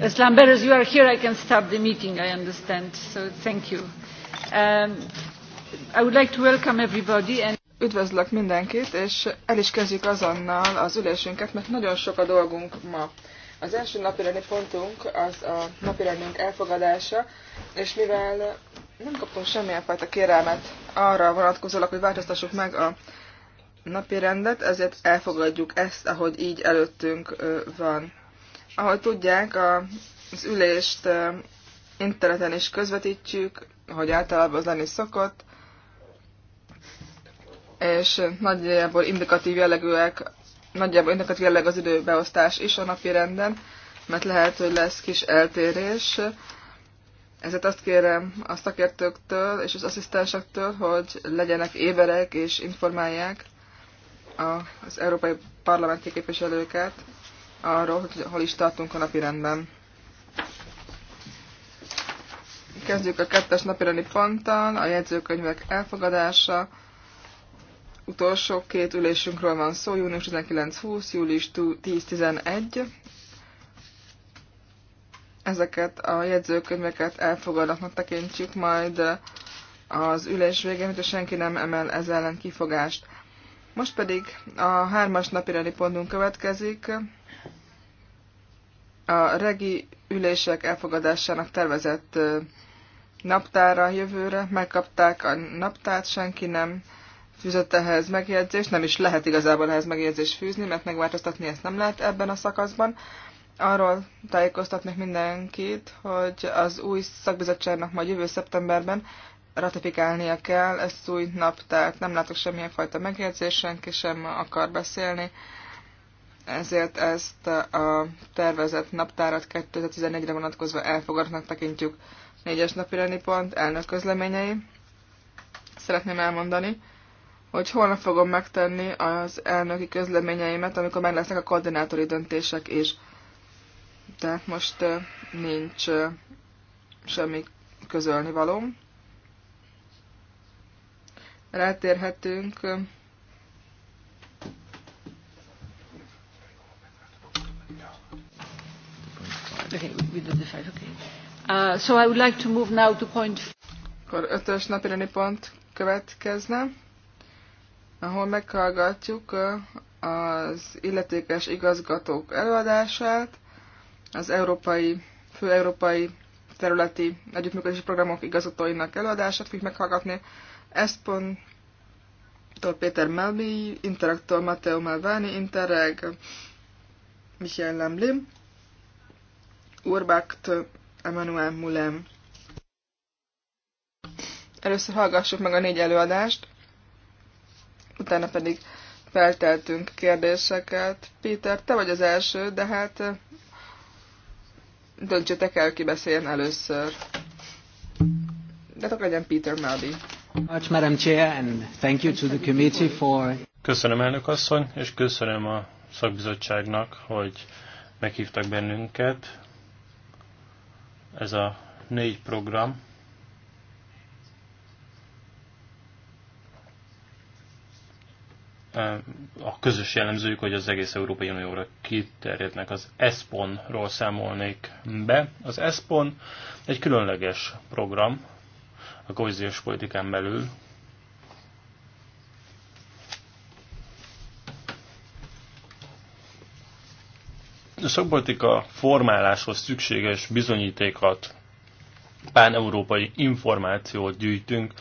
As Lambert, as you are here, I can stop the meeting, I understand. So thank you. Um, I would like to welcome everybody and Üdvözlök mindenkit, és el is kezdjük azonnal az ülésünket, mert nagyon sok a dolgunk ma. Az első napirendi pontunk az a napirendünk elfogadása, és mivel nem kaptunk semmilyen fajta kérelmet arra vonatkozólag, hogy változtassuk meg a napi rendet, ezért elfogadjuk ezt, ahogy így előttünk van. Ahogy tudják, az ülést interneten is közvetítjük, ahogy általában az lenni szokott, és nagyjából indikatív jellegűek, nagyjából indikatív jelleg az időbeosztás is a napi renden, mert lehet, hogy lesz kis eltérés. Ezért azt kérem a szakértőktől és az asszisztensektől, hogy legyenek éberek és informálják az európai parlamenti képviselőket arról, hogy hol is tartunk a napirendben. Kezdjük a kettes napirendi ponttal, a jegyzőkönyvek elfogadása. Utolsó két ülésünkről van szó, június 19-20, július 10-11. Ezeket a jegyzőkönyveket elfogadatnak tekintjük, majd az ülés végén, hogyha senki nem emel ez ellen kifogást. Most pedig a hármas napireli pontunk következik. A regi ülések elfogadásának tervezett naptára jövőre. Megkapták a naptárt, senki nem fűzött ehhez megjegyzést, nem is lehet igazából ehhez megjegyzést fűzni, mert megváltoztatni ezt nem lehet ebben a szakaszban. Arról tájékoztatnék mindenkit, hogy az új szakbizottságnak majd jövő szeptemberben ratifikálnia kell, ezt új nap, tehát nem látok semmilyen fajta megjegyzést, senki sem akar beszélni, ezért ezt a tervezett naptárat 2014-re vonatkozva elfogadnak tekintjük. Négyes napireni pont, elnök közleményei. Szeretném elmondani, hogy holnap fogom megtenni az elnöki közleményeimet, amikor meg lesznek a koordinátori döntések is. Tehát most nincs semmi közölni valóm rátérhetünk Uh, so I would like to move now to point... Akkor ötös napirendi pont következne, ahol meghallgatjuk az illetékes igazgatók előadását, az európai, fő európai területi együttműködési programok igazgatóinak előadását fogjuk meghallgatni, Espon, Péter Melmi, Interaktor Matteo Malvani, Interreg, Michel Lemlim, Urbakt, Emmanuel Mulem. Először hallgassuk meg a négy előadást, utána pedig felteltünk kérdéseket. Péter, te vagy az első, de hát eh, döntsetek el, ki beszéljen először. De akkor legyen Peter Melby. Köszönöm elnök asszony, és köszönöm a szakbizottságnak, hogy meghívtak bennünket. Ez a négy program. A közös jellemzőjük, hogy az egész Európai Unióra kiterjednek. Az ESPON-ról számolnék be. Az ESPON egy különleges program, a kohéziós politikán belül. A szakpolitika formáláshoz szükséges bizonyítékat, pán-európai információt gyűjtünk,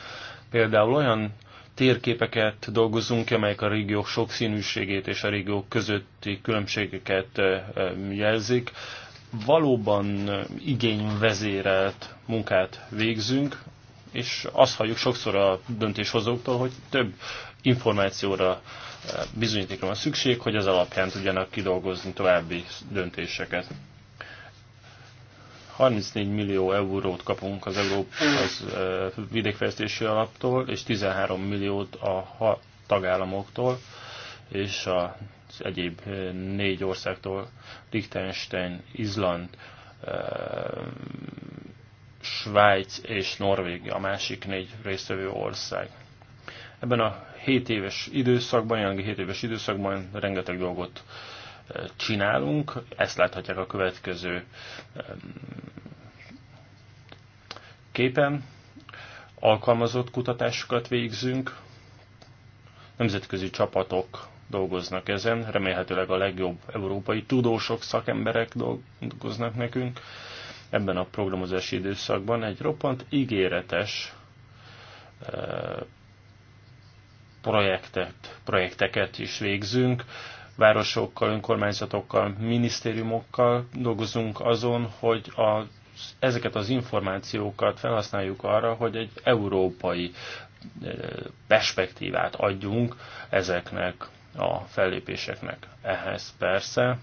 például olyan térképeket dolgozunk ki, amelyek a régiók sokszínűségét és a régiók közötti különbségeket eh, eh, jelzik. Valóban eh, igényvezérelt munkát végzünk, és azt halljuk sokszor a döntéshozóktól, hogy több információra, eh, bizonyítékra van szükség, hogy az alapján tudjanak kidolgozni további döntéseket. 34 millió eurót kapunk az Európai eh, vidékfejlesztési alaptól, és 13 milliót a tagállamoktól, és az egyéb eh, négy országtól, Liechtenstein, Izland, Svájc és Norvégia a másik négy résztvevő ország. Ebben a 7 éves időszakban, jelenlegi 7 éves időszakban rengeteg dolgot e, csinálunk, ezt láthatják a következő képen. Alkalmazott kutatásokat végzünk, nemzetközi csapatok dolgoznak ezen, remélhetőleg a legjobb európai tudósok, szakemberek dolgoznak nekünk ebben a programozási időszakban egy roppant ígéretes eh, projektet, projekteket is végzünk, városokkal, önkormányzatokkal, minisztériumokkal dolgozunk azon, hogy a, ezeket az információkat felhasználjuk arra, hogy egy európai eh, perspektívát adjunk ezeknek a fellépéseknek. Ehhez persze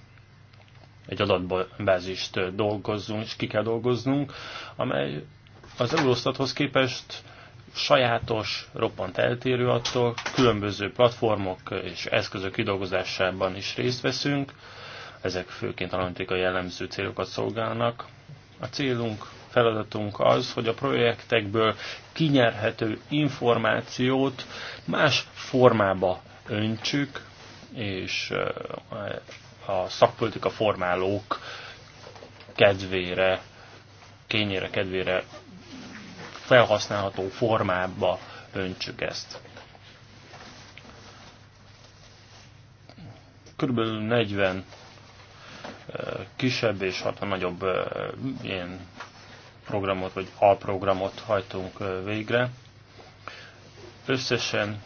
egy adatbázist dolgozzunk, és ki kell dolgoznunk, amely az Eurostathoz képest sajátos, roppant eltérő attól, különböző platformok és eszközök kidolgozásában is részt veszünk, ezek főként analitikai jellemző célokat szolgálnak. A célunk, feladatunk az, hogy a projektekből kinyerhető információt más formába öntsük, és a szakpolitika formálók kedvére, kényére, kedvére felhasználható formába öntsük ezt. Körülbelül 40 kisebb és 60 nagyobb ilyen programot vagy alprogramot hajtunk végre. Összesen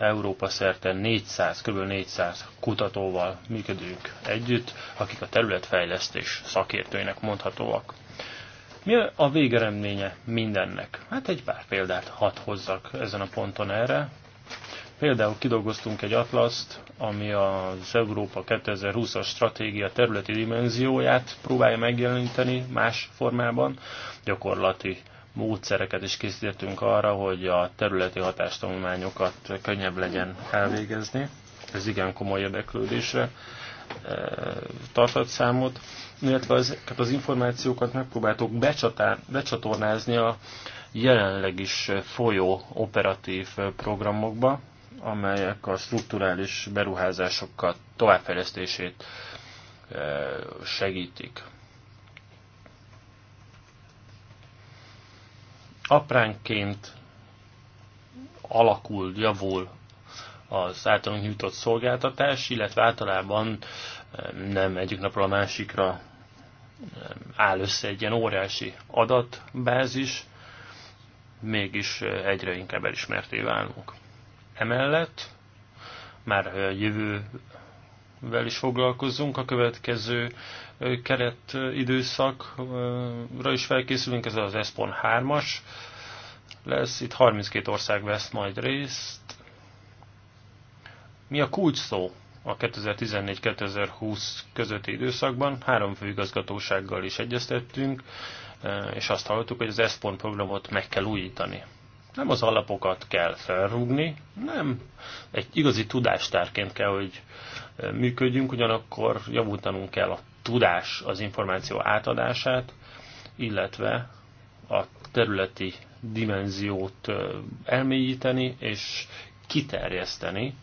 Európa szerte 400, kb. 400 kutatóval működünk együtt, akik a területfejlesztés szakértőinek mondhatóak. Mi a végeredménye mindennek? Hát egy pár példát hadd hozzak ezen a ponton erre. Például kidolgoztunk egy atlaszt, ami az Európa 2020-as stratégia területi dimenzióját próbálja megjeleníteni más formában, gyakorlati módszereket is készítettünk arra, hogy a területi hatástanulmányokat könnyebb legyen elvégezni. Ez igen komoly érdeklődésre e, tartott számot, illetve ezeket hát az információkat megpróbáltuk becsatornázni a jelenleg is folyó operatív programokba, amelyek a strukturális beruházásokat továbbfejlesztését e, segítik. apránként alakul, javul az általunk nyújtott szolgáltatás, illetve általában eh, nem egyik napról a másikra eh, áll össze egy ilyen óriási adatbázis, mégis eh, egyre inkább elismerté válunk. Emellett már a jövővel is foglalkozzunk a következő keret időszakra is felkészülünk, ez az ESPON 3-as lesz, itt 32 ország vesz majd részt. Mi a kulcs szó a 2014-2020 közötti időszakban? Három főigazgatósággal is egyeztettünk, és azt hallottuk, hogy az ESPON programot meg kell újítani. Nem az alapokat kell felrúgni, nem. Egy igazi tudástárként kell, hogy működjünk, ugyanakkor javultanunk kell a tudás, az információ átadását, illetve a területi dimenziót elmélyíteni és kiterjeszteni.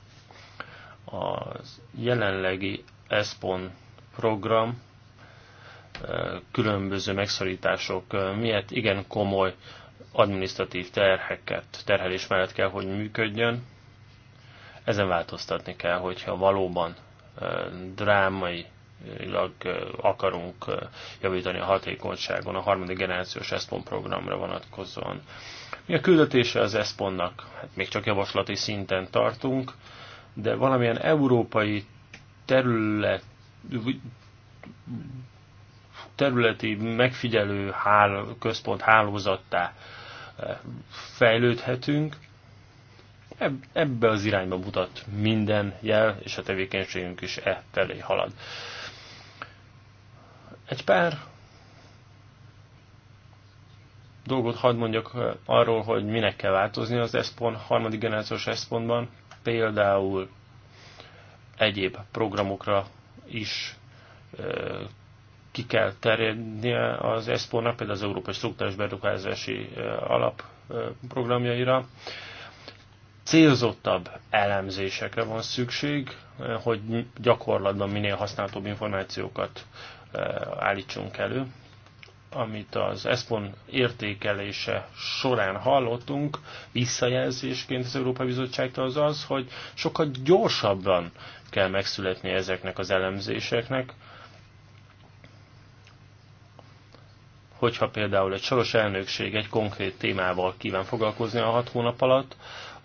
A jelenlegi ESPON program különböző megszorítások miatt igen komoly administratív terheket, terhelés mellett kell, hogy működjön. Ezen változtatni kell, hogyha valóban drámai akarunk javítani a hatékonyságon a harmadik generációs ESPON programra vonatkozóan. Mi a küldetése az ESPON-nak? Hát még csak javaslati szinten tartunk, de valamilyen európai terület, területi megfigyelő hál, központ hálózattá fejlődhetünk. Ebbe az irányba mutat minden jel, és a tevékenységünk is e felé halad. Egy pár dolgot hadd mondjak eh, arról, hogy minek kell változni az ESPON, harmadik generációs espon például egyéb programokra is eh, ki kell terjednie az espon például az Európai Struktúrás Beruházási eh, Alap programjaira. Célzottabb elemzésekre van szükség, hogy gyakorlatban minél használhatóbb információkat állítsunk elő. Amit az ESPON értékelése során hallottunk, visszajelzésként az Európai Bizottságtól az az, hogy sokkal gyorsabban kell megszületni ezeknek az elemzéseknek, hogyha például egy soros elnökség egy konkrét témával kíván foglalkozni a hat hónap alatt,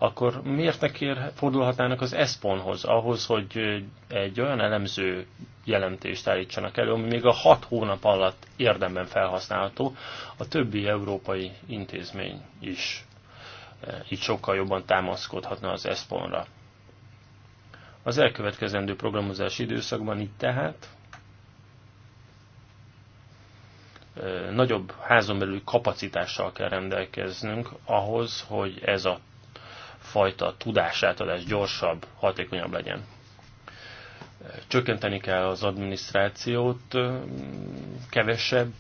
akkor miért ne kér, fordulhatnának az ESPON-hoz, ahhoz, hogy egy olyan elemző jelentést állítsanak elő, ami még a hat hónap alatt érdemben felhasználható, a többi európai intézmény is így sokkal jobban támaszkodhatna az ESPON-ra. Az elkövetkezendő programozási időszakban itt tehát nagyobb házon belül kapacitással kell rendelkeznünk ahhoz, hogy ez a fajta tudásátadás gyorsabb, hatékonyabb legyen. Csökkenteni kell az adminisztrációt, kevesebb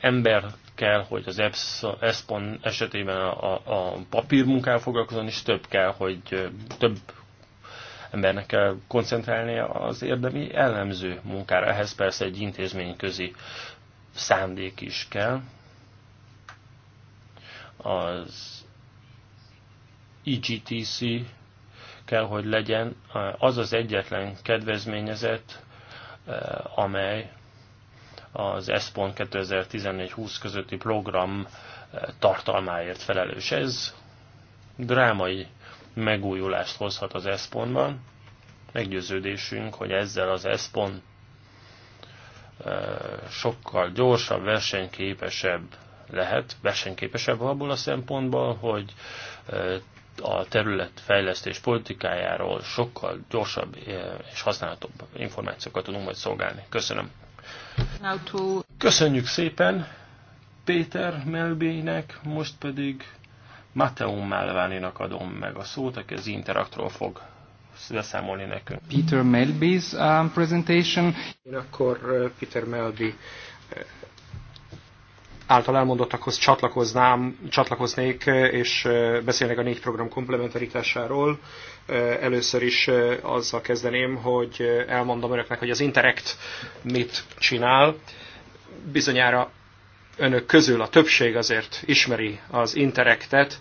ember kell, hogy az ESPON esetében a, a papírmunkával foglalkozon, és több kell, hogy több embernek kell koncentrálni az érdemi ellenző munkára. Ehhez persze egy intézményközi szándék is kell az EGTc kell, hogy legyen az az egyetlen kedvezményezett, eh, amely az ESPON 2014-20 közötti program eh, tartalmáért felelős. Ez drámai megújulást hozhat az ESPON-ban. Meggyőződésünk, hogy ezzel az ESPON eh, sokkal gyorsabb, versenyképesebb lehet versenyképesebb abból a szempontból, hogy a terület fejlesztés politikájáról sokkal gyorsabb és használhatóbb információkat tudunk majd szolgálni. Köszönöm. Köszönjük szépen Péter Melbének, most pedig Mateum nak adom meg a szót, aki az Interaktról fog beszámolni nekünk. Peter Melby's um, presentation. Én akkor Peter Melby által elmondottakhoz csatlakoznám, csatlakoznék, és beszélnek a négy program komplementaritásáról. Először is azzal kezdeném, hogy elmondom önöknek, hogy az Interact mit csinál. Bizonyára önök közül a többség azért ismeri az Interactet,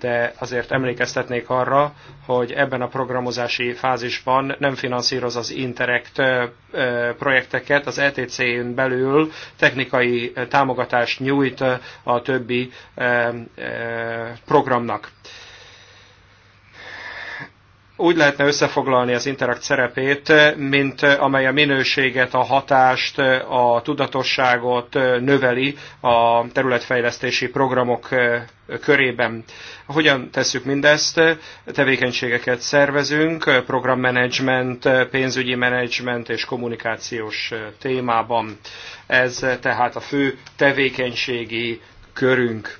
de azért emlékeztetnék arra, hogy ebben a programozási fázisban nem finanszíroz az Interact projekteket, az ETC-n belül technikai támogatást nyújt a többi programnak úgy lehetne összefoglalni az interakt szerepét, mint amely a minőséget, a hatást, a tudatosságot növeli a területfejlesztési programok körében. Hogyan tesszük mindezt? Tevékenységeket szervezünk, programmenedzsment, pénzügyi menedzsment és kommunikációs témában. Ez tehát a fő tevékenységi körünk.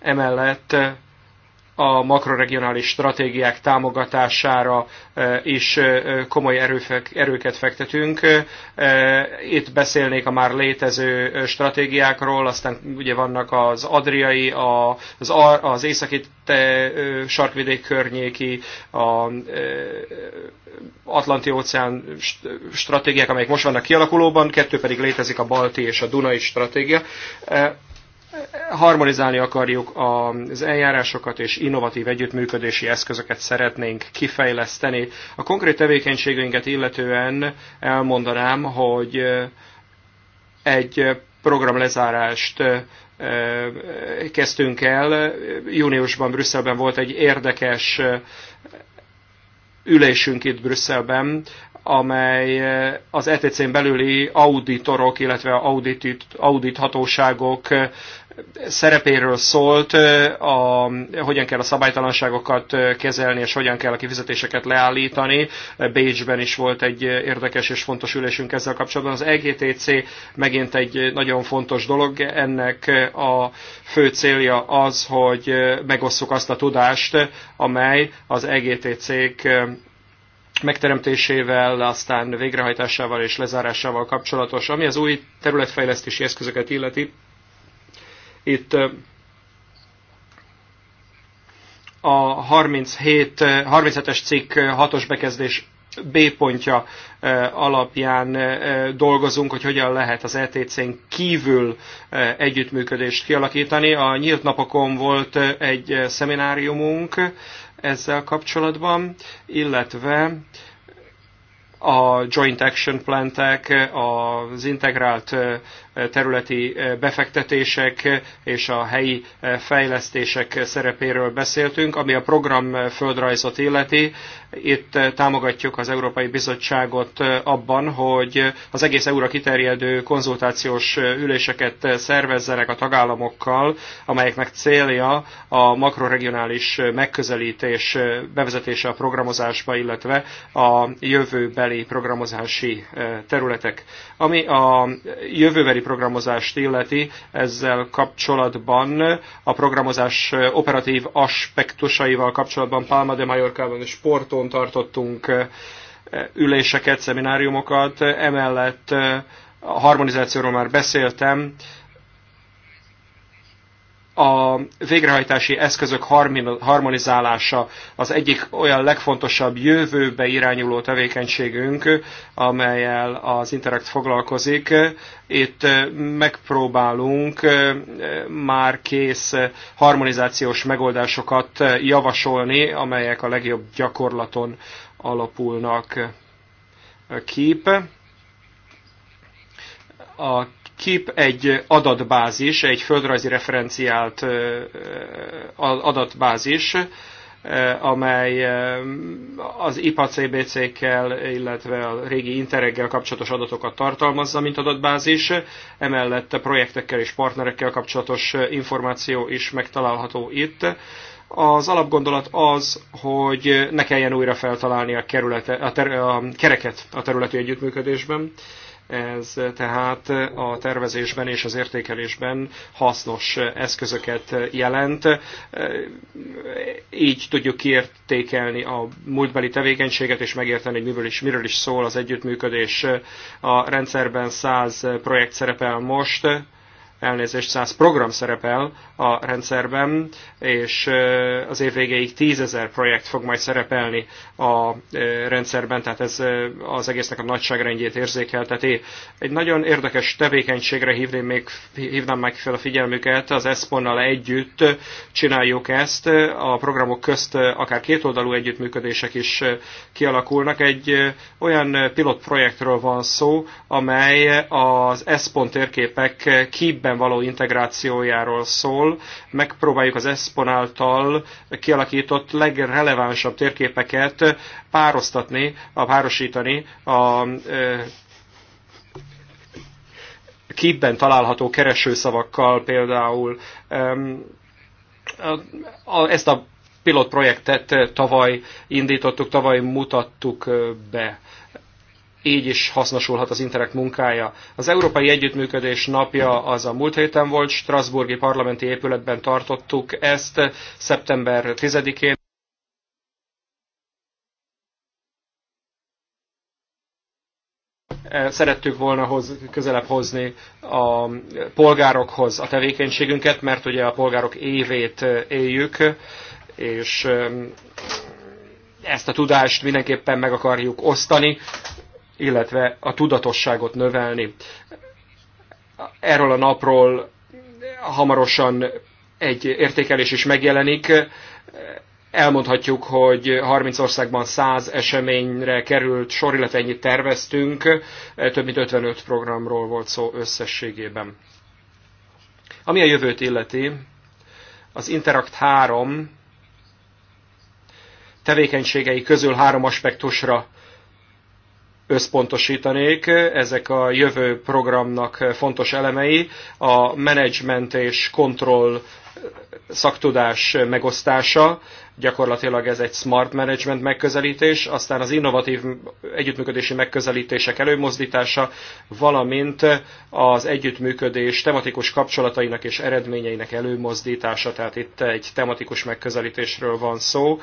Emellett a makroregionális stratégiák támogatására e, is e, komoly erőfek, erőket fektetünk. E, itt beszélnék a már létező stratégiákról, aztán ugye vannak az adriai, az, az északi sarkvidék környéki, a Atlanti óceán stratégiák, amelyek most vannak kialakulóban, kettő pedig létezik a balti és a dunai stratégia harmonizálni akarjuk az eljárásokat és innovatív együttműködési eszközöket szeretnénk kifejleszteni. A konkrét tevékenységeinket illetően elmondanám, hogy egy programlezárást kezdtünk el. Júniusban Brüsszelben volt egy érdekes ülésünk itt Brüsszelben, amely az ETC-n belüli auditorok, illetve audit, audithatóságok szerepéről szólt, a, hogyan kell a szabálytalanságokat kezelni, és hogyan kell a kifizetéseket leállítani. Bécsben is volt egy érdekes és fontos ülésünk ezzel kapcsolatban. Az EGTC megint egy nagyon fontos dolog. Ennek a fő célja az, hogy megosszuk azt a tudást, amely az EGTC-k megteremtésével, aztán végrehajtásával és lezárásával kapcsolatos. Ami az új területfejlesztési eszközöket illeti, itt a 37, 37-es cikk 6-os bekezdés B pontja alapján dolgozunk, hogy hogyan lehet az ETC-n kívül együttműködést kialakítani. A nyílt napokon volt egy szemináriumunk ezzel kapcsolatban, illetve a joint action plantek, az integrált területi eh, befektetések és a helyi eh, fejlesztések szerepéről beszéltünk, ami a program eh, földrajzot illeti. Itt támogatjuk az Európai Bizottságot abban, hogy az egész euróra kiterjedő konzultációs üléseket szervezzenek a tagállamokkal, amelyeknek célja a makroregionális megközelítés bevezetése a programozásba, illetve a jövőbeli programozási területek. Ami a jövőbeli programozást illeti, ezzel kapcsolatban a programozás operatív aspektusaival kapcsolatban Palma de Mallorcában és Porton tartottunk eh, üléseket, szemináriumokat, emellett eh, a harmonizációról már beszéltem, a végrehajtási eszközök harmonizálása az egyik olyan legfontosabb jövőbe irányuló tevékenységünk, amelyel az Interact foglalkozik. Itt megpróbálunk már kész harmonizációs megoldásokat javasolni, amelyek a legjobb gyakorlaton alapulnak. kép A Kép egy adatbázis, egy földrajzi referenciált adatbázis, amely az IPA-CBC-kkel, illetve a régi intereggel kapcsolatos adatokat tartalmazza, mint adatbázis. Emellett a projektekkel és partnerekkel kapcsolatos információ is megtalálható itt. Az alapgondolat az, hogy ne kelljen újra feltalálni a, kerülete, a, ter, a kereket a területi együttműködésben. Ez tehát a tervezésben és az értékelésben hasznos eszközöket jelent. Így tudjuk kiértékelni a múltbeli tevékenységet és megérteni, hogy miből is, miről is szól az együttműködés. A rendszerben 100 projekt szerepel most, elnézést, 100 program szerepel a rendszerben, és az év végéig 10 ezer projekt fog majd szerepelni a rendszerben, tehát ez az egésznek a nagyságrendjét érzékelteti. Egy nagyon érdekes tevékenységre hívném még, hívnám meg fel a figyelmüket, az ESPON-nal együtt csináljuk ezt, a programok közt akár kétoldalú együttműködések is kialakulnak. Egy olyan projektről van szó, amely az ESPON térképek kibben mélyebben való integrációjáról szól. Megpróbáljuk az ESPON által kialakított legrelevánsabb térképeket párosztatni, a párosítani a kibben található keresőszavakkal például. Ezt a pilotprojektet tavaly indítottuk, tavaly mutattuk be így is hasznosulhat az Interreg munkája. Az Európai Együttműködés napja az a múlt héten volt, Strasburgi parlamenti épületben tartottuk ezt szeptember 10-én. szerettük volna hoz, közelebb hozni a polgárokhoz a tevékenységünket, mert ugye a polgárok évét éljük, és um, ezt a tudást mindenképpen meg akarjuk osztani illetve a tudatosságot növelni. Erről a napról hamarosan egy értékelés is megjelenik. Elmondhatjuk, hogy 30 országban 100 eseményre került sor, illetve ennyit terveztünk. Több mint 55 programról volt szó összességében. Ami a jövőt illeti, az Interact 3 tevékenységei közül három aspektusra összpontosítanék, ezek a jövő programnak fontos elemei, a menedzsment és kontroll szaktudás megosztása, Gyakorlatilag ez egy smart management megközelítés, aztán az innovatív együttműködési megközelítések előmozdítása, valamint az együttműködés tematikus kapcsolatainak és eredményeinek előmozdítása, tehát itt egy tematikus megközelítésről van szó.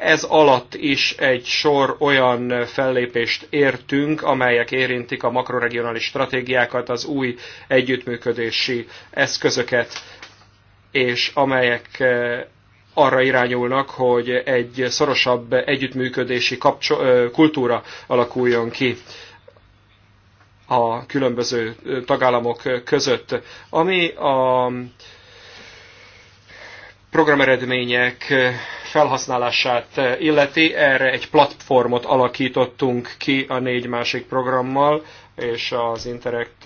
Ez alatt is egy sor olyan fellépést értünk, amelyek érintik a makroregionális stratégiákat, az új együttműködési eszközöket, és amelyek arra irányulnak, hogy egy szorosabb együttműködési kultúra alakuljon ki a különböző tagállamok között, ami a programeredmények felhasználását illeti. Erre egy platformot alakítottunk ki a négy másik programmal, és az Interact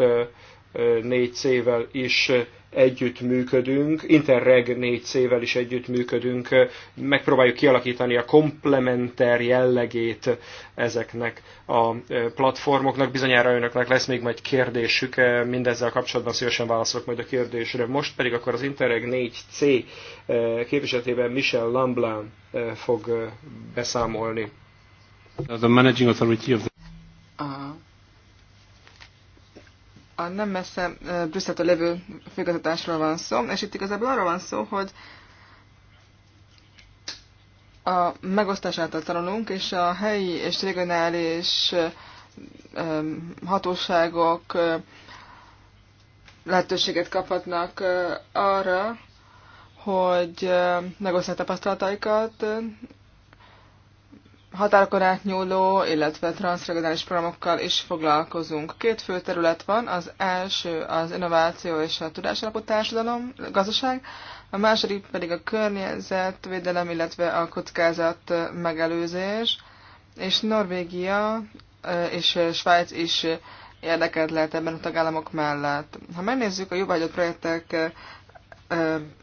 4C-vel is együttműködünk, Interreg 4C-vel is együttműködünk, megpróbáljuk kialakítani a komplementer jellegét ezeknek a platformoknak. Bizonyára önöknek lesz még majd kérdésük, mindezzel kapcsolatban szívesen válaszolok majd a kérdésre. Most pedig akkor az Interreg 4C képviseletében Michel Lamblin fog beszámolni. The managing authority of the... A a nem messze Brüsszeltől levő főigazgatásról van szó, és itt igazából arról van szó, hogy a megosztás által tanulunk, és a helyi és regionális hatóságok lehetőséget kaphatnak arra, hogy megosztják tapasztalataikat, határokon átnyúló, illetve transzregionális programokkal is foglalkozunk. Két fő terület van, az első az innováció és a tudásalapú társadalom, gazdaság, a második pedig a környezetvédelem, illetve a kockázat megelőzés, és Norvégia és Svájc is érdekelt lehet ebben a tagállamok mellett. Ha megnézzük a jóvágyott projektek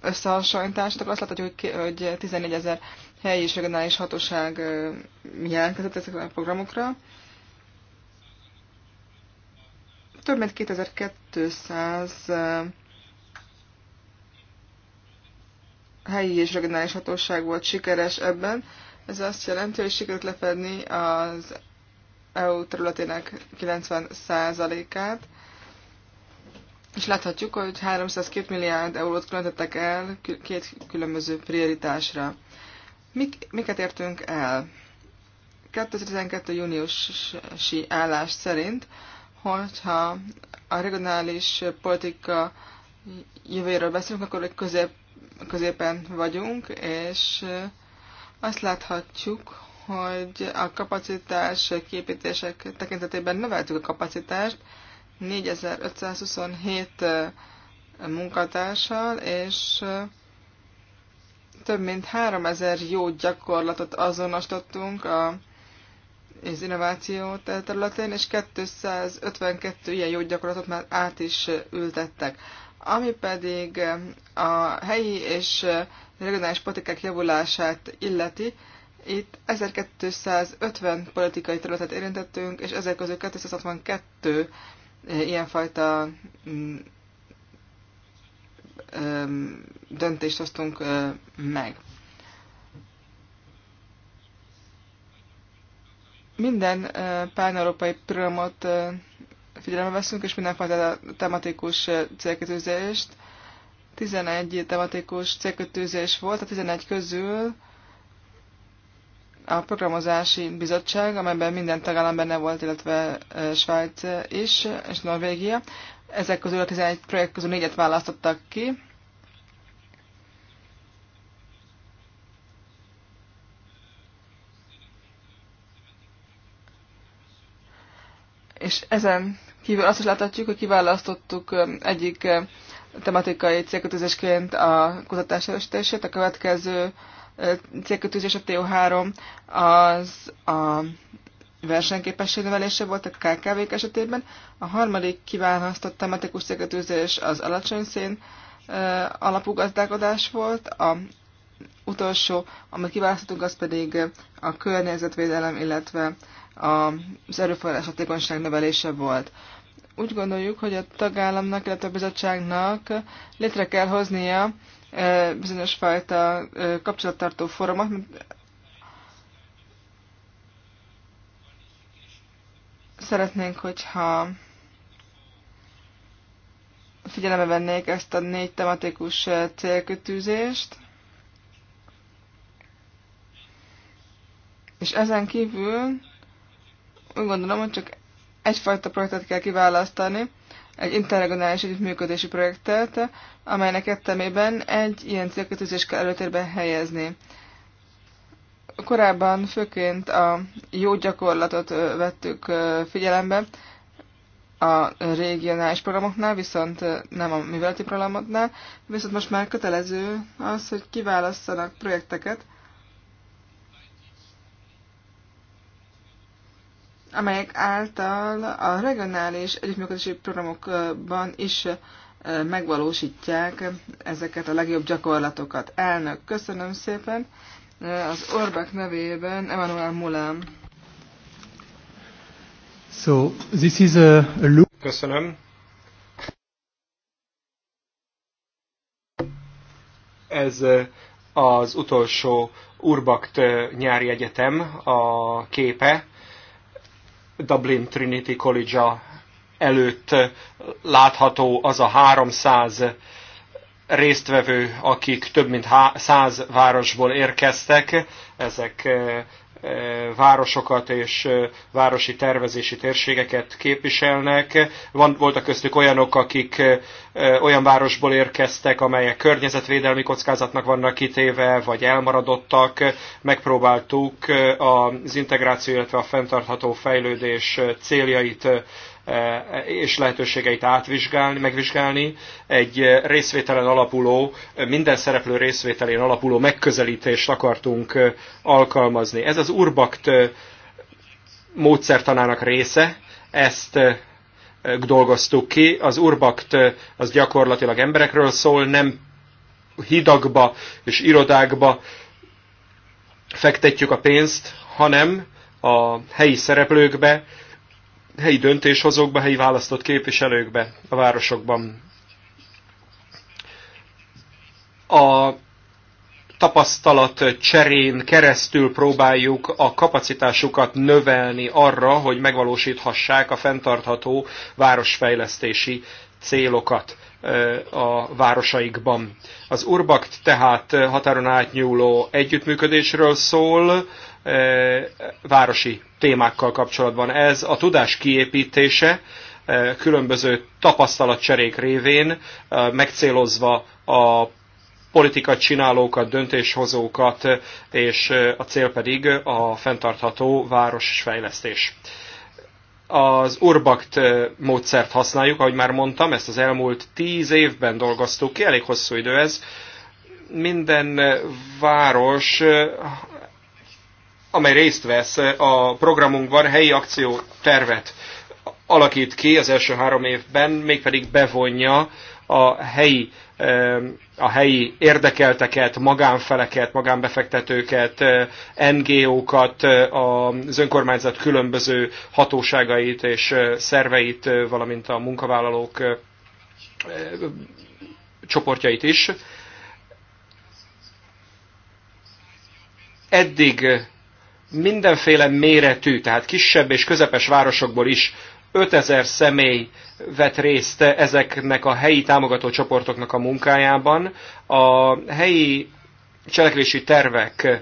összehasonlítást, akkor azt láthatjuk, hogy 14 ezer helyi és regionális hatóság jelentkezett ezekre a programokra. Több mint 2200 helyi és regionális hatóság volt sikeres ebben. Ez azt jelenti, hogy sikerült lefedni az EU területének 90%-át, és láthatjuk, hogy 302 milliárd eurót különítettek el két különböző prioritásra. Mik, miket értünk el? 2012. júniusi állás szerint, hogyha a regionális politika jövőjéről beszélünk, akkor egy közép, középen vagyunk, és azt láthatjuk, hogy a kapacitás képítések tekintetében növeltük a kapacitást 4527 munkatársal, és több mint 3000 jó gyakorlatot azonosítottunk a, az innováció területén, és 252 ilyen jó gyakorlatot már át is ültettek. Ami pedig a helyi és regionális politikák javulását illeti, itt 1250 politikai területet érintettünk, és ezek közül 262 ilyenfajta mm, döntést hoztunk meg. Minden pán-európai programot figyelembe veszünk, és mindenfajta tematikus célkötőzést. 11 tematikus célkötőzés volt, a 11 közül a programozási bizottság, amelyben minden tagállam benne volt, illetve Svájc is, és Norvégia, ezek közül a 11 projekt közül négyet választottak ki. És ezen kívül azt is láthatjuk, hogy kiválasztottuk egyik tematikai célkötőzésként a kutatás erősítését, a következő célkötőzés a TO3 az a versenyképesség növelése volt a kkv esetében, a harmadik kiválasztott tematikus szegetőzés az alacsony szén alapú gazdálkodás volt, a utolsó, amit kiválasztottunk, az pedig a környezetvédelem, illetve az erőforrás hatékonyság növelése volt. Úgy gondoljuk, hogy a tagállamnak, illetve a bizottságnak létre kell hoznia bizonyos fajta kapcsolattartó forumot, Szeretnénk, hogyha figyelembe vennék ezt a négy tematikus eh, célkötűzést, és ezen kívül úgy gondolom, hogy csak egyfajta projektet kell kiválasztani, egy interregionális együttműködési projektet, amelynek értelmében egy ilyen célkötőzést kell előtérbe helyezni. Korábban főként a jó gyakorlatot vettük figyelembe a regionális programoknál, viszont nem a műveleti programoknál, viszont most már kötelező az, hogy kiválasszanak projekteket, amelyek által a regionális együttműködési programokban is megvalósítják ezeket a legjobb gyakorlatokat. Elnök, köszönöm szépen! az Orbek nevében Emmanuel Mulem. So, this is a, a look. Köszönöm. Ez eh, az utolsó Urbakt eh, nyári egyetem a képe. Dublin Trinity College-a előtt eh, látható az a 300 résztvevő, akik több mint száz városból érkeztek, ezek eh, eh, városokat és eh, városi tervezési térségeket képviselnek. Van, voltak köztük olyanok, akik olyan városból érkeztek, amelyek környezetvédelmi kockázatnak vannak kitéve, vagy elmaradottak. Megpróbáltuk az integráció, illetve a fenntartható fejlődés céljait E, és lehetőségeit átvizsgálni, megvizsgálni. Egy részvételen alapuló, minden szereplő részvételén alapuló megközelítést akartunk e, alkalmazni. Ez az Urbakt e, módszertanának része, ezt dolgoztuk ki. Az Urbakt az gyakorlatilag emberekről szól, nem hidakba és irodákba fektetjük a pénzt, hanem a helyi szereplőkbe, helyi döntéshozókba, helyi választott képviselőkbe a városokban. A tapasztalat cserén keresztül próbáljuk a kapacitásukat növelni arra, hogy megvalósíthassák a fenntartható városfejlesztési célokat a városaikban. Az Urbakt tehát határon átnyúló együttműködésről szól, E, városi témákkal kapcsolatban. Ez a tudás kiépítése, e, különböző tapasztalatcserék révén, e, megcélozva a politikai csinálókat, döntéshozókat, és a cél pedig a fenntartható városfejlesztés. Az Urbakt módszert használjuk, ahogy már mondtam, ezt az elmúlt tíz évben dolgoztuk ki, elég hosszú idő ez. Minden város amely részt vesz a programunkban, helyi akciótervet alakít ki az első három évben, mégpedig bevonja a helyi, a helyi érdekelteket, magánfeleket, magánbefektetőket, NGO-kat, az önkormányzat különböző hatóságait és szerveit, valamint a munkavállalók csoportjait is. Eddig mindenféle méretű, tehát kisebb és közepes városokból is 5000 személy vett részt ezeknek a helyi támogató csoportoknak a munkájában. A helyi cselekvési tervek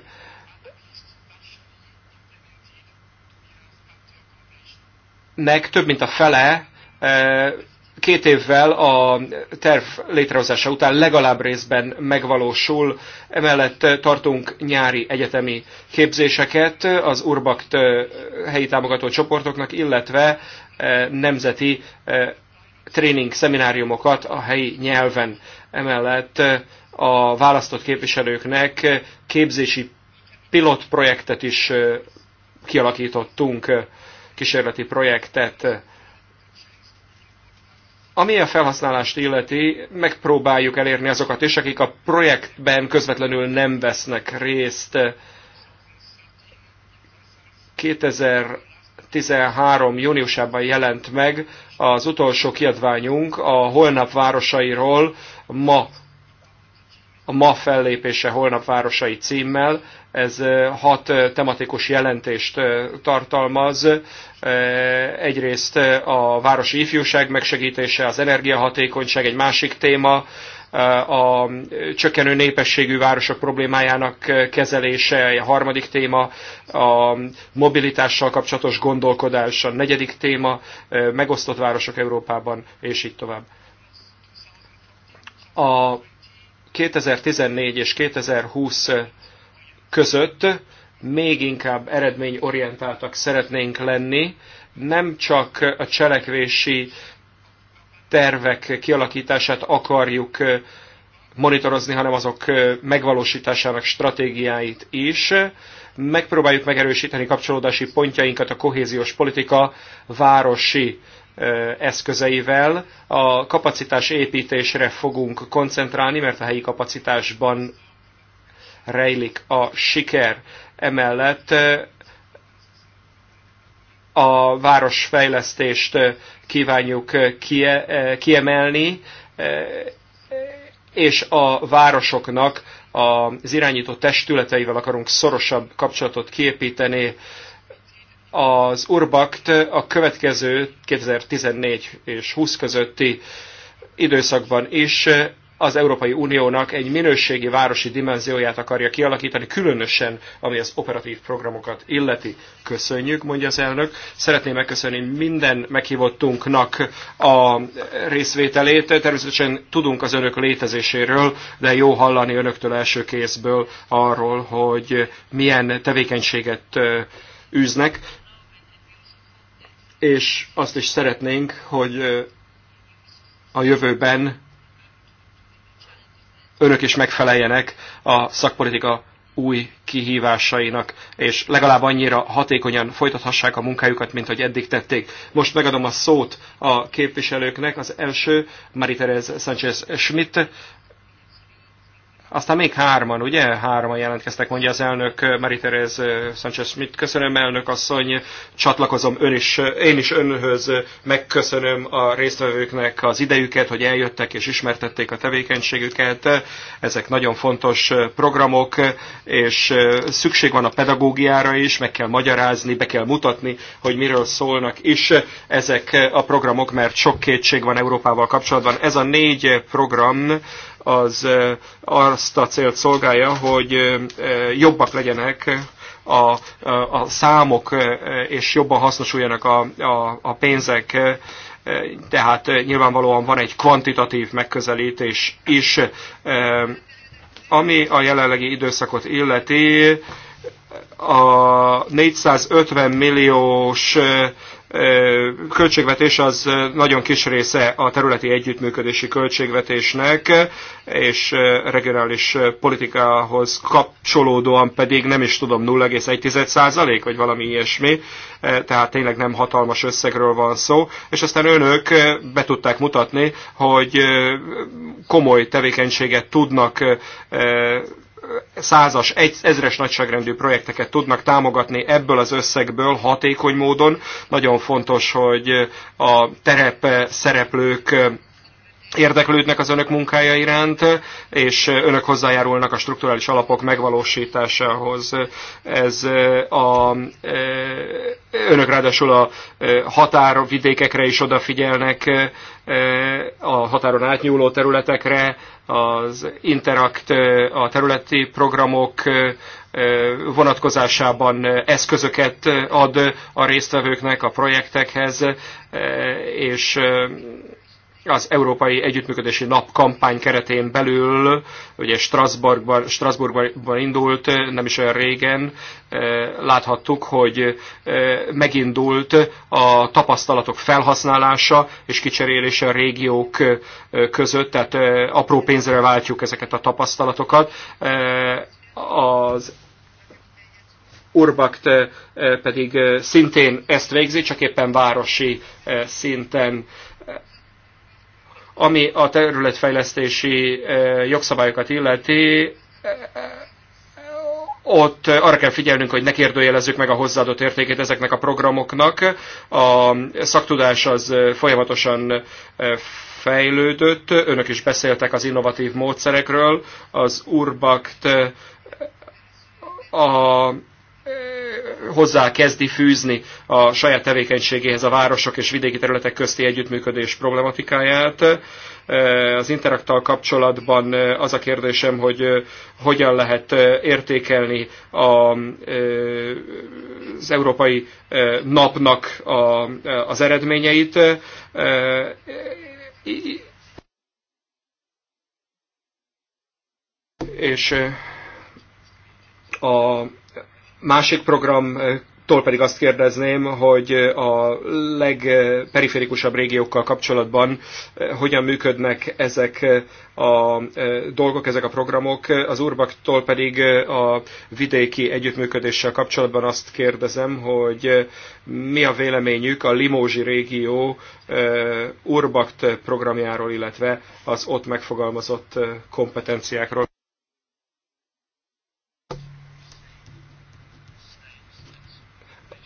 meg több mint a fele eh, két évvel a terv létrehozása után legalább részben megvalósul. Emellett tartunk nyári egyetemi képzéseket az Urbakt helyi támogató csoportoknak, illetve nemzeti tréning szemináriumokat a helyi nyelven. Emellett a választott képviselőknek képzési pilotprojektet is kialakítottunk, kísérleti projektet ami a felhasználást illeti, megpróbáljuk elérni azokat is, akik a projektben közvetlenül nem vesznek részt. 2013. júniusában jelent meg az utolsó kiadványunk a Holnap városairól, ma a ma fellépése holnap városai címmel. Ez hat tematikus jelentést tartalmaz. Egyrészt a városi ifjúság megsegítése, az energiahatékonyság egy másik téma, a csökkenő népességű városok problémájának kezelése, a harmadik téma, a mobilitással kapcsolatos gondolkodás, a negyedik téma, megosztott városok Európában, és így tovább. A 2014 és 2020 között még inkább eredményorientáltak szeretnénk lenni, nem csak a cselekvési tervek kialakítását akarjuk monitorozni, hanem azok megvalósításának stratégiáit is. Megpróbáljuk megerősíteni kapcsolódási pontjainkat a kohéziós politika városi eszközeivel. A kapacitás építésre fogunk koncentrálni, mert a helyi kapacitásban rejlik a siker. Emellett a városfejlesztést kívánjuk kiemelni, és a városoknak az irányító testületeivel akarunk szorosabb kapcsolatot kiépíteni az Urbakt a következő 2014 és 20 közötti időszakban is az Európai Uniónak egy minőségi városi dimenzióját akarja kialakítani, különösen ami az operatív programokat illeti. Köszönjük, mondja az elnök. Szeretném megköszönni minden meghívottunknak a részvételét. Természetesen tudunk az önök létezéséről, de jó hallani önöktől első kézből arról, hogy milyen tevékenységet űznek és azt is szeretnénk, hogy a jövőben önök is megfeleljenek a szakpolitika új kihívásainak, és legalább annyira hatékonyan folytathassák a munkájukat, mint hogy eddig tették. Most megadom a szót a képviselőknek. Az első, Marie-Thérèse Sánchez Schmidt, aztán még hárman, ugye? Hárman jelentkeztek, mondja az elnök eh, Marie-Thérèse eh, Sanchez-Smith. Köszönöm, elnök asszony, csatlakozom ön is, eh, én is önhöz, megköszönöm a résztvevőknek az idejüket, hogy eljöttek és ismertették a tevékenységüket. Ezek nagyon fontos programok, és szükség van a pedagógiára is, meg kell magyarázni, be kell mutatni, hogy miről szólnak is ezek a programok, mert sok kétség van Európával kapcsolatban. Ez a négy program, az azt a célt szolgálja, hogy jobbak legyenek a, a, a számok, és jobban hasznosuljanak a, a, a pénzek, tehát nyilvánvalóan van egy kvantitatív megközelítés is, ami a jelenlegi időszakot illeti, a 450 milliós költségvetés az nagyon kis része a területi együttműködési költségvetésnek, és regionális politikához kapcsolódóan pedig nem is tudom 0,1% vagy valami ilyesmi, tehát tényleg nem hatalmas összegről van szó, és aztán önök be tudták mutatni, hogy komoly tevékenységet tudnak százas, egy, ezres nagyságrendű projekteket tudnak támogatni ebből az összegből hatékony módon. Nagyon fontos, hogy a terep szereplők érdeklődnek az önök munkája iránt, és önök hozzájárulnak a strukturális alapok megvalósításához. Ez eh, a, eh, önök ráadásul a eh, határvidékekre is odafigyelnek, a határon átnyúló területekre, az Interact, a területi programok vonatkozásában eszközöket ad a résztvevőknek a projektekhez, és az Európai Együttműködési Nap kampány keretén belül, ugye Strasbourgban, Strasbourgban indult, nem is olyan régen, eh, láthattuk, hogy eh, megindult a tapasztalatok felhasználása és kicserélése a régiók eh, között, tehát apró pénzre váltjuk ezeket a tapasztalatokat. Az Urbakt pedig szintén ezt végzi, csak éppen városi szinten ami a területfejlesztési jogszabályokat illeti, ott arra kell figyelnünk, hogy ne kérdőjelezzük meg a hozzáadott értékét ezeknek a programoknak. A szaktudás az folyamatosan fejlődött, önök is beszéltek az innovatív módszerekről, az Urbakt a hozzá kezdi fűzni a saját tevékenységéhez a városok és vidéki területek közti együttműködés problematikáját. Az interaktal kapcsolatban az a kérdésem, hogy hogyan lehet értékelni a, az Európai Napnak a, az eredményeit és a másik Tól pedig azt kérdezném, hogy a legperiférikusabb régiókkal kapcsolatban eh, hogyan működnek ezek eh, a eh, dolgok, ezek a programok. Az Urbaktól pedig a vidéki együttműködéssel kapcsolatban azt kérdezem, hogy mi a véleményük a Limózsi régió Urbakt programjáról, illetve az ott megfogalmazott kompetenciákról.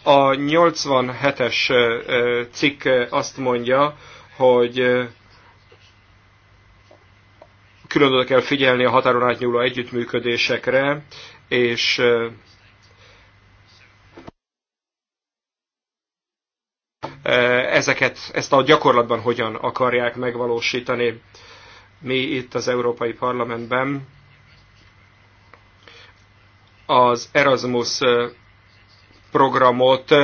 A 87-es cikk azt mondja, hogy külön oda kell figyelni a határon átnyúló együttműködésekre, és ezeket, ezt a gyakorlatban hogyan akarják megvalósítani mi itt az Európai Parlamentben. Az Erasmus programot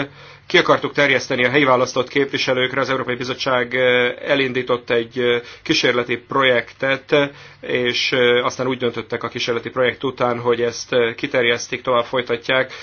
ki akartuk terjeszteni a helyi választott képviselőkre, az Európai Bizottság eh, elindított egy eh, kísérleti projektet, és eh, aztán úgy döntöttek a kísérleti projekt után, hogy ezt kiterjesztik, tovább folytatják.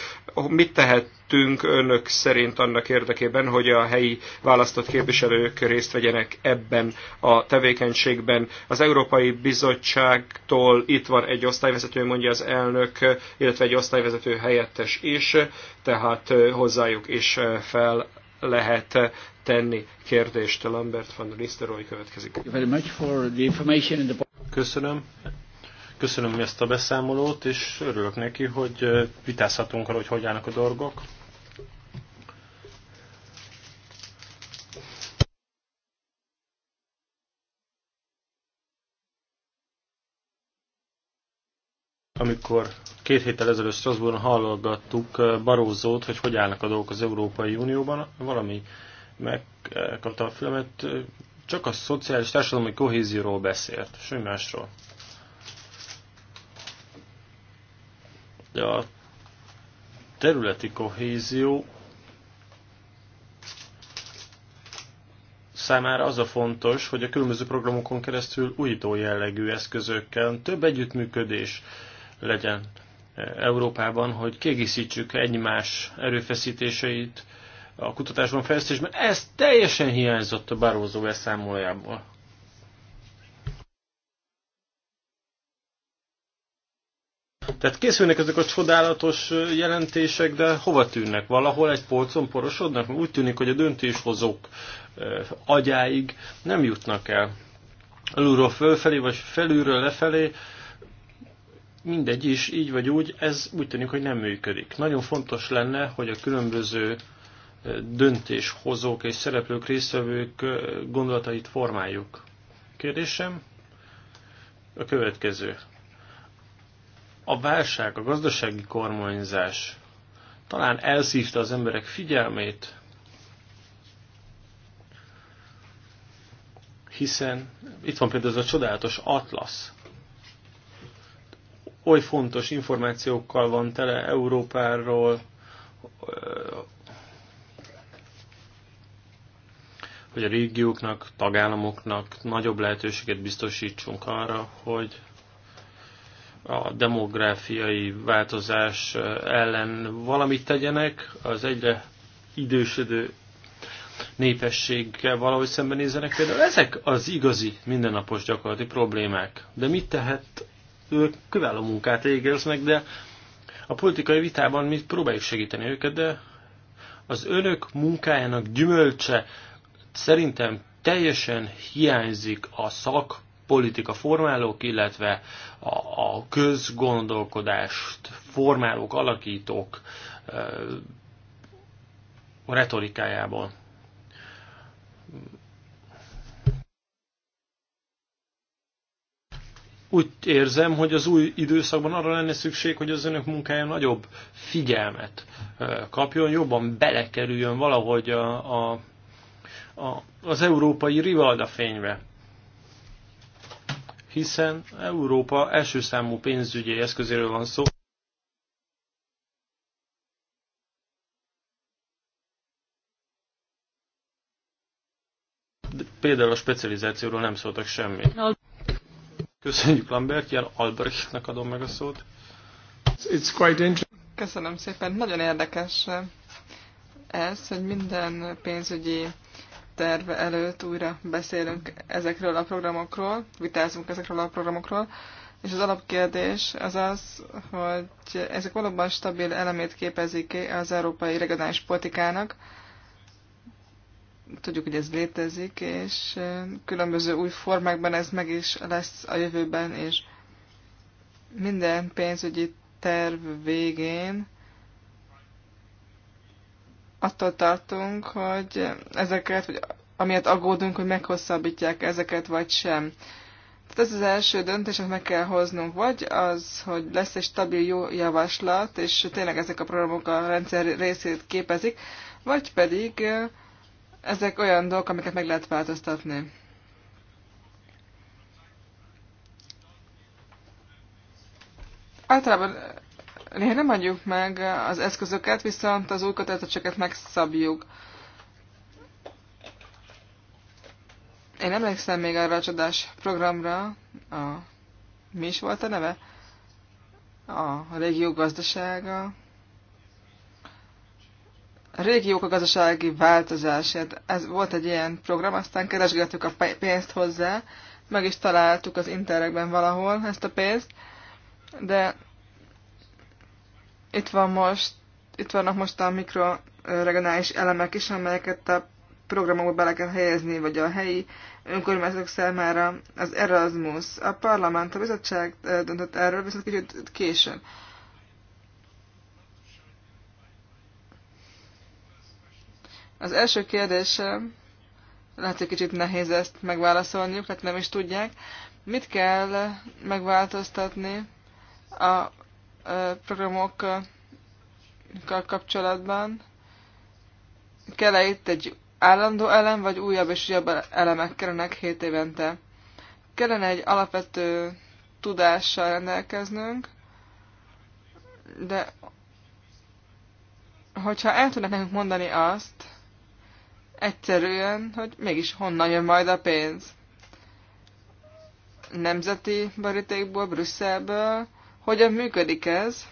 Mit tehet tettünk önök szerint annak érdekében, hogy a helyi választott képviselők részt vegyenek ebben a tevékenységben. Az Európai Bizottságtól itt van egy osztályvezető, mondja az elnök, illetve egy osztályvezető helyettes is, tehát hozzájuk is fel lehet tenni kérdést. Lambert van Nistelrooy következik. Köszönöm. Köszönöm ezt a beszámolót, és örülök neki, hogy vitázhatunk arra, hogy hogy állnak a dolgok. amikor két héttel ezelőtt Strasbourgban hallgattuk eh, Barózót, hogy hogy állnak a dolgok az Európai Unióban, valami megkapta a filmet, csak a szociális társadalmi kohézióról beszélt, semmi másról. De a területi kohézió számára az a fontos, hogy a különböző programokon keresztül újító jellegű eszközökkel több együttműködés, legyen eh, Európában, hogy kiegészítsük egymás erőfeszítéseit a kutatásban, fejlesztésben. Ez teljesen hiányzott a Barózó beszámolójából. Tehát készülnek ezek a csodálatos eh, jelentések, de hova tűnnek? Valahol egy polcon porosodnak? Úgy tűnik, hogy a döntéshozók eh, agyáig nem jutnak el. Alulról fölfelé, vagy felülről lefelé mindegy is, így vagy úgy, ez úgy tűnik, hogy nem működik. Nagyon fontos lenne, hogy a különböző eh, döntéshozók és szereplők, résztvevők eh, gondolatait formáljuk. Kérdésem a következő. A válság, a gazdasági kormányzás talán elszívta az emberek figyelmét, hiszen itt van például ez a csodálatos atlasz, oly fontos információkkal van tele Európáról, hogy a régióknak, tagállamoknak nagyobb lehetőséget biztosítsunk arra, hogy a demográfiai változás ellen valamit tegyenek, az egyre idősödő népességgel valahogy szembenézzenek. Például ezek az igazi mindennapos gyakorlati problémák. De mit tehet ők kiváló munkát végeznek, de a politikai vitában mi próbáljuk segíteni őket, de az önök munkájának gyümölcse szerintem teljesen hiányzik a szakpolitika formálók, illetve a, a közgondolkodást formálók, alakítók e, retorikájából. úgy érzem, hogy az új időszakban arra lenne szükség, hogy az önök munkája nagyobb figyelmet kapjon, jobban belekerüljön valahogy a, a, a, az európai rivalda fénybe. Hiszen Európa első számú pénzügyi eszközéről van szó. például a specializációról nem szóltak semmit. Köszönjük Lambert, Jan Albrechtnek adom meg a szót. It's quite interesting. Köszönöm szépen. Nagyon érdekes ez, hogy minden pénzügyi terve előtt újra beszélünk ezekről a programokról, vitázunk ezekről a programokról, és az alapkérdés az az, hogy ezek valóban stabil elemét képezik az európai regionális politikának, tudjuk, hogy ez létezik, és különböző új formákban ez meg is lesz a jövőben, és minden pénzügyi terv végén attól tartunk, hogy ezeket, vagy amiatt aggódunk, hogy meghosszabbítják ezeket, vagy sem. Tehát ez az első döntés, amit meg kell hoznunk, vagy az, hogy lesz egy stabil jó javaslat, és tényleg ezek a programok a rendszer részét képezik, vagy pedig ezek olyan dolgok, amiket meg lehet változtatni. Általában néha nem adjuk meg az eszközöket, viszont az új kötelezettséget megszabjuk. Én emlékszem még arra a csodás programra, a, mi is volt a neve? A, a régió gazdasága, a régiók a gazdasági változását. Ez volt egy ilyen program, aztán keresgéltük a pénzt hozzá, meg is találtuk az interregben valahol ezt a pénzt, de itt, van most, itt vannak most a mikroregionális elemek is, amelyeket a programokba bele kell helyezni, vagy a helyi önkormányzatok számára az Erasmus. A parlament, a bizottság eh, döntött erről, viszont kicsit későn. Az első kérdésem, lehet, hogy kicsit nehéz ezt megválaszolniuk, mert nem is tudják. Mit kell megváltoztatni a programokkal kapcsolatban? Kell-e itt egy állandó elem, vagy újabb és újabb elemek kellenek 7 évente? Kellene egy alapvető tudással rendelkeznünk, de hogyha el tudnak nekünk mondani azt, Egyszerűen, hogy mégis honnan jön majd a pénz. Nemzeti barítékból, Brüsszelből. Hogyan működik ez?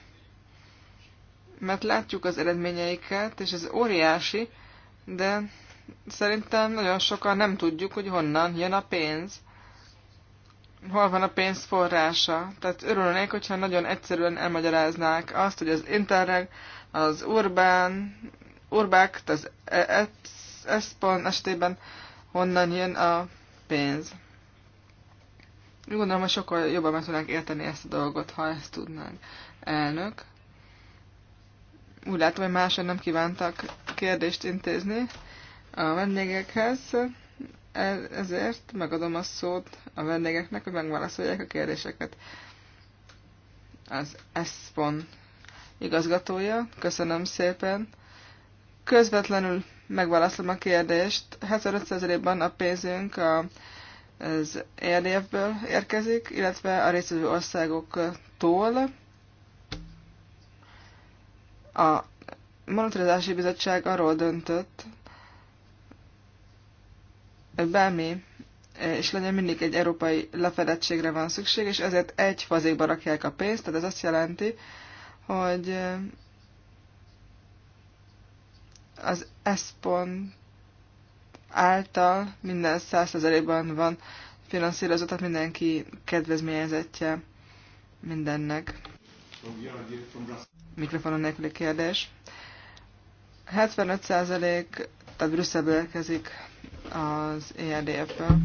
Mert látjuk az eredményeiket, és ez óriási, de szerintem nagyon sokan nem tudjuk, hogy honnan jön a pénz. Hol van a pénz forrása. Tehát örülnék, hogyha nagyon egyszerűen elmagyaráznák azt, hogy az Interreg, az Urbán, Urbák, az e e ESPON estében honnan jön a pénz. Úgy gondolom, hogy sokkal jobban meg tudnánk érteni ezt a dolgot, ha ezt tudnánk. Elnök. Úgy látom, hogy másod nem kívántak kérdést intézni a vendégekhez, e- ezért megadom a szót a vendégeknek, hogy megválaszolják a kérdéseket. Az ESPON igazgatója, köszönöm szépen. Közvetlenül megválaszolom a kérdést. 75%-ban a pénzünk a, az ERDF-ből érkezik, illetve a részvevő országoktól. A monitorizási Bizottság arról döntött, hogy bármi és legyen mindig egy európai lefedettségre van szükség, és ezért egy fazékba rakják a pénzt, tehát ez azt jelenti, hogy az ESPON által minden százalékban van finanszírozott, tehát mindenki kedvezményezettje mindennek. Mikrofonon nélküli kérdés. 75% tehát Brüsszelből érkezik az ERDF-ből.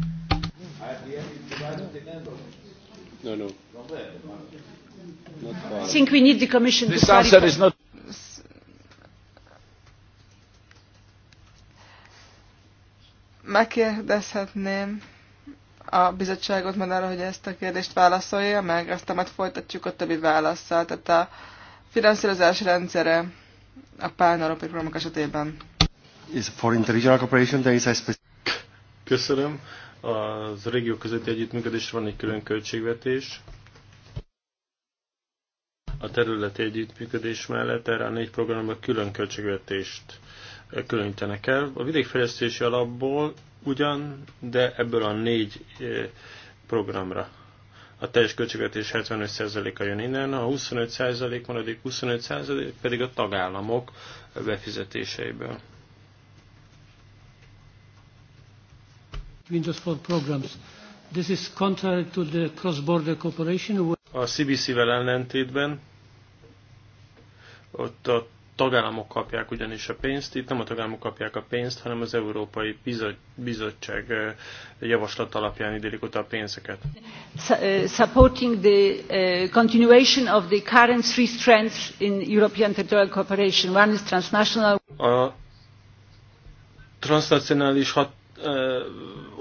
No, no. I think we need the commission to clarify. megkérdezhetném a bizottságot majd arra, hogy ezt a kérdést válaszolja meg, aztán majd folytatjuk a többi válaszsal, tehát a finanszírozás rendszere a pán-európai programok esetében. Is for cooperation is a Köszönöm. Az régió közötti együttműködésre van egy külön költségvetés. A területi együttműködés mellett erre a négy programra külön költségvetést különítenek el. A vidékfejlesztési alapból ugyan, de ebből a négy eh, programra. A teljes költségvetés 75%-a jön innen, a 25% maradék 25% pedig a tagállamok befizetéseiből. Windows for programs. This is contrary to the cross-border cooperation. A CBC-vel ellentétben ott a tagállamok kapják ugyanis a pénzt, itt nem a tagállamok kapják a pénzt, hanem az Európai Bizottság javaslat alapján idélik a pénzeket. Supporting the continuation of the current three strands in European territorial cooperation. One is transnational. A transnacionális hat,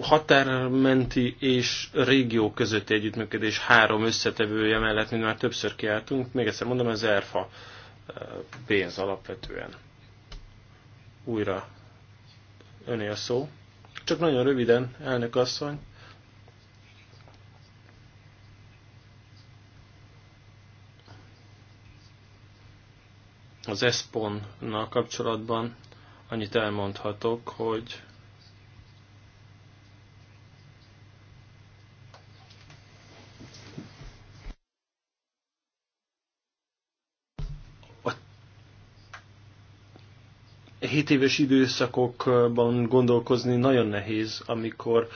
határmenti és régió közötti együttműködés három összetevője mellett, mint már többször kiálltunk, még egyszer mondom, az ERFA pénz alapvetően. Újra öné a szó. Csak nagyon röviden, elnök asszony. Az ESPON-nal kapcsolatban annyit elmondhatok, hogy 7 éves időszakokban gondolkozni nagyon nehéz, amikor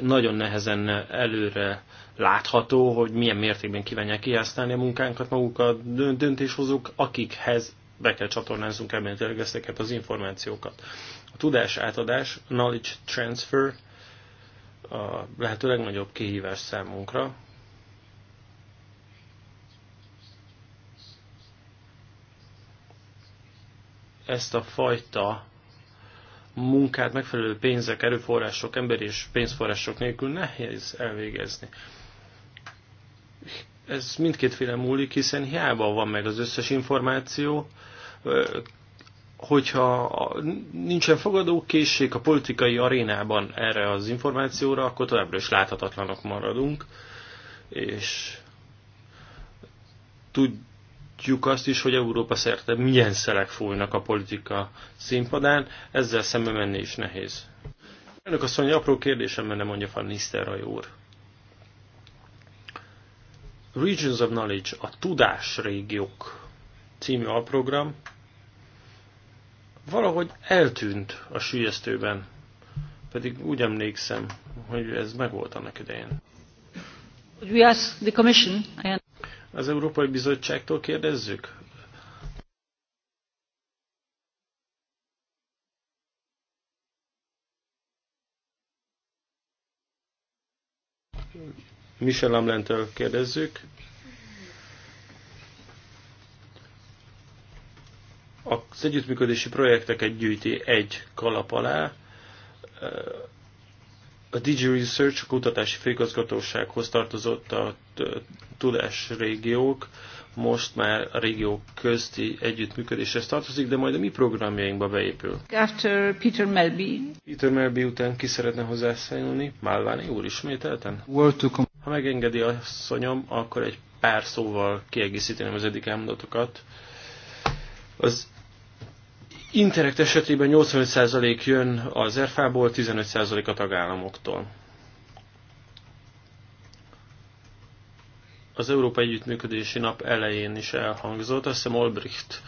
nagyon nehezen előre látható, hogy milyen mértékben kívánják kiásztálni a munkánkat maguk a döntéshozók, akikhez be kell csatornázunk elméletileg ezeket az információkat. A tudás átadás, knowledge transfer a lehető legnagyobb kihívás számunkra, ezt a fajta munkát megfelelő pénzek, erőforrások, emberi és pénzforrások nélkül nehéz elvégezni. Ez mindkétféle múlik, hiszen hiába van meg az összes információ, hogyha nincsen fogadókészség a politikai arénában erre az információra, akkor továbbra is láthatatlanok maradunk, és tud, látjuk azt is, hogy Európa szerte milyen szelek fújnak a politika színpadán, ezzel szembe menni is nehéz. Elnök azt mondja, apró kérdésem menne, mondja Van Nisztelraj úr. Regions of Knowledge, a tudás régiók című alprogram valahogy eltűnt a sülyeztőben, pedig úgy emlékszem, hogy ez megvolt annak idején. We ask the commission. and az Európai Bizottságtól kérdezzük? Michel Amlentől kérdezzük. Az együttműködési projekteket gyűjti egy kalap alá, a DG Research a kutatási főigazgatósághoz tartozott a régiók, most már a régiók közti együttműködéshez tartozik, de majd a mi programjainkba beépül. After Peter Melby. Peter Melby után ki szeretne hozzászállni? Málváni úr ismételten? Ha megengedi a szonyom, akkor egy pár szóval kiegészíteném az eddig elmondatokat. Az Interact esetében 85% jön az ERFA-ból, 15% a tagállamoktól. Az Európa Együttműködési Nap elején is elhangzott, azt hiszem Olbricht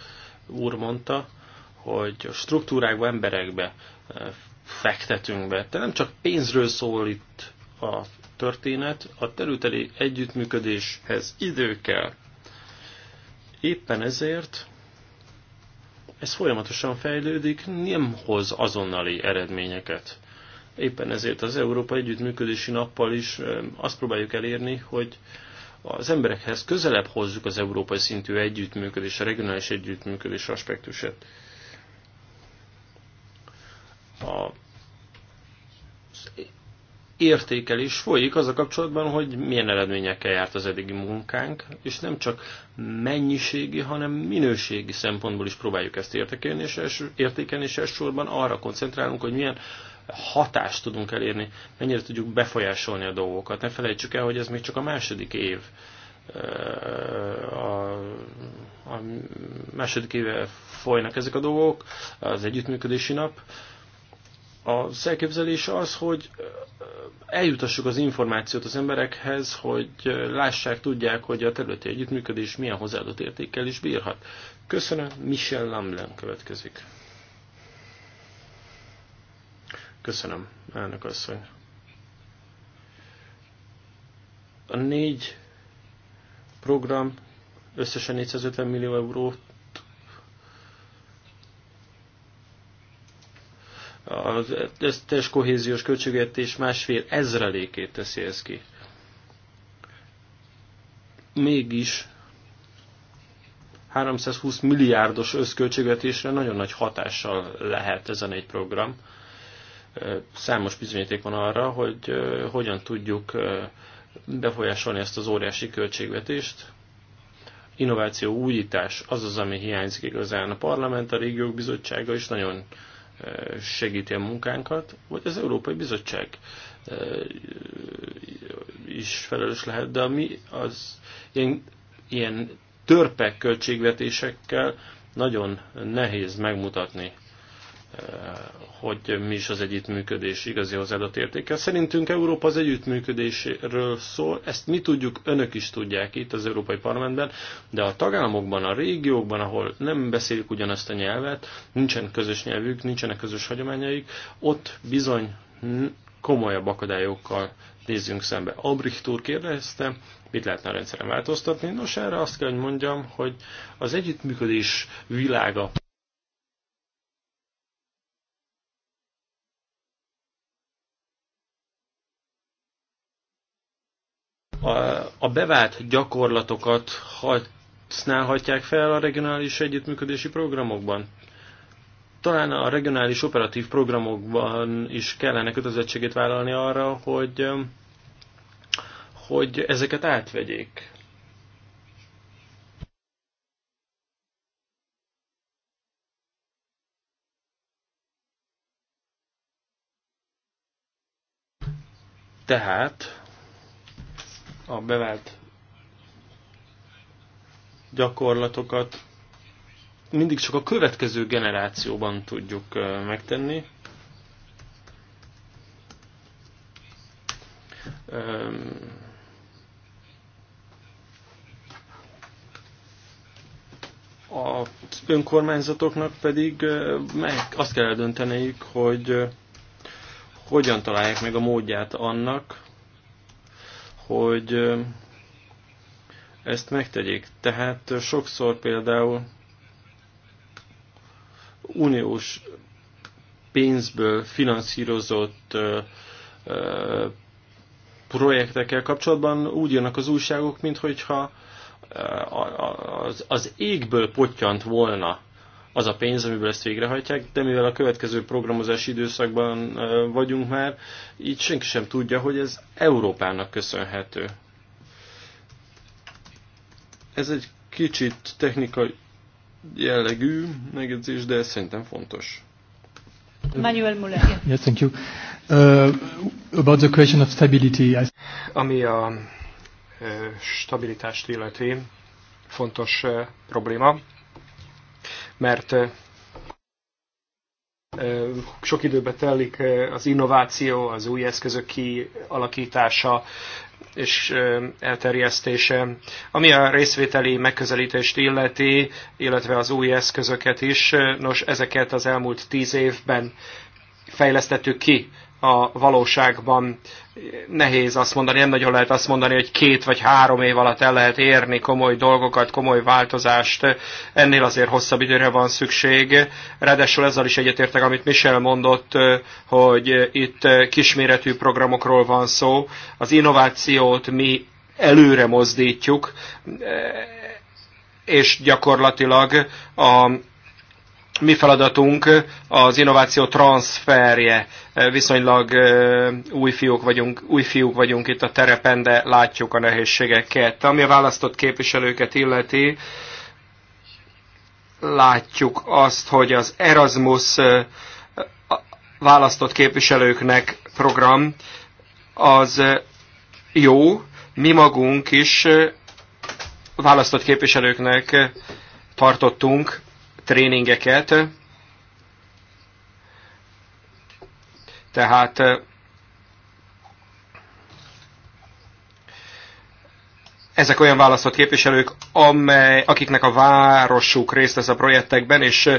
úr mondta, hogy a struktúrákba, emberekbe eh, fektetünk be. Tehát nem csak pénzről szól itt a történet, a területi együttműködéshez idő kell. Éppen ezért ez folyamatosan fejlődik, nem hoz azonnali eredményeket. Éppen ezért az Európa Együttműködési Nappal is azt próbáljuk elérni, hogy az emberekhez közelebb hozzuk az európai szintű együttműködés, a regionális együttműködés aspektusát. A értékelés folyik az a kapcsolatban, hogy milyen eredményekkel járt az eddigi munkánk, és nem csak mennyiségi, hanem minőségi szempontból is próbáljuk ezt értékelni, és, els, értékelni, és elsősorban arra koncentrálunk, hogy milyen hatást tudunk elérni, mennyire tudjuk befolyásolni a dolgokat. Ne felejtsük el, hogy ez még csak a második év a, a második éve folynak ezek a dolgok, az együttműködési nap. Az elképzelése az, hogy eljutassuk az információt az emberekhez, hogy lássák, tudják, hogy a területi együttműködés milyen hozzáadott értékkel is bírhat. Köszönöm, Michel Lamlen következik. Köszönöm, elnök asszony. A négy program összesen 450 millió eurót az összes kohéziós költségvetés másfél ezrelékét teszi ez ki. Mégis 320 milliárdos összköltségvetésre nagyon nagy hatással lehet ezen egy program. Számos bizonyíték van arra, hogy hogyan tudjuk befolyásolni ezt az óriási költségvetést. Innováció, újítás, az az, ami hiányzik igazán. A parlament, a régiók bizottsága is nagyon segíti a munkánkat, vagy az Európai Bizottság is felelős lehet, de mi az ilyen, ilyen törpek költségvetésekkel nagyon nehéz megmutatni Eh, hogy mi is az együttműködés igazi hozzáadott értéke. Szerintünk Európa az együttműködésről szól, ezt mi tudjuk, önök is tudják itt az Európai Parlamentben, de a tagállamokban, a régiókban, ahol nem beszélik ugyanazt a nyelvet, nincsen közös nyelvük, nincsenek közös hagyományaik, ott bizony komolyabb akadályokkal nézzünk szembe. Albrecht úr kérdezte, mit lehetne a rendszeren változtatni. Nos, erre azt kell, hogy mondjam, hogy az együttműködés világa a bevált gyakorlatokat használhatják fel a regionális együttműködési programokban? Talán a regionális operatív programokban is kellene kötözettségét vállalni arra, hogy, um, hogy ezeket átvegyék. Tehát a bevált gyakorlatokat mindig csak a következő generációban tudjuk megtenni. A önkormányzatoknak pedig meg azt kell dönteniük, hogy hogyan találják meg a módját annak, hogy ezt megtegyék. Tehát sokszor például uniós pénzből finanszírozott projektekkel kapcsolatban úgy jönnek az újságok, mintha az égből potyant volna az a pénz, amiből ezt végrehajtják, de mivel a következő programozási időszakban vagyunk már, így senki sem tudja, hogy ez Európának köszönhető. Ez egy kicsit technikai jellegű megjegyzés, de ez szerintem fontos. Manuel Muller. Yes, thank you. Uh, about the question of stability. I... Ami a uh, stabilitást illeti, fontos uh, probléma mert sok időbe telik az innováció, az új eszközök kialakítása és elterjesztése. Ami a részvételi megközelítést illeti, illetve az új eszközöket is, nos, ezeket az elmúlt tíz évben fejlesztettük ki a valóságban nehéz azt mondani, nem nagyon lehet azt mondani, hogy két vagy három év alatt el lehet érni komoly dolgokat, komoly változást, ennél azért hosszabb időre van szükség. Ráadásul ezzel is egyetértek, amit Michel mondott, hogy itt kisméretű programokról van szó. Az innovációt mi előre mozdítjuk, és gyakorlatilag a mi feladatunk az innováció transferje. E, viszonylag e, új fiúk vagyunk, új fiúk vagyunk itt a terepen, de látjuk a nehézségeket. Ami a választott képviselőket illeti, látjuk azt, hogy az Erasmus e, választott képviselőknek program az jó, mi magunk is választott képviselőknek tartottunk tréningeket. Tehát ezek olyan választott képviselők, amely, akiknek a városuk részt vesz a projektekben, és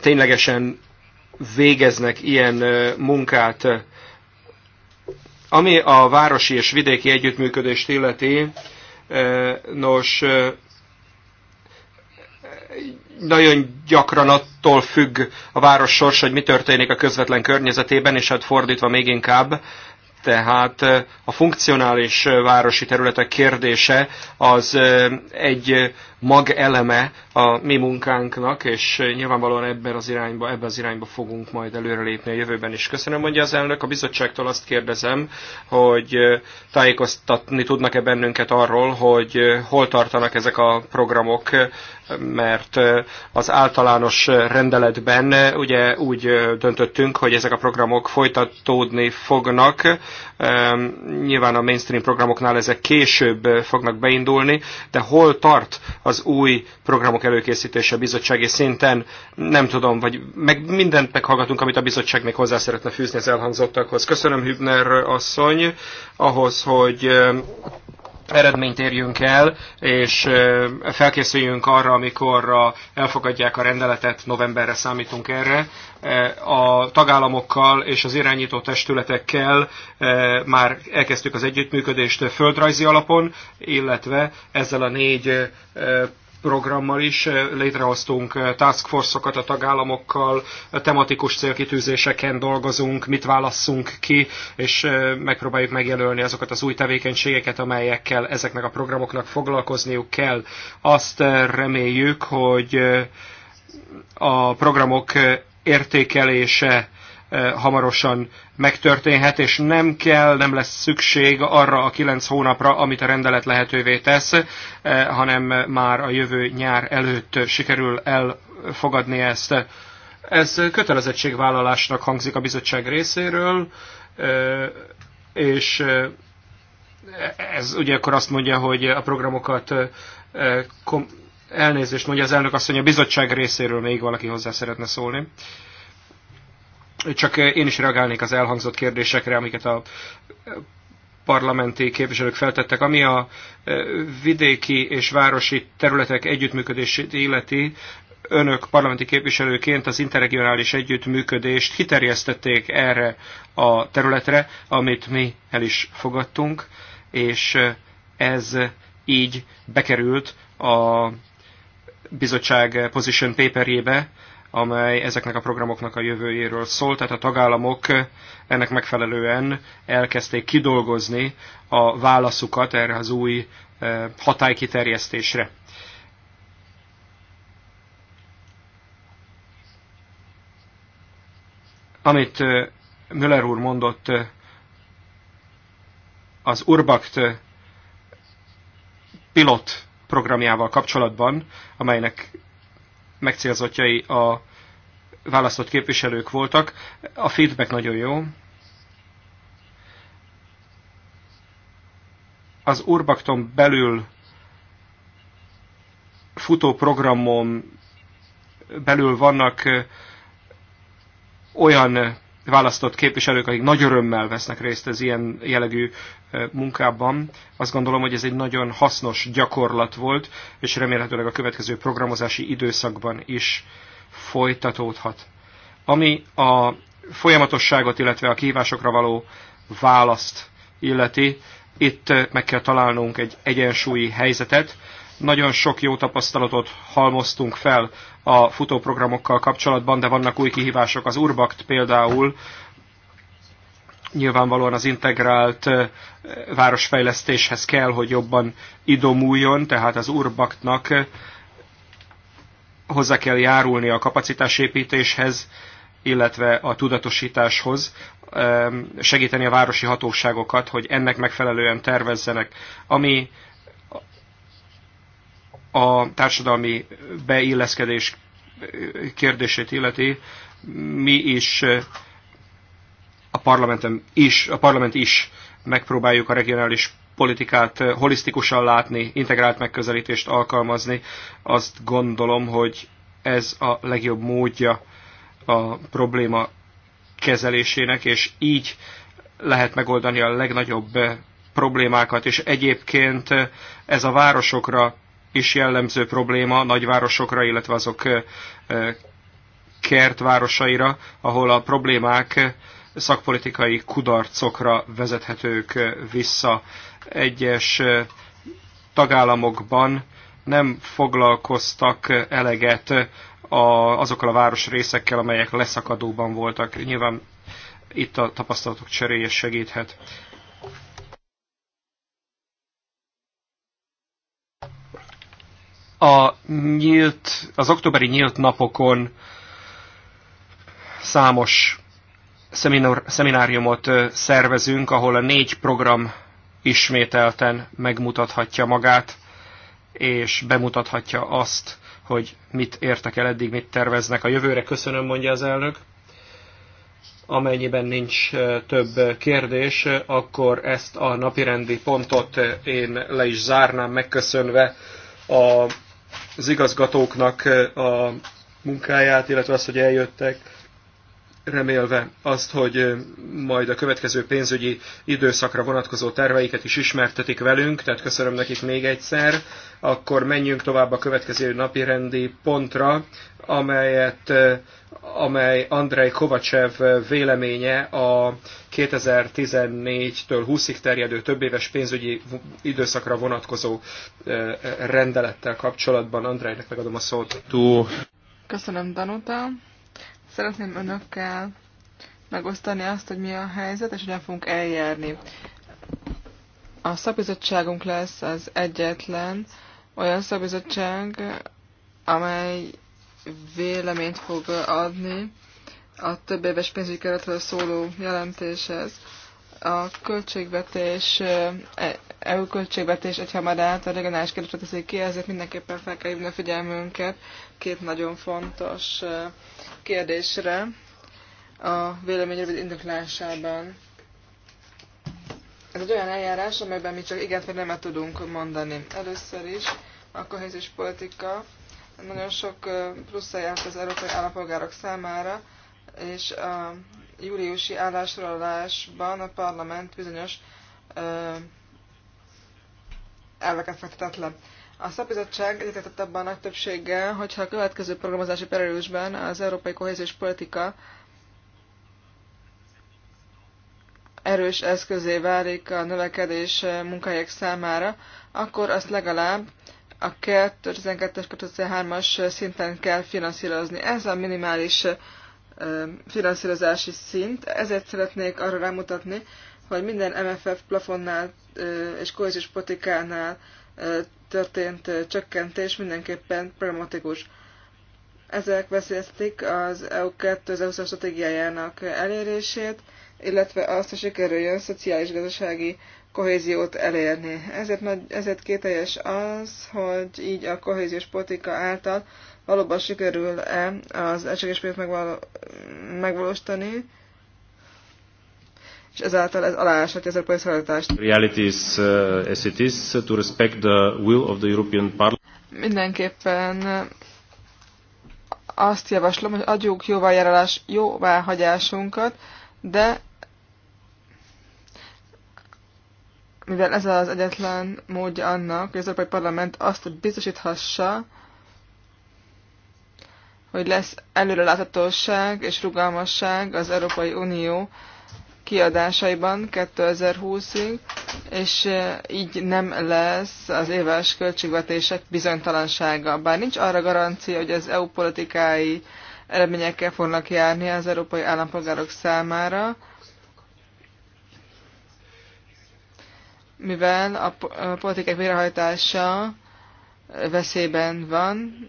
ténylegesen végeznek ilyen munkát. Ami a városi és vidéki együttműködést illeti, nos, nagyon gyakran attól függ a város sorsa, hogy mi történik a közvetlen környezetében, és hát fordítva még inkább, tehát a funkcionális városi területek kérdése az egy mag eleme a mi munkánknak, és nyilvánvalóan ebben az irányba, ebben az irányba fogunk majd előrelépni a jövőben is. Köszönöm, mondja az elnök. A bizottságtól azt kérdezem, hogy tájékoztatni tudnak-e bennünket arról, hogy hol tartanak ezek a programok, mert az általános rendeletben ugye úgy döntöttünk, hogy ezek a programok folytatódni fognak. Nyilván a mainstream programoknál ezek később fognak beindulni, de hol tart az az új programok előkészítése a bizottsági szinten, nem tudom, vagy meg mindent meghallgatunk, amit a bizottság még hozzá szeretne fűzni az elhangzottakhoz. Köszönöm Hübner asszony ahhoz, hogy eredményt érjünk el, és felkészüljünk arra, amikor elfogadják a rendeletet, novemberre számítunk erre. A tagállamokkal és az irányító testületekkel már elkezdtük az együttműködést földrajzi alapon, illetve ezzel a négy programmal is eh, létrehoztunk eh, task force-okat a tagállamokkal, eh, tematikus célkitűzéseken dolgozunk, mit válasszunk ki, és megpróbáljuk megjelölni azokat az új tevékenységeket, amelyekkel ezeknek a programoknak foglalkozniuk kell. Azt reméljük, hogy a programok értékelése hamarosan megtörténhet, és nem kell, nem lesz szükség arra a kilenc hónapra, amit a rendelet lehetővé tesz, hanem már a jövő nyár előtt sikerül elfogadni ezt. Ez kötelezettségvállalásnak hangzik a bizottság részéről, és ez ugye akkor azt mondja, hogy a programokat elnézést mondja az elnök azt, hogy a bizottság részéről még valaki hozzá szeretne szólni. Csak eh, én is reagálnék az elhangzott kérdésekre, amiket a eh, parlamenti képviselők feltettek. Ami a eh, vidéki és városi területek együttműködését illeti, önök parlamenti képviselőként az interregionális együttműködést kiterjesztették erre a területre, amit mi el is fogadtunk, és ez így bekerült a bizottság position paperjébe, amely ezeknek a programoknak a jövőjéről szól, tehát a tagállamok eh, ennek megfelelően elkezdték kidolgozni a válaszukat erre az új eh, hatálykiterjesztésre. Amit eh, Müller úr mondott az Urbakt pilot programjával kapcsolatban, amelynek megcélzottjai a választott képviselők voltak. A feedback nagyon jó. Az Urbakton belül futó programon belül vannak olyan választott képviselők, akik nagy örömmel vesznek részt az ilyen jellegű munkában. Azt gondolom, hogy ez egy nagyon hasznos gyakorlat volt, és remélhetőleg a következő programozási időszakban is folytatódhat. Ami a folyamatosságot, illetve a kihívásokra való választ illeti, itt meg kell találnunk egy egyensúlyi helyzetet, nagyon sok jó tapasztalatot halmoztunk fel a futóprogramokkal kapcsolatban, de vannak új kihívások. Az Urbakt például nyilvánvalóan az integrált városfejlesztéshez kell, hogy jobban idomuljon, tehát az Urbaktnak hozzá kell járulni a kapacitásépítéshez, illetve a tudatosításhoz, segíteni a városi hatóságokat, hogy ennek megfelelően tervezzenek. Ami a társadalmi beilleszkedés kérdését illeti, mi is a parlamenten is, a parlament is megpróbáljuk a regionális politikát holisztikusan látni, integrált megközelítést alkalmazni. Azt gondolom, hogy ez a legjobb módja a probléma kezelésének, és így lehet megoldani a legnagyobb problémákat, és egyébként ez a városokra is jellemző probléma nagyvárosokra, illetve azok kertvárosaira, ahol a problémák szakpolitikai kudarcokra vezethetők vissza. Egyes tagállamokban nem foglalkoztak eleget a, azokkal a városrészekkel, amelyek leszakadóban voltak. Nyilván itt a tapasztalatok cseréje segíthet. a nyílt, az októberi nyílt napokon számos szeminor, szemináriumot szervezünk, ahol a négy program ismételten megmutathatja magát, és bemutathatja azt, hogy mit értek el eddig, mit terveznek a jövőre. Köszönöm, mondja az elnök. Amennyiben nincs több kérdés, akkor ezt a napirendi pontot én le is zárnám, megköszönve a az igazgatóknak eh, a munkáját, illetve azt, hogy eljöttek, remélve azt, hogy eh, majd a következő pénzügyi időszakra vonatkozó terveiket is ismertetik velünk, tehát köszönöm nekik még egyszer. Akkor menjünk tovább a következő napi rendi pontra, amelyet eh, amely Andrei Kovacsev véleménye a 2014-től 20-ig terjedő többéves pénzügyi időszakra vonatkozó eh, rendelettel kapcsolatban. Andrejnek megadom a szót. Tú. Köszönöm, Danuta. Szeretném önökkel megosztani azt, hogy mi a helyzet, és hogyan fogunk eljárni. A szabizottságunk lesz az egyetlen olyan szabizottság, amely véleményt fog adni a több éves pénzügyi keretről szóló jelentéshez. A költségvetés, e, EU költségvetés egyhamadát a regionális keretre teszik ki, ezért mindenképpen fel kell hívni a figyelmünket két nagyon fontos e, kérdésre a vélemény rövid indoklásában. Ez egy olyan eljárás, amelyben mi csak igent vagy nemet tudunk mondani. Először is a kohéziós politika nagyon sok plusza járt az európai állampolgárok számára, és a júliusi állásrólásban a parlament bizonyos elveket fektetett le. A szabizottság egyetett abban nagy többséggel, hogyha a következő programozási periódusban az európai kohéziós politika erős eszközé válik a növekedés munkahelyek számára, akkor azt legalább a 2012-es, 2013-as szinten kell finanszírozni. Ez a minimális finanszírozási szint. Ezért szeretnék arra rámutatni, hogy minden MFF plafonnál és kohéziós politikánál történt csökkentés mindenképpen problematikus. Ezek veszélyeztik az EU 2020 stratégiájának elérését, illetve azt, hogy sikerüljön szociális-gazdasági kohéziót elérni. Ezért, nagy, ezért kételjes az, hogy így a kohéziós politika által valóban sikerül-e az egységes pénzt megvalo- megvalósítani, és ezáltal ez aláshatja az a szolidaritást. Reality is uh, as it is to respect the will of the European Parliament. Mindenképpen azt javaslom, hogy adjuk jóváhagyásunkat, de mivel ez az egyetlen módja annak, hogy az Európai Parlament azt biztosíthassa, hogy lesz előreláthatóság és rugalmasság az Európai Unió kiadásaiban 2020-ig, és eh, így nem lesz az éves költségvetések bizonytalansága. Bár nincs arra garancia, hogy az EU politikái eredményekkel fognak járni az európai állampolgárok számára, mivel a politikák végrehajtása veszélyben van.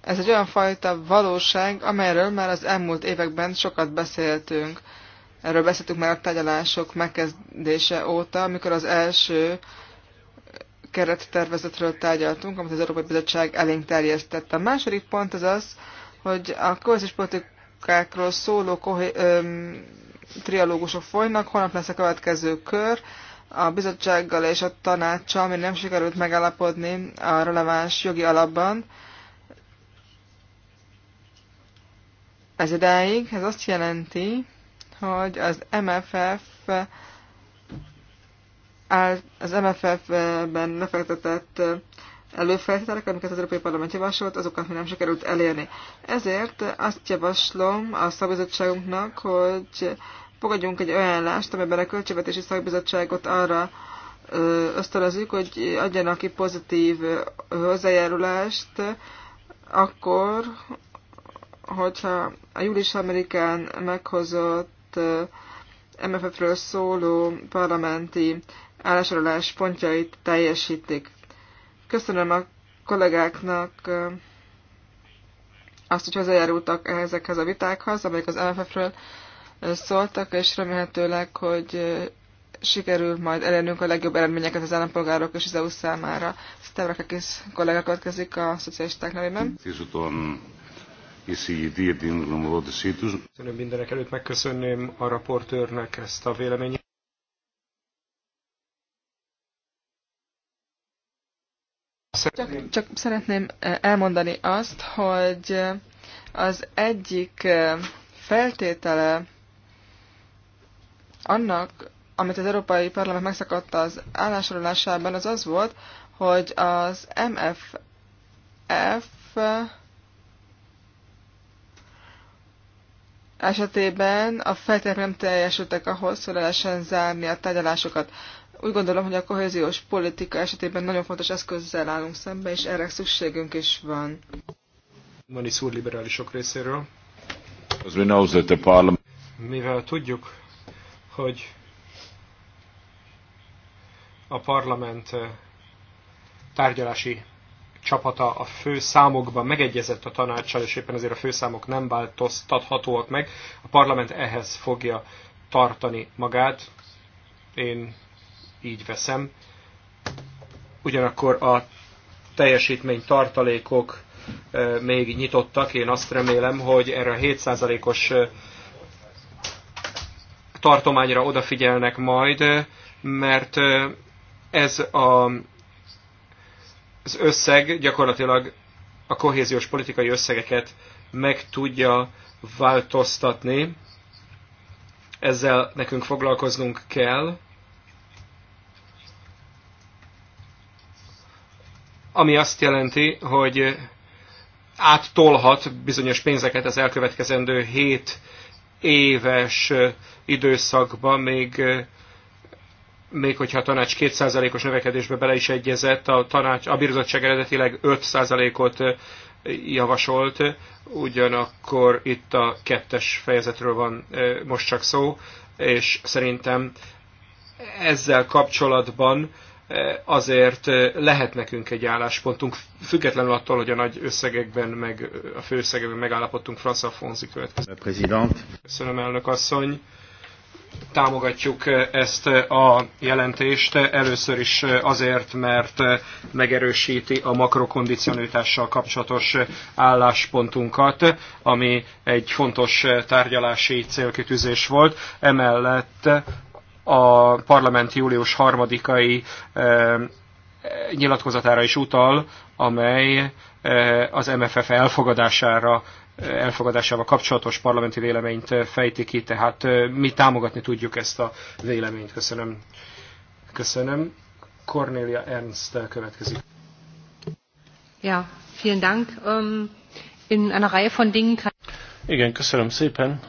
Ez egy olyan fajta valóság, amelyről már az elmúlt években sokat beszéltünk. Erről beszéltünk már a tárgyalások megkezdése óta, amikor az első kerettervezetről tárgyaltunk, amit az Európai Bizottság elénk terjesztett. A második pont az az, hogy a kohéziós politikákról szóló kohé- öm, trialógusok folynak, holnap lesz a következő kör, a bizottsággal és a tanácssal ami nem sikerült megállapodni a releváns jogi alapban. Ez idáig, ez azt jelenti, hogy az MFF az MFF-ben lefektetett előfeltételek, amiket az Európai Parlament javasolt, azokat mi nem sikerült elérni. Ezért azt javaslom a szabizottságunknak, hogy fogadjunk egy ajánlást, amiben a Költségvetési Szakbizottságot arra ösztönözzük, hogy adjanak ki pozitív hozzájárulást, akkor, hogyha a július Amerikán meghozott MFF-ről szóló parlamenti állásolás pontjait teljesítik. Köszönöm a kollégáknak azt, hogy hozzájárultak ezekhez a vitákhoz, amelyek az MFF-ről szóltak, és remélhetőleg, hogy sikerül majd elérnünk a legjobb eredményeket az állampolgárok és az EU számára. Stavrakakis kollega következik a szocialisták nevében. Köszönöm mindenek előtt, megköszönném a raportőrnek ezt a véleményét. Csak, csak szeretném elmondani azt, hogy az egyik feltétele annak, amit az Európai Parlament megszakadta az állásolásában, az az volt, hogy az MFF esetében a feltételek nem teljesültek ahhoz, hogy lehessen zárni a tárgyalásokat. Úgy gondolom, hogy a kohéziós politika esetében nagyon fontos eszközzel állunk szembe, és erre szükségünk is van. Mani szúrliberálisok részéről. Mivel tudjuk, hogy a parlament eh, tárgyalási csapata a főszámokban megegyezett a tanácssal, és éppen ezért a főszámok nem változtathatóak meg. A parlament ehhez fogja tartani magát. Én így veszem. Ugyanakkor a teljesítmény tartalékok eh, még nyitottak. Én azt remélem, hogy erre a 7%-os tartományra odafigyelnek majd, mert ez a, az összeg gyakorlatilag a kohéziós politikai összegeket meg tudja változtatni. Ezzel nekünk foglalkoznunk kell. Ami azt jelenti, hogy áttolhat bizonyos pénzeket az elkövetkezendő hét éves időszakban még még hogyha a tanács 2%-os növekedésbe bele is egyezett, a, tanács, a bizottság eredetileg 5%-ot javasolt, ugyanakkor itt a kettes fejezetről van most csak szó, és szerintem ezzel kapcsolatban Eh, azért eh, lehet nekünk egy álláspontunk, függetlenül attól, hogy a nagy összegekben, meg a főszegekben megállapodtunk Franz Fonzi következő. Köszönöm, elnök asszony. Támogatjuk eh, ezt a jelentést először is azért, mert megerősíti a makrokondicionalitással kapcsolatos álláspontunkat, ami egy fontos tárgyalási célkitűzés volt. Emellett a parlament július harmadikai nyilatkozatára is utal, amely az MFF elfogadására elfogadásával kapcsolatos parlamenti véleményt fejti ki, tehát mi támogatni tudjuk ezt a véleményt. Köszönöm. Köszönöm. Cornelia Ernst következik. Ja, vielen Dank. Um, in einer Reihe von Dingen kann... Igen, köszönöm szépen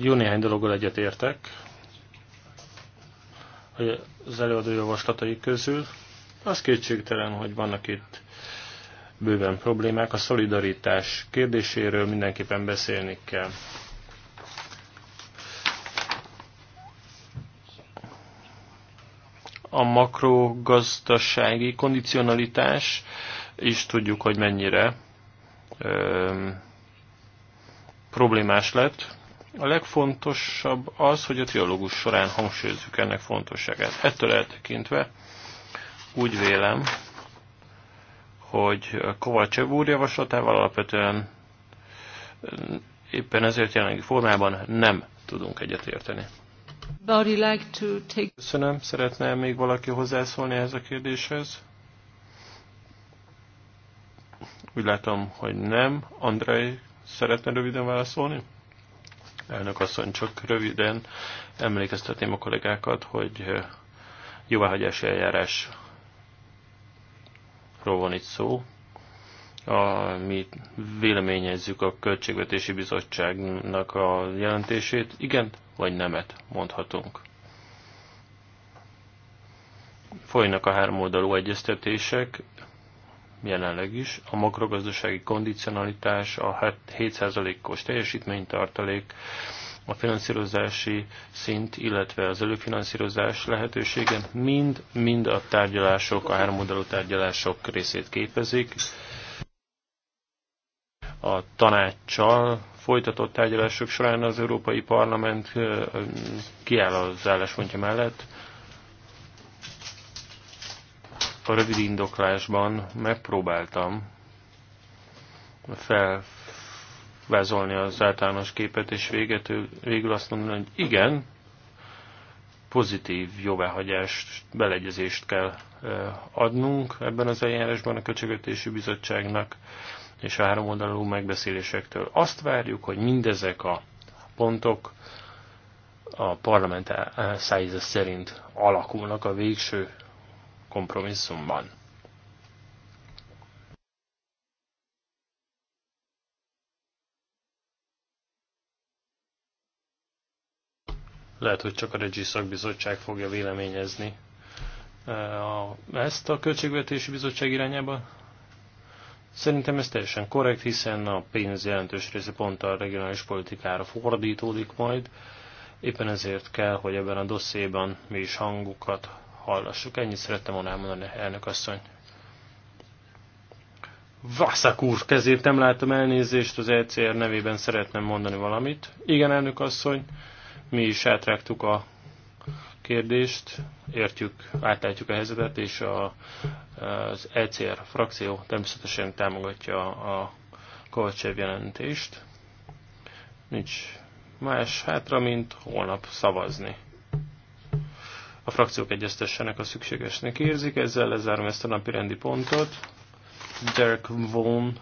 jó néhány dologgal egyetértek az előadó javaslatai közül. Az kétségtelen, hogy vannak itt bőven problémák. A szolidaritás kérdéséről mindenképpen beszélni kell. A makrogazdasági kondicionalitás is tudjuk, hogy mennyire ö, problémás lett. A legfontosabb az, hogy a triológus során hangsúlyozzuk ennek fontosságát. Ettől eltekintve úgy vélem, hogy Kovácsev úr javaslatával alapvetően éppen ezért jelenlegi formában nem tudunk egyetérteni. Like take... Köszönöm. Szeretne még valaki hozzászólni ehhez a kérdéshez? Úgy látom, hogy nem. Andrei szeretne röviden válaszolni? elnök asszony, csak röviden emlékeztetném a kollégákat, hogy eh, jóváhagyási eljárás van itt szó. A, mi véleményezzük a Költségvetési Bizottságnak a jelentését, igen vagy nemet mondhatunk. Folynak a három oldalú egyeztetések, jelenleg is. A makrogazdasági kondicionalitás, a 7%-os teljesítménytartalék, a finanszírozási szint, illetve az előfinanszírozás lehetősége mind-mind a tárgyalások, a háromoldalú tárgyalások részét képezik. A tanácssal folytatott tárgyalások során az Európai Parlament kiáll az álláspontja mellett, a rövid indoklásban megpróbáltam felvázolni az általános képet, és véget, végül azt mondani, hogy igen, pozitív jóváhagyást, beleegyezést kell adnunk ebben az eljárásban a Köcsögetési Bizottságnak és a háromoldalú megbeszélésektől. Azt várjuk, hogy mindezek a pontok a parlament eh, szájéze szerint alakulnak a végső kompromisszumban. Lehet, hogy csak a Regi Szakbizottság fogja véleményezni eh, ezt a Költségvetési Bizottság irányába. Szerintem ez teljesen korrekt, hiszen a pénz jelentős része pont a regionális politikára fordítódik majd. Éppen ezért kell, hogy ebben a dosszéban mi is hangukat hallassuk. Ennyit szerettem volna elmondani, elnök asszony. Vaszak úr kezét nem láttam elnézést, az ECR nevében szeretném mondani valamit. Igen, elnök asszony, mi is átrágtuk a kérdést, értjük, átlátjuk a helyzetet, és a, az ECR frakció természetesen támogatja a Kovácsev jelentést. Nincs más hátra, mint holnap szavazni a frakciók egyeztessenek, a szükségesnek érzik. Ezzel lezárom ezt a napi rendi pontot. Derek Vaughan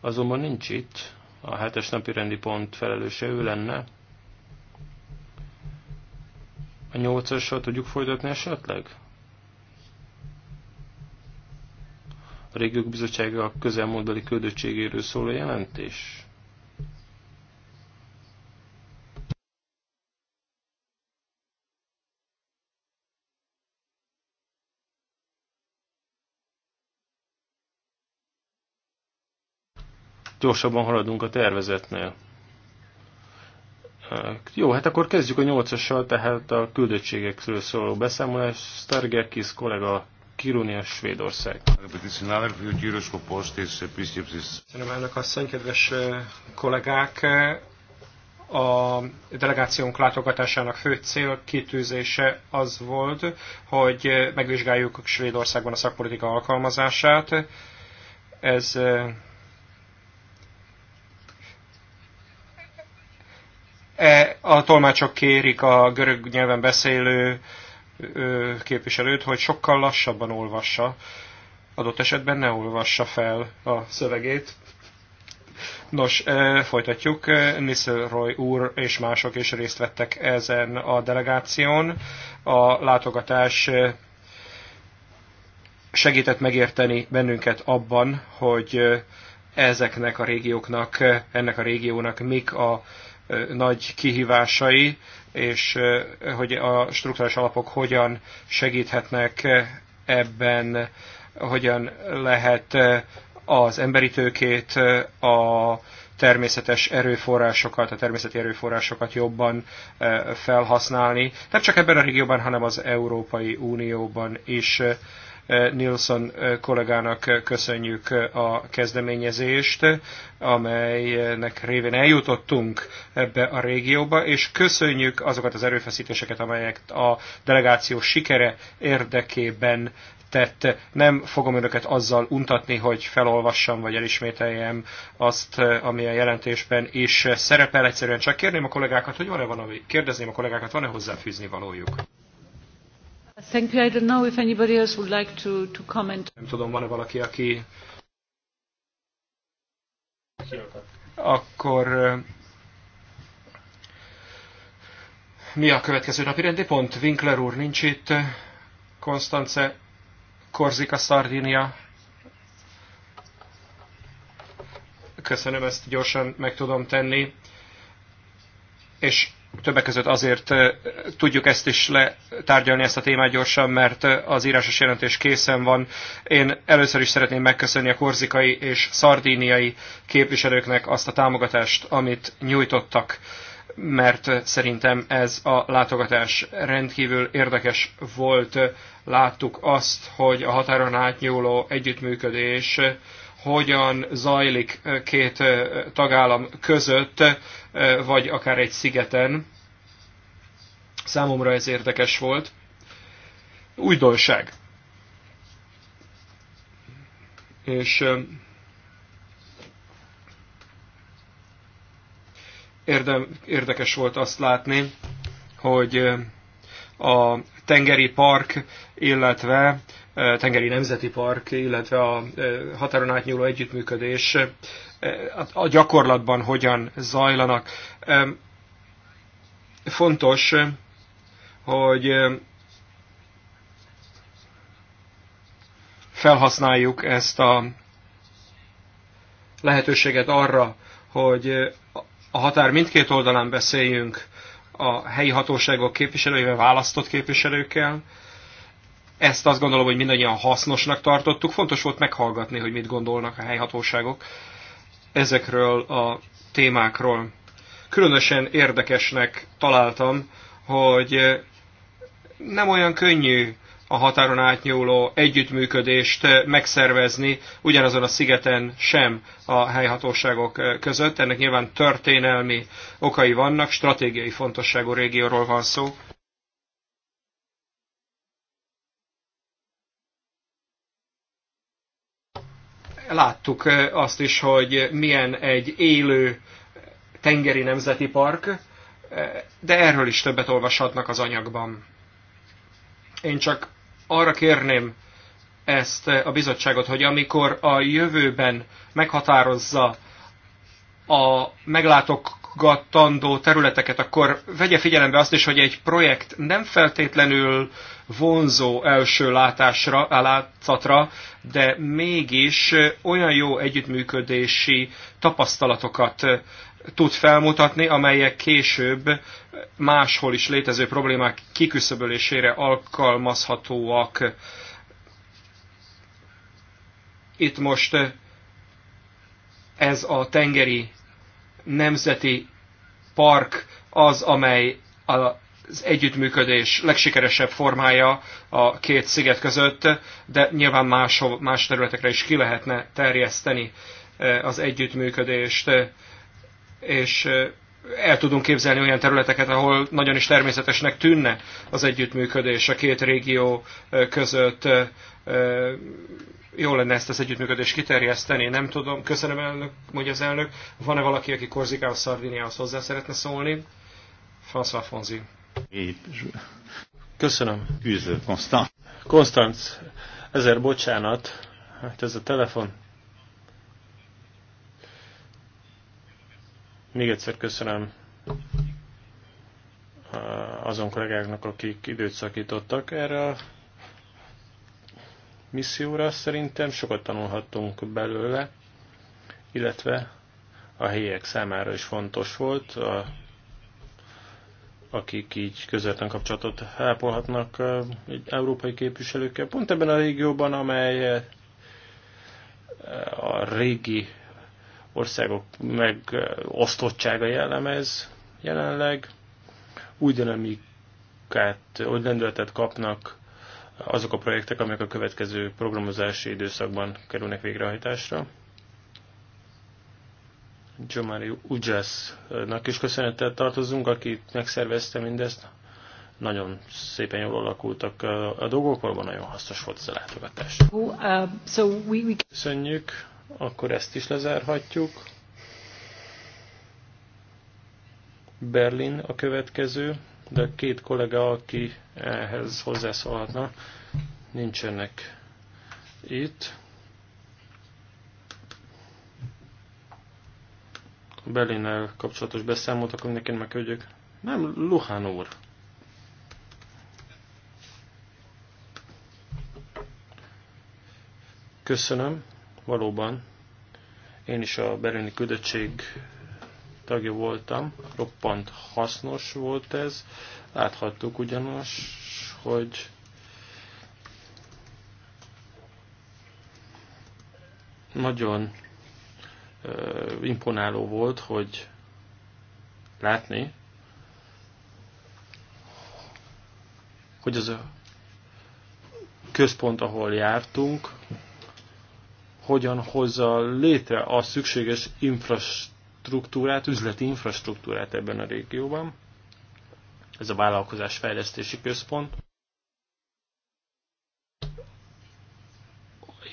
azonban nincs itt. A hetes napi rendi pont felelőse ő lenne. A nyolcassal tudjuk folytatni esetleg? A régiók bizottsága a közelmúltbeli küldöttségéről szóló jelentés. gyorsabban haladunk a tervezetnél. Jó, hát akkor kezdjük a nyolcassal, tehát a küldöttségekről szóló beszámolás. Stargerkis kollega Kirunia Svédország. Köszönöm elnök asszony, kedves kollégák! A delegációnk látogatásának fő cél kitűzése az volt, hogy megvizsgáljuk Svédországban a szakpolitika alkalmazását. Ez E, a tolmácsok kérik a görög nyelven beszélő képviselőt, hogy sokkal lassabban olvassa, adott esetben ne olvassa fel a szövegét. Nos, e, folytatjuk. E, Roy úr és mások is részt vettek ezen a delegáción. A látogatás segített megérteni bennünket abban, hogy ezeknek a régióknak, ennek a régiónak mik a nagy kihívásai, és hogy a struktúrás alapok hogyan segíthetnek ebben, hogyan lehet az emberi tőkét, a természetes erőforrásokat, a természeti erőforrásokat jobban felhasználni. Nem csak ebben a régióban, hanem az Európai Unióban is Nilsson kollégának köszönjük a kezdeményezést, amelynek révén eljutottunk ebbe a régióba, és köszönjük azokat az erőfeszítéseket, amelyek a delegáció sikere érdekében tett. Nem fogom önöket azzal untatni, hogy felolvassam vagy elismételjem azt, ami a jelentésben is szerepel. Egyszerűen csak kérném a kollégákat, hogy van-e valami, kérdezném a kollégákat, van-e hozzáfűzni valójuk. Thank you. I don't know if anybody else would like to, to comment. Nem tudom, van-e valaki, aki... Akkor mi a következő napi rendi pont? Winkler úr nincs itt, Konstance, Korzika, Sardinia. Köszönöm, ezt gyorsan meg tudom tenni. És Többek között azért tudjuk ezt is letárgyalni, ezt a témát gyorsan, mert az írásos jelentés készen van. Én először is szeretném megköszönni a korzikai és szardíniai képviselőknek azt a támogatást, amit nyújtottak mert szerintem ez a látogatás rendkívül érdekes volt. Láttuk azt, hogy a határon átnyúló együttműködés hogyan zajlik két tagállam között, vagy akár egy szigeten. Számomra ez érdekes volt. Újdonság. És érdem, érdekes volt azt látni, hogy a tengeri park, illetve tengeri nemzeti park, illetve a határon átnyúló együttműködés a gyakorlatban hogyan zajlanak. Fontos, hogy felhasználjuk ezt a lehetőséget arra, hogy a határ mindkét oldalán beszéljünk a helyi hatóságok képviselőivel, választott képviselőkkel, ezt azt gondolom, hogy mindannyian hasznosnak tartottuk. Fontos volt meghallgatni, hogy mit gondolnak a helyhatóságok ezekről a témákról. Különösen érdekesnek találtam, hogy nem olyan könnyű a határon átnyúló együttműködést megszervezni ugyanazon a szigeten sem a helyhatóságok között. Ennek nyilván történelmi okai vannak, stratégiai fontosságú régióról van szó. Láttuk azt is, hogy milyen egy élő tengeri nemzeti park, de erről is többet olvashatnak az anyagban. Én csak arra kérném ezt a bizottságot, hogy amikor a jövőben meghatározza a meglátok támogatandó területeket, akkor vegye figyelembe azt is, hogy egy projekt nem feltétlenül vonzó első látásra, látszatra, de mégis olyan jó együttműködési tapasztalatokat tud felmutatni, amelyek később máshol is létező problémák kiküszöbölésére alkalmazhatóak. Itt most ez a tengeri nemzeti park az, amely az együttműködés legsikeresebb formája a két sziget között, de nyilván más, más területekre is ki lehetne terjeszteni eh, az együttműködést, eh, és eh, el tudunk képzelni olyan területeket, ahol nagyon is természetesnek tűnne az együttműködés a két régió között. Jó lenne ezt az együttműködést kiterjeszteni, nem tudom. Köszönöm, elnök, mondja az elnök. Van-e valaki, aki Korzikához, Szardiniához hozzá szeretne szólni? François Fonzi. Köszönöm. Üdv, Konstanz. Konstanz, ezer bocsánat. Hát ez a telefon Még egyszer köszönöm azon kollégáknak, akik időt szakítottak erre a misszióra. Szerintem sokat tanulhattunk belőle, illetve a helyiek számára is fontos volt, a, akik így közvetlen kapcsolatot ápolhatnak egy európai képviselőkkel. Pont ebben a régióban, amely a régi országok megosztottsága jellemez jelenleg. Új dinamikát, úgy lendületet kapnak azok a projektek, amelyek a következő programozási időszakban kerülnek végrehajtásra. Jomari Ujásznak is köszönettel tartozunk, aki megszervezte mindezt. Nagyon szépen jól alakultak a dolgok, valóban nagyon hasznos volt ez a látogatás. Köszönjük! Akkor ezt is lezárhatjuk. Berlin a következő, de két kollega, aki ehhez hozzászólhatna, nincsenek itt. A Berlinnel kapcsolatos beszámolt, akkor nekem megködjük. Nem, Luhán úr. Köszönöm. Valóban én is a berlini küldöttség tagja voltam, roppant hasznos volt ez. Láthattuk ugyanos, hogy nagyon uh, imponáló volt, hogy látni, hogy az a központ, ahol jártunk, hogyan hozza létre a szükséges infrastruktúrát, üzleti infrastruktúrát ebben a régióban. Ez a vállalkozás fejlesztési központ.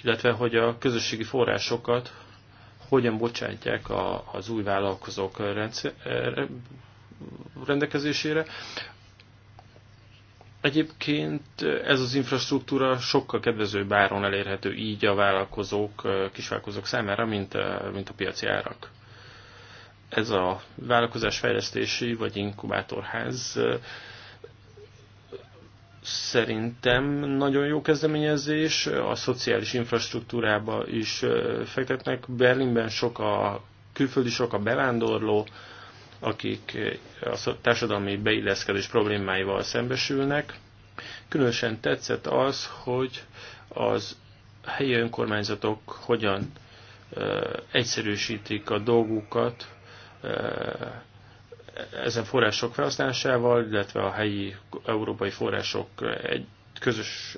Illetve, hogy a közösségi forrásokat hogyan bocsátják a, az új vállalkozók rendszer, eh, rendelkezésére. Egyébként eh, ez az infrastruktúra sokkal kedvezőbb áron elérhető így a vállalkozók, eh, kisvállalkozók számára, mint, a, eh, mint a piaci árak. Ez a vállalkozásfejlesztési vagy inkubátorház szerintem nagyon jó kezdeményezés, a szociális infrastruktúrába is fektetnek. Berlinben sok a külföldi, sok a bevándorló, akik eh, a társadalmi beilleszkedés problémáival szembesülnek. Különösen tetszett az, hogy az helyi önkormányzatok hogyan eh, egyszerűsítik a dolgukat eh, ezen források felhasználásával, illetve a helyi európai források egy, közös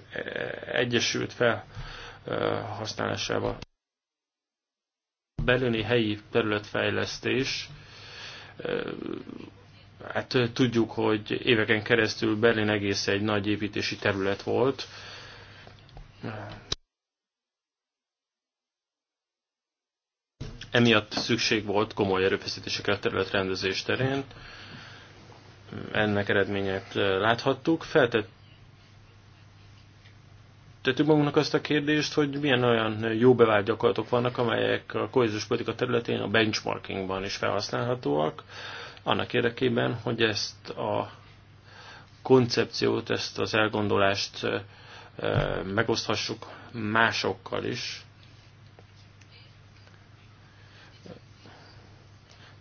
egyesült felhasználásával. A belőni helyi területfejlesztés hát tudjuk, hogy éveken keresztül Berlin egész egy nagy építési terület volt. Emiatt szükség volt komoly erőfeszítésekre a terület rendezés terén. Ennek eredményét láthattuk. Feltett tettük magunknak azt a kérdést, hogy milyen olyan jó bevált gyakorlatok vannak, amelyek a kohéziós politika területén a benchmarkingban is felhasználhatóak, annak érdekében, hogy ezt a koncepciót, ezt az elgondolást megoszthassuk másokkal is.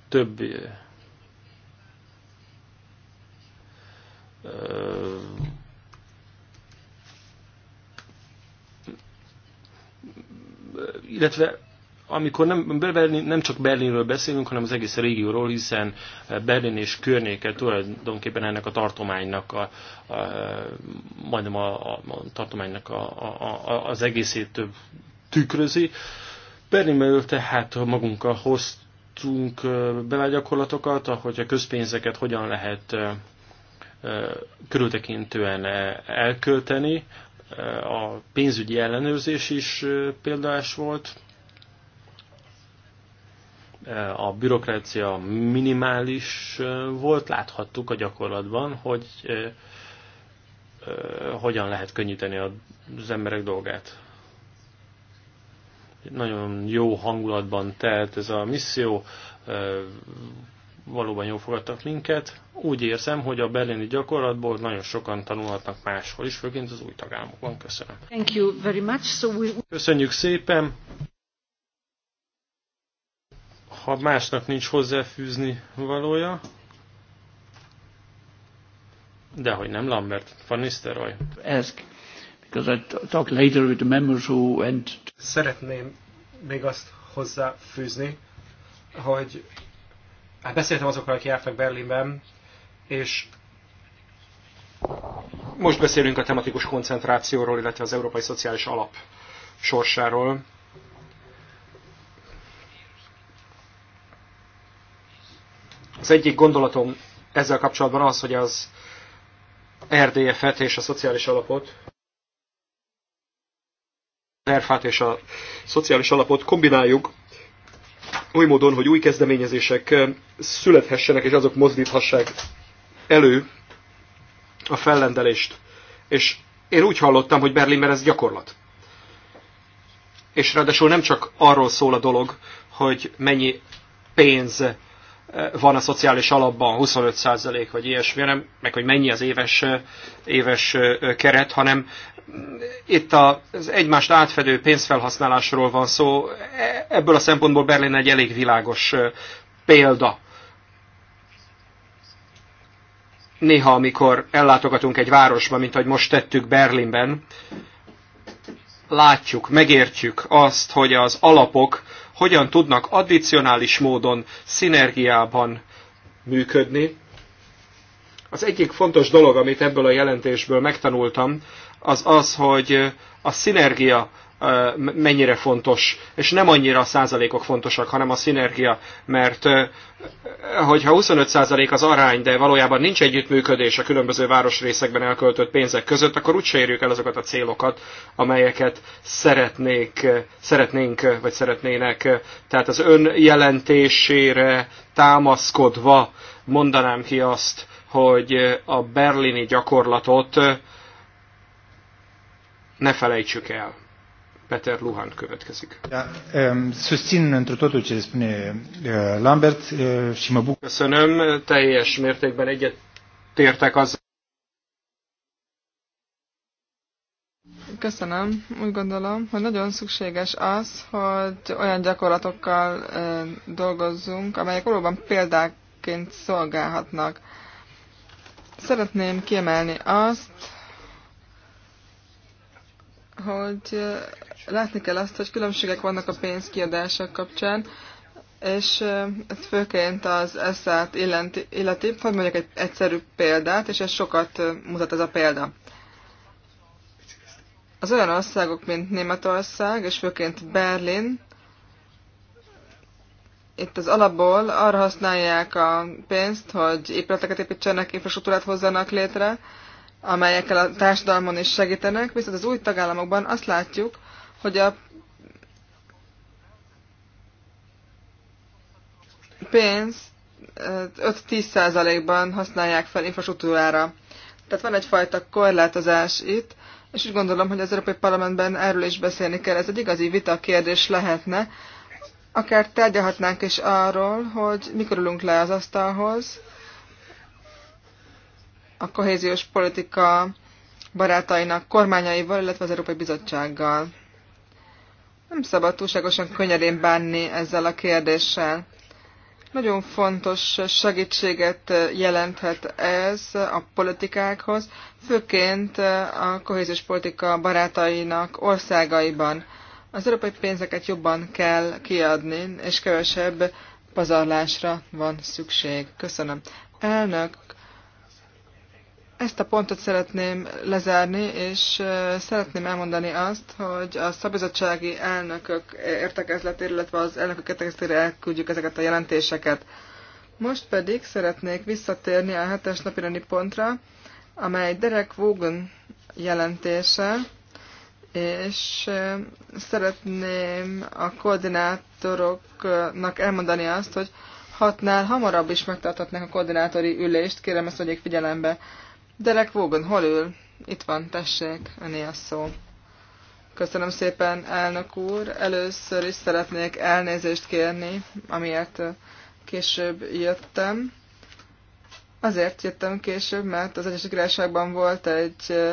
Több illetve amikor nem, Berlin, nem csak Berlinről beszélünk, hanem az egész régióról, hiszen Berlin és környéke tulajdonképpen ennek a tartománynak, a, a, majdnem a, a, a tartománynak a, a, a, az egészét tükrözi. Berlinből tehát magunkkal hoztunk bevágyakorlatokat, hogy a közpénzeket hogyan lehet körültekintően elkölteni, a pénzügyi ellenőrzés is példás volt, a bürokrácia minimális volt, láthattuk a gyakorlatban, hogy hogyan lehet könnyíteni az emberek dolgát. Nagyon jó hangulatban telt ez a misszió, valóban jól fogadtak minket. Úgy érzem, hogy a berlini gyakorlatból nagyon sokan tanulhatnak máshol is, főként az új tagállamokban. Köszönöm. Thank you very much. So we... Köszönjük szépen. Ha másnak nincs hozzáfűzni valója, de hogy nem, Lambert, van Nistelrooy. because I talk later with the members who Szeretném még azt hozzáfűzni, hogy hát beszéltem azokkal, akik jártak Berlinben, és most beszélünk a tematikus koncentrációról, illetve az Európai Szociális Alap sorsáról. Az egyik gondolatom ezzel kapcsolatban az, hogy az RDF-et és a szociális alapot, az rfa és a szociális alapot kombináljuk, oly módon, hogy új kezdeményezések születhessenek, és azok mozdíthassák elő a fellendelést. És én úgy hallottam, hogy Berlinben ez gyakorlat. És ráadásul nem csak arról szól a dolog, hogy mennyi pénz van a szociális alapban 25% vagy ilyesmi, hanem meg hogy mennyi az éves, éves keret, hanem itt az egymást átfedő pénzfelhasználásról van szó. E, ebből a szempontból Berlin egy elég világos példa. Néha, amikor ellátogatunk egy városba, mint ahogy most tettük Berlinben, látjuk, megértjük azt, hogy az alapok hogyan tudnak addicionális módon, szinergiában működni. Az egyik fontos dolog, amit ebből a jelentésből megtanultam, az az, hogy a szinergia mennyire fontos, és nem annyira a százalékok fontosak, hanem a szinergia, mert hogyha 25 százalék az arány, de valójában nincs együttműködés a különböző városrészekben elköltött pénzek között, akkor úgy érjük el azokat a célokat, amelyeket szeretnék, szeretnénk, vagy szeretnének. Tehát az ön jelentésére támaszkodva mondanám ki azt, hogy a berlini gyakorlatot ne felejtsük el. Peter Luhan következik. Ja, um, susțin într totul ce spune uh, Lambert uh, și mă bucur. Köszönöm, teljes mértékben egyet tértek az. Köszönöm. Úgy gondolom, hogy nagyon szükséges az, hogy olyan gyakorlatokkal uh, dolgozzunk, amelyek valóban példákként szolgálhatnak. Szeretném kiemelni azt, hogy látni kell azt, hogy különbségek vannak a pénzkiadások kapcsán, és ez főként az eszát illeti, hogy mondjuk egy egyszerű példát, és ez sokat mutat ez a példa. Az olyan országok, mint Németország, és főként Berlin, itt az alapból arra használják a pénzt, hogy épületeket építsenek, infrastruktúrát hozzanak létre, amelyekkel a társadalmon is segítenek, viszont az új tagállamokban azt látjuk, hogy a pénz 5-10%-ban használják fel infrastruktúrára. Tehát van egyfajta korlátozás itt, és úgy gondolom, hogy az Európai Parlamentben erről is beszélni kell. Ez egy igazi vita kérdés lehetne. Akár tárgyalhatnánk is arról, hogy mikor ülünk le az asztalhoz, a kohéziós politika barátainak, kormányaival, illetve az Európai Bizottsággal. Nem szabad túlságosan könnyedén bánni ezzel a kérdéssel. Nagyon fontos segítséget jelenthet ez a politikákhoz, főként a kohéziós politika barátainak országaiban. Az európai pénzeket jobban kell kiadni, és kevesebb pazarlásra van szükség. Köszönöm. Elnök, ezt a pontot szeretném lezárni, és szeretném elmondani azt, hogy a szabizottsági elnökök értekezletére, illetve az elnökök értekezletére elküldjük ezeket a jelentéseket. Most pedig szeretnék visszatérni a hetes napirani pontra, amely Derek Wogan jelentése, és szeretném a koordinátoroknak elmondani azt, hogy hatnál hamarabb is megtartatnak a koordinátori ülést, kérem ezt vegyék figyelembe. Derek Vaughan hol ül? Itt van, tessék, öné a szó. Köszönöm szépen, elnök úr. Először is szeretnék elnézést kérni, amiért később jöttem. Azért jöttem később, mert az Egyesült Királyságban volt egy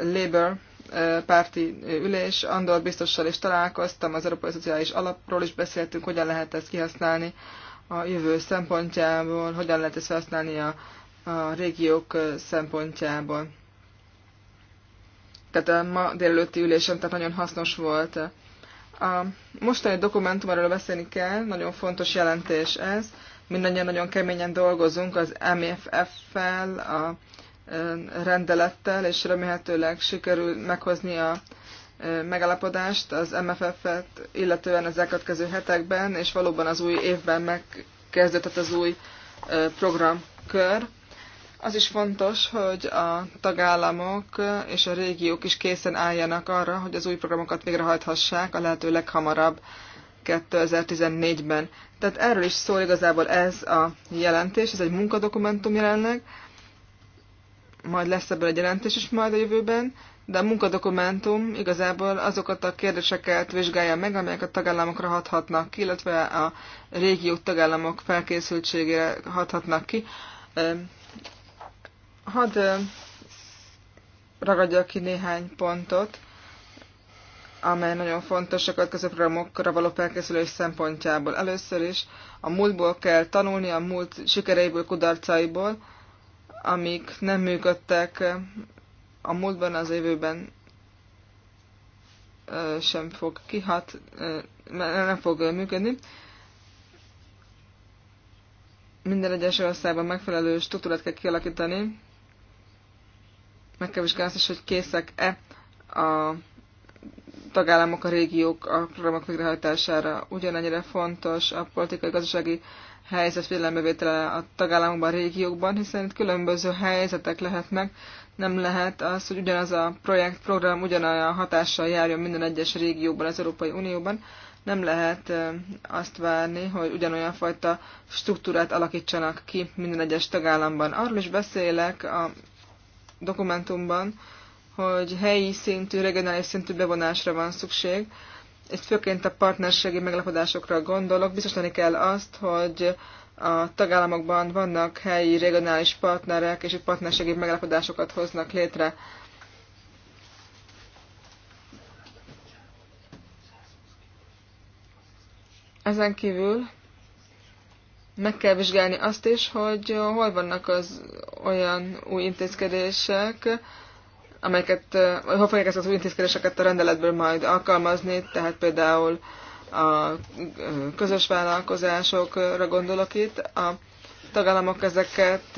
Labour párti ülés, Andor biztossal is találkoztam, az Európai Szociális Alapról is beszéltünk, hogyan lehet ezt kihasználni a jövő szempontjából, hogyan lehet ezt felhasználni a a régiók szempontjából. Tehát a ma délelőtti ülésen tehát nagyon hasznos volt. A mostani dokumentumról beszélni kell, nagyon fontos jelentés ez. Mindannyian nagyon keményen dolgozunk az MFF-fel, a rendelettel, és remélhetőleg sikerül meghozni a megállapodást az MFF-et, illetően az elkövetkező hetekben, és valóban az új évben megkezdődhet az új programkör. Az is fontos, hogy a tagállamok és a régiók is készen álljanak arra, hogy az új programokat végrehajthassák a lehető leghamarabb 2014-ben. Tehát erről is szól igazából ez a jelentés, ez egy munkadokumentum jelenleg, majd lesz ebből egy jelentés is majd a jövőben, de a munkadokumentum igazából azokat a kérdéseket vizsgálja meg, amelyek a tagállamokra hathatnak ki, illetve a régió tagállamok felkészültségére hathatnak ki Hadd ragadjak ki néhány pontot, amely nagyon fontos a következő programokra való felkészülés szempontjából. Először is a múltból kell tanulni, a múlt sikereiből, kudarcaiból, amik nem működtek a múltban, az évőben sem fog kihat, nem fog működni. Minden egyes országban megfelelő struktúrát kell kialakítani, meg kell vizsgálni azt is, hogy készek-e a tagállamok, a régiók a programok végrehajtására. Ugyanennyire fontos a politikai-gazdasági helyzet figyelembevétele a tagállamokban, a régiókban, hiszen itt különböző helyzetek lehetnek. Nem lehet az, hogy ugyanaz a projekt, program ugyanolyan hatással járjon minden egyes régióban, az Európai Unióban. Nem lehet azt várni, hogy ugyanolyan fajta struktúrát alakítsanak ki minden egyes tagállamban. Arról is beszélek a dokumentumban, hogy helyi szintű, regionális szintű bevonásra van szükség. ezt főként a partnerségi meglepodásokra gondolok. Biztosítani kell azt, hogy a tagállamokban vannak helyi regionális partnerek, és itt partnerségi meglepodásokat hoznak létre. Ezen kívül meg kell vizsgálni azt is, hogy hol vannak az olyan új intézkedések, amelyeket, vagy hol fogják ezt az új intézkedéseket a rendeletből majd alkalmazni, tehát például a közös vállalkozásokra gondolok itt, a tagállamok ezeket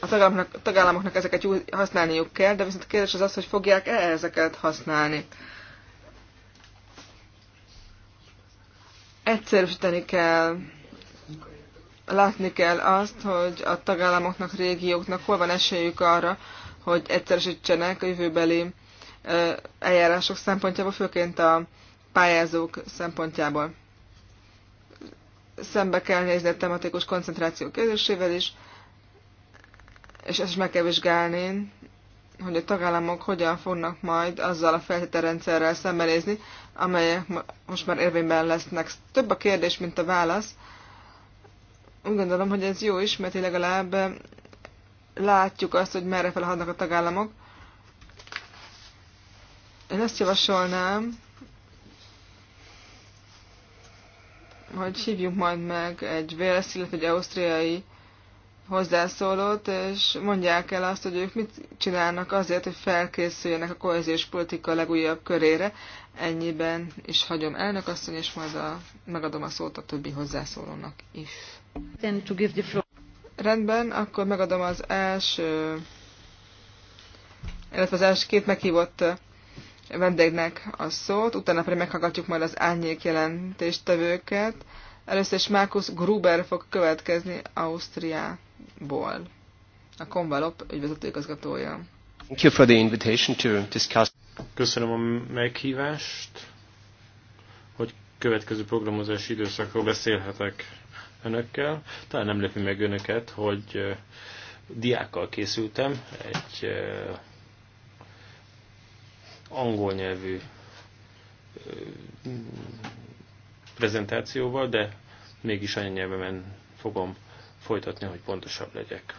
a tagállamoknak, a tagállamoknak ezeket használniuk kell, de viszont a kérdés az az, hogy fogják-e ezeket használni. Egyszerűsíteni kell látni kell azt, hogy a tagállamoknak, régióknak hol van esélyük arra, hogy egyszerűsítsenek a jövőbeli eljárások szempontjából, főként a pályázók szempontjából. Szembe kell nézni a tematikus koncentráció kérdésével is, és ezt is meg kell vizsgálni, hogy a tagállamok hogyan fognak majd azzal a feltételrendszerrel szembenézni, amelyek most már érvényben lesznek. Több a kérdés, mint a válasz, úgy gondolom, hogy ez jó is, mert legalább eh, látjuk azt, hogy merre felhadnak a tagállamok. Én azt javasolnám, hogy hívjuk majd meg egy Vélesz, illetve egy ausztriai hozzászólót, és mondják el azt, hogy ők mit csinálnak azért, hogy felkészüljenek a kohéziós politika legújabb körére ennyiben is hagyom elnök asszony, és majd a, megadom a szót a többi hozzászólónak is. Rendben, akkor megadom az első, illetve az első két meghívott vendégnek a szót, utána pedig meghallgatjuk majd az árnyék jelentéstevőket. Először is Markus Gruber fog következni Ausztriából, a Convalop igazgatója. Thank you for the invitation to discuss Köszönöm a meghívást, hogy következő programozási időszakról beszélhetek önökkel. Talán nem lepi meg önöket, hogy diákkal készültem egy angol nyelvű prezentációval, de mégis anyanyelvemen fogom folytatni, hogy pontosabb legyek.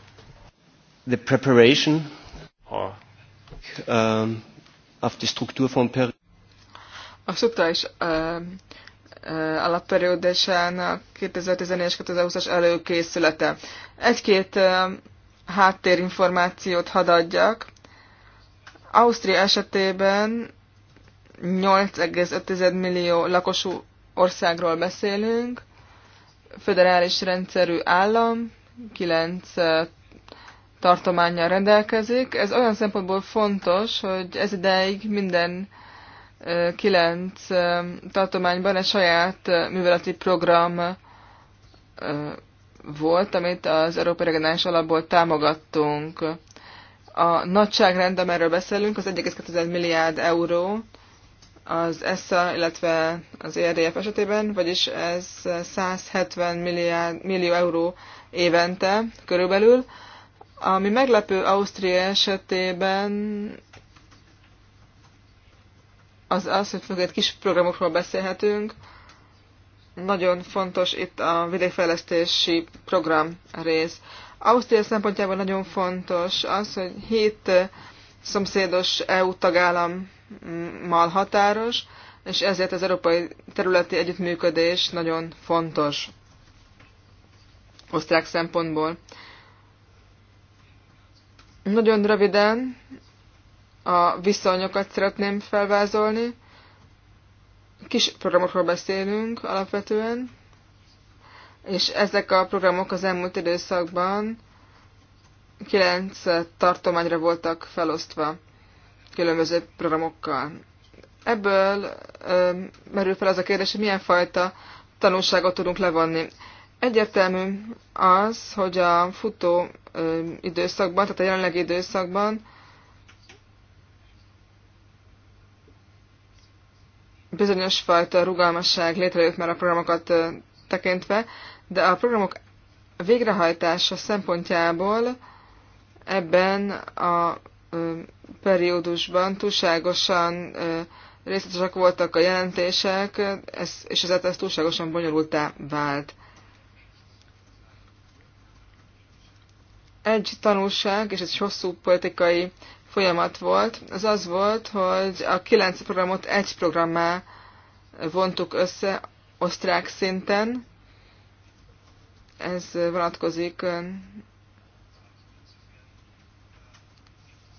The preparation. A um, auf die Strukturfondperiode. A szubtális alapperiódusának 2014 és 2020-as előkészülete. Egy-két háttérinformációt hadd adjak. Ausztria esetében 8,5 millió lakosú országról beszélünk, föderális rendszerű állam, 9 tartományjal rendelkezik. Ez olyan szempontból fontos, hogy ez ideig minden kilenc tartományban egy saját műveleti program volt, amit az Európai Regionális Alapból támogattunk. A nagyságrend, amiről beszélünk, az 1,2 milliárd euró az ESSA, illetve az ERDF esetében, vagyis ez 170 milliárd, millió euró évente körülbelül. Ami meglepő Ausztria esetében az az, hogy egy kis programokról beszélhetünk. Nagyon fontos itt a vidékfejlesztési program rész. Ausztria szempontjából nagyon fontos az, hogy hét szomszédos EU tagállammal határos, és ezért az európai területi együttműködés nagyon fontos osztrák szempontból. Nagyon röviden a viszonyokat szeretném felvázolni. Kis programokról beszélünk alapvetően, és ezek a programok az elmúlt időszakban kilenc tartományra voltak felosztva különböző programokkal. Ebből ö, merül fel az a kérdés, hogy milyen fajta tanulságot tudunk levonni. Egyértelmű az, hogy a futó időszakban, tehát a jelenlegi időszakban bizonyos fajta rugalmasság létrejött már a programokat tekintve, de a programok végrehajtása szempontjából ebben a periódusban túlságosan részletesek voltak a jelentések, ez, és ezáltal ez túlságosan bonyolultá vált. Egy tanulság, és ez egy hosszú politikai folyamat volt, az az volt, hogy a kilenc programot egy programmá vontuk össze osztrák szinten. Ez vonatkozik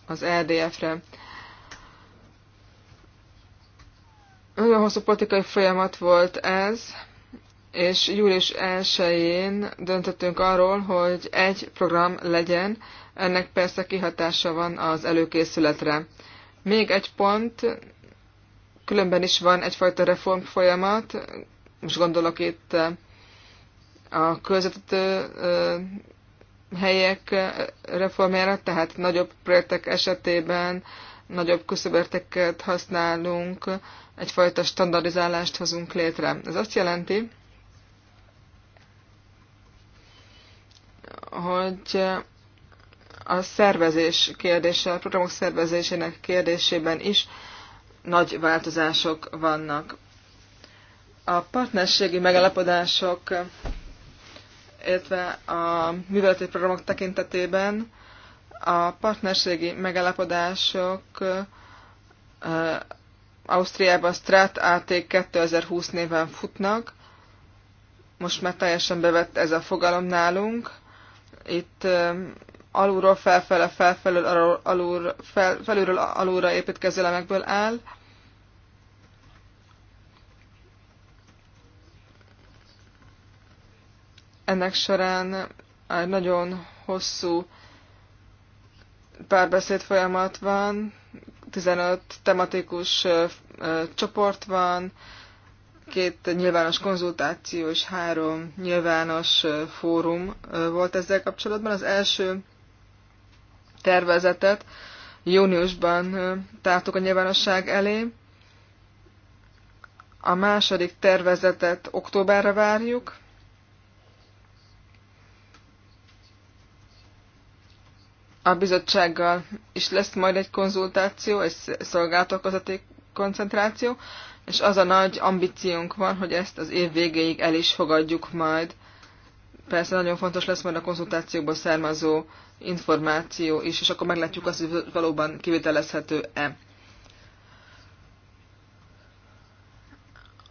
az LDF-re. E Nagyon hosszú politikai folyamat volt ez, és július 1-én döntöttünk arról, hogy egy program legyen, ennek persze kihatása van az előkészületre. Még egy pont, különben is van egyfajta reform folyamat, most gondolok itt a közvetítő helyek reformjára, tehát nagyobb projektek esetében nagyobb küszöberteket használunk, egyfajta standardizálást hozunk létre. Ez azt jelenti, hogy a szervezés kérdése, a programok szervezésének kérdésében is nagy változások vannak. A partnerségi megalapodások, illetve a műveleti programok tekintetében a partnerségi megalapodások Ausztriában Strat AT 2020 néven futnak. Most már teljesen bevett ez a fogalom nálunk itt alulról felfele, felfelől, alul, fel, felülről alulra építkező elemekből áll. Ennek során egy nagyon hosszú párbeszéd folyamat van, 15 tematikus csoport van, két nyilvános konzultáció és három nyilvános fórum volt ezzel kapcsolatban. Az első tervezetet júniusban tártuk a nyilvánosság elé, a második tervezetet októberre várjuk, a bizottsággal is lesz majd egy konzultáció, egy szolgáltatókozati koncentráció, és az a nagy ambíciónk van, hogy ezt az év végéig el is fogadjuk majd. Persze nagyon fontos lesz majd a konzultációkból származó információ is, és akkor meglátjuk azt, hogy valóban kivitelezhető-e.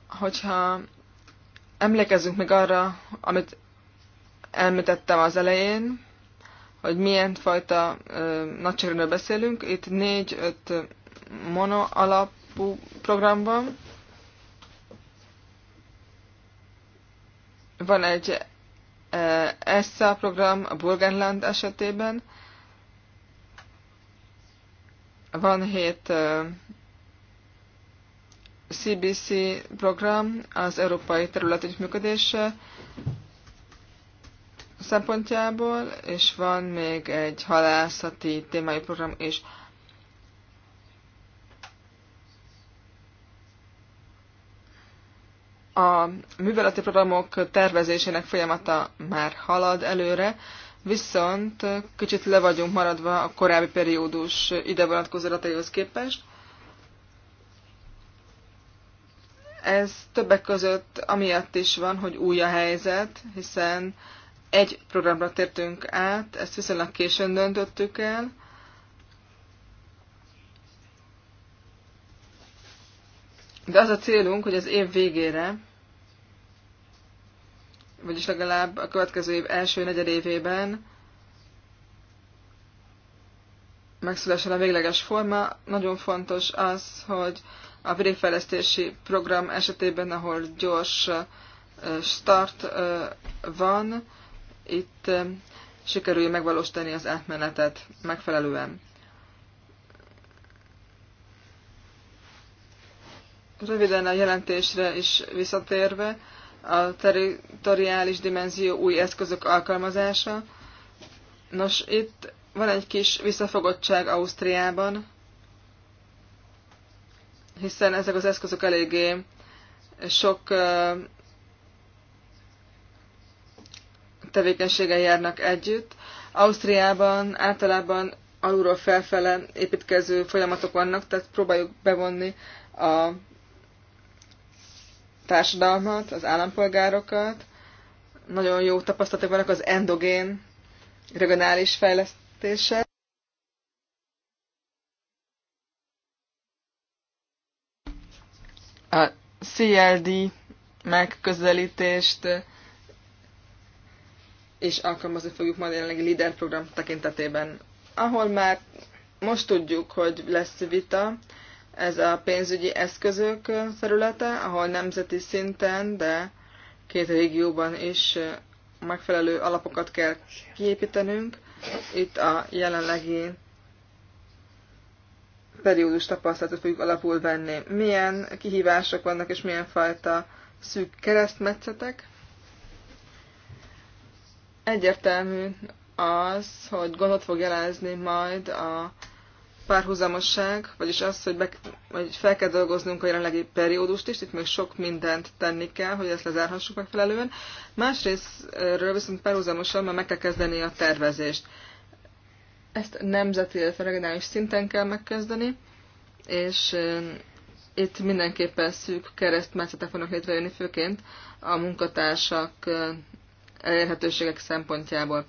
Hogyha emlékezzünk még arra, amit elmítettem az elején, hogy milyen fajta nagyságrendről beszélünk. Itt négy-öt mono alap alapú programban. Van egy e, ESSA program a Burgenland esetében. Van hét CBC e, program az Európai Területi működése szempontjából, és van még egy halászati témai program is. És a műveleti programok tervezésének folyamata már halad előre, viszont kicsit le vagyunk maradva a korábbi periódus ide vonatkozó adataihoz képest. Ez többek között amiatt is van, hogy új a helyzet, hiszen egy programra tértünk át, ezt viszonylag későn döntöttük el, De az a célunk, hogy az év végére vagyis legalább a következő év első negyedévében megszülessen a végleges forma. Nagyon fontos az, hogy a vidékfejlesztési program esetében, ahol gyors start van, itt sikerül megvalósítani az átmenetet megfelelően. Röviden a jelentésre is visszatérve, a territoriális dimenzió új eszközök alkalmazása. Nos, itt van egy kis visszafogottság Ausztriában, hiszen ezek az eszközök eléggé sok tevékenységgel járnak együtt. Ausztriában általában alulról felfele építkező folyamatok vannak, tehát próbáljuk bevonni a társadalmat, az állampolgárokat. Nagyon jó tapasztalatok vannak az endogén regionális fejlesztése. A CLD megközelítést és alkalmazni fogjuk majd a jelenlegi LIDER program tekintetében, ahol már most tudjuk, hogy lesz vita, ez a pénzügyi eszközök területe, ahol nemzeti szinten, de két régióban is megfelelő alapokat kell kiépítenünk. Itt a jelenlegi periódus tapasztalatot fogjuk alapul venni. Milyen kihívások vannak, és milyen fajta szűk keresztmetszetek? Egyértelmű az, hogy gondot fog jelezni majd a párhuzamosság, vagyis az, hogy, be, hogy fel kell dolgoznunk a jelenlegi periódust is, itt még sok mindent tenni kell, hogy ezt lezárhassuk megfelelően. Másrésztről viszont párhuzamosan már meg kell kezdeni a tervezést. Ezt nemzeti, illetve regionális szinten kell megkezdeni, és eh, itt mindenképpen szűk keresztmetszetek fognak létrejönni, főként a munkatársak eh, elérhetőségek szempontjából.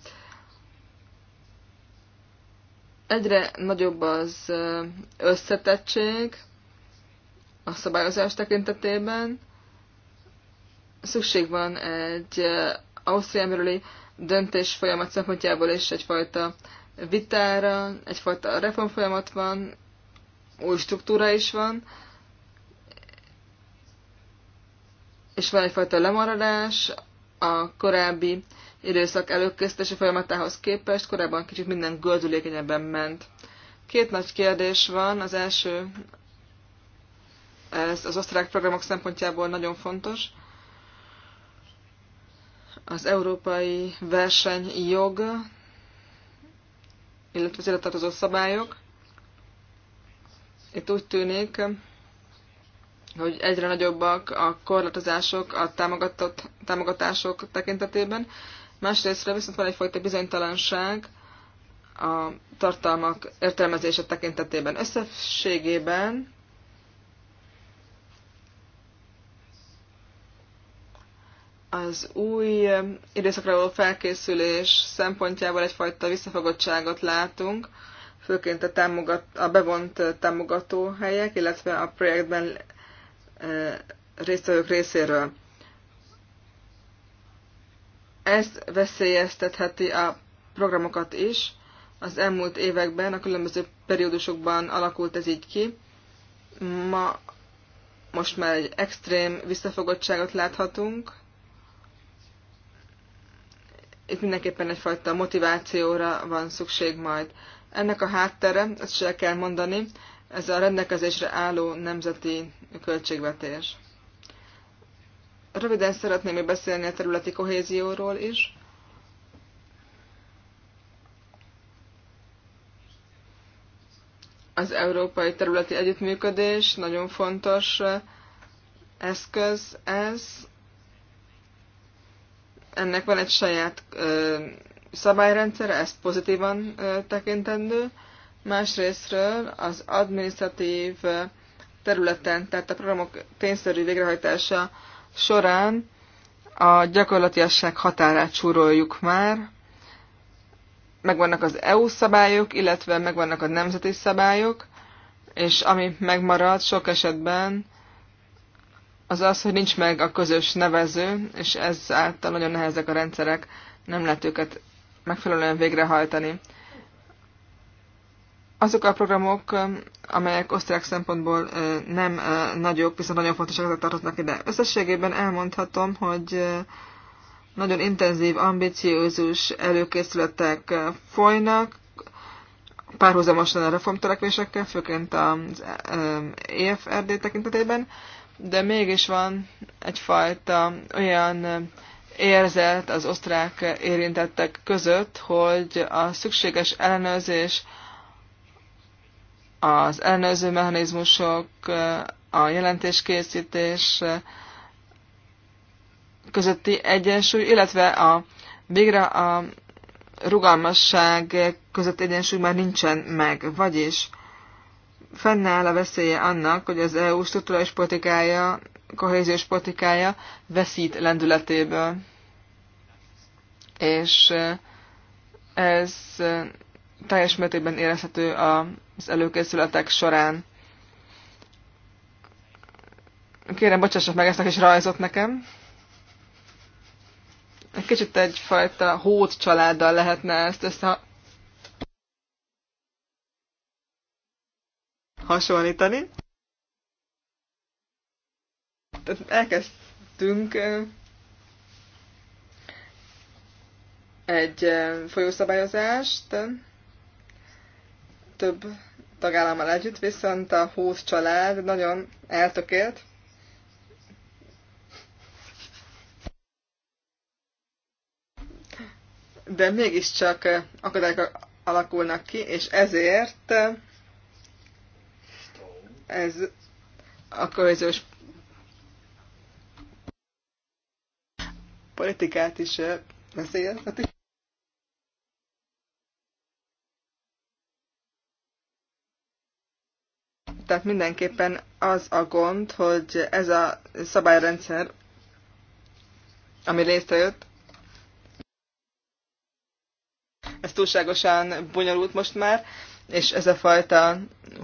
Egyre nagyobb az összetettség a szabályozás tekintetében. Szükség van egy Ausztriámerüli döntés folyamat szempontjából is egyfajta vitára, egyfajta reformfolyamat van, új struktúra is van, és van egyfajta lemaradás a korábbi időszak előkészítési folyamatához képest korábban kicsit minden gördülékenyebben ment. Két nagy kérdés van. Az első, ez az osztrák programok szempontjából nagyon fontos. Az európai versenyjog, illetve az élettartozó szabályok. Itt úgy tűnik, hogy egyre nagyobbak a korlátozások a támogatott, támogatások tekintetében, másrésztről viszont van egyfajta bizonytalanság a tartalmak értelmezése tekintetében. Összességében az új időszakra való felkészülés szempontjából egyfajta visszafogottságot látunk, főként a, támogat, a bevont támogató helyek, illetve a projektben eh, résztvevők részéről ezt veszélyeztetheti a programokat is. Az elmúlt években, a különböző periódusokban alakult ez így ki. Ma most már egy extrém visszafogottságot láthatunk. Itt mindenképpen egyfajta motivációra van szükség majd. Ennek a háttere, ezt se kell mondani, ez a rendelkezésre álló nemzeti költségvetés. Röviden szeretném még beszélni a területi kohézióról is. Az európai területi együttműködés nagyon fontos eszköz ez. Ennek van egy saját ö, szabályrendszere, ezt pozitívan ö, tekintendő. Másrésztről az administratív területen, tehát a programok tényszerű végrehajtása során a gyakorlatiasság határát súroljuk már, megvannak az EU szabályok, illetve megvannak a nemzeti szabályok, és ami megmarad sok esetben, az az, hogy nincs meg a közös nevező, és ezáltal nagyon nehezek a rendszerek, nem lehet őket megfelelően végrehajtani. Azok a programok, um, amelyek osztrák szempontból uh, nem uh, nagyok, viszont nagyon fontosak, ezek tartoznak ide. Összességében elmondhatom, hogy uh, nagyon intenzív, ambiciózus előkészületek folynak, párhuzamosan a reformtörekvésekkel, főként az um, EFRD tekintetében, de mégis van egyfajta olyan um, érzet az osztrák érintettek között, hogy a szükséges ellenőrzés, az ellenőrző mechanizmusok, a jelentéskészítés közötti egyensúly, illetve a végre a rugalmasság között egyensúly már nincsen meg, vagyis fennáll a veszélye annak, hogy az EU struktúrális politikája, kohéziós politikája veszít lendületéből. És ez teljes mértékben érezhető a az előkészületek során. Kérem, bocsássak meg ezt a kis rajzot nekem. Egy kicsit egyfajta hót családdal lehetne ezt össze hasonlítani. Tehát elkezdtünk egy folyószabályozást, több tagállammal együtt, viszont a húsz család nagyon eltökélt. De mégiscsak eh, akadályok alakulnak ki, és ezért eh, ez a kohéziós politikát is eh, veszélyezteti. Tehát mindenképpen az a gond, hogy ez a szabályrendszer, ami létrejött, ez túlságosan bonyolult most már, és ez a fajta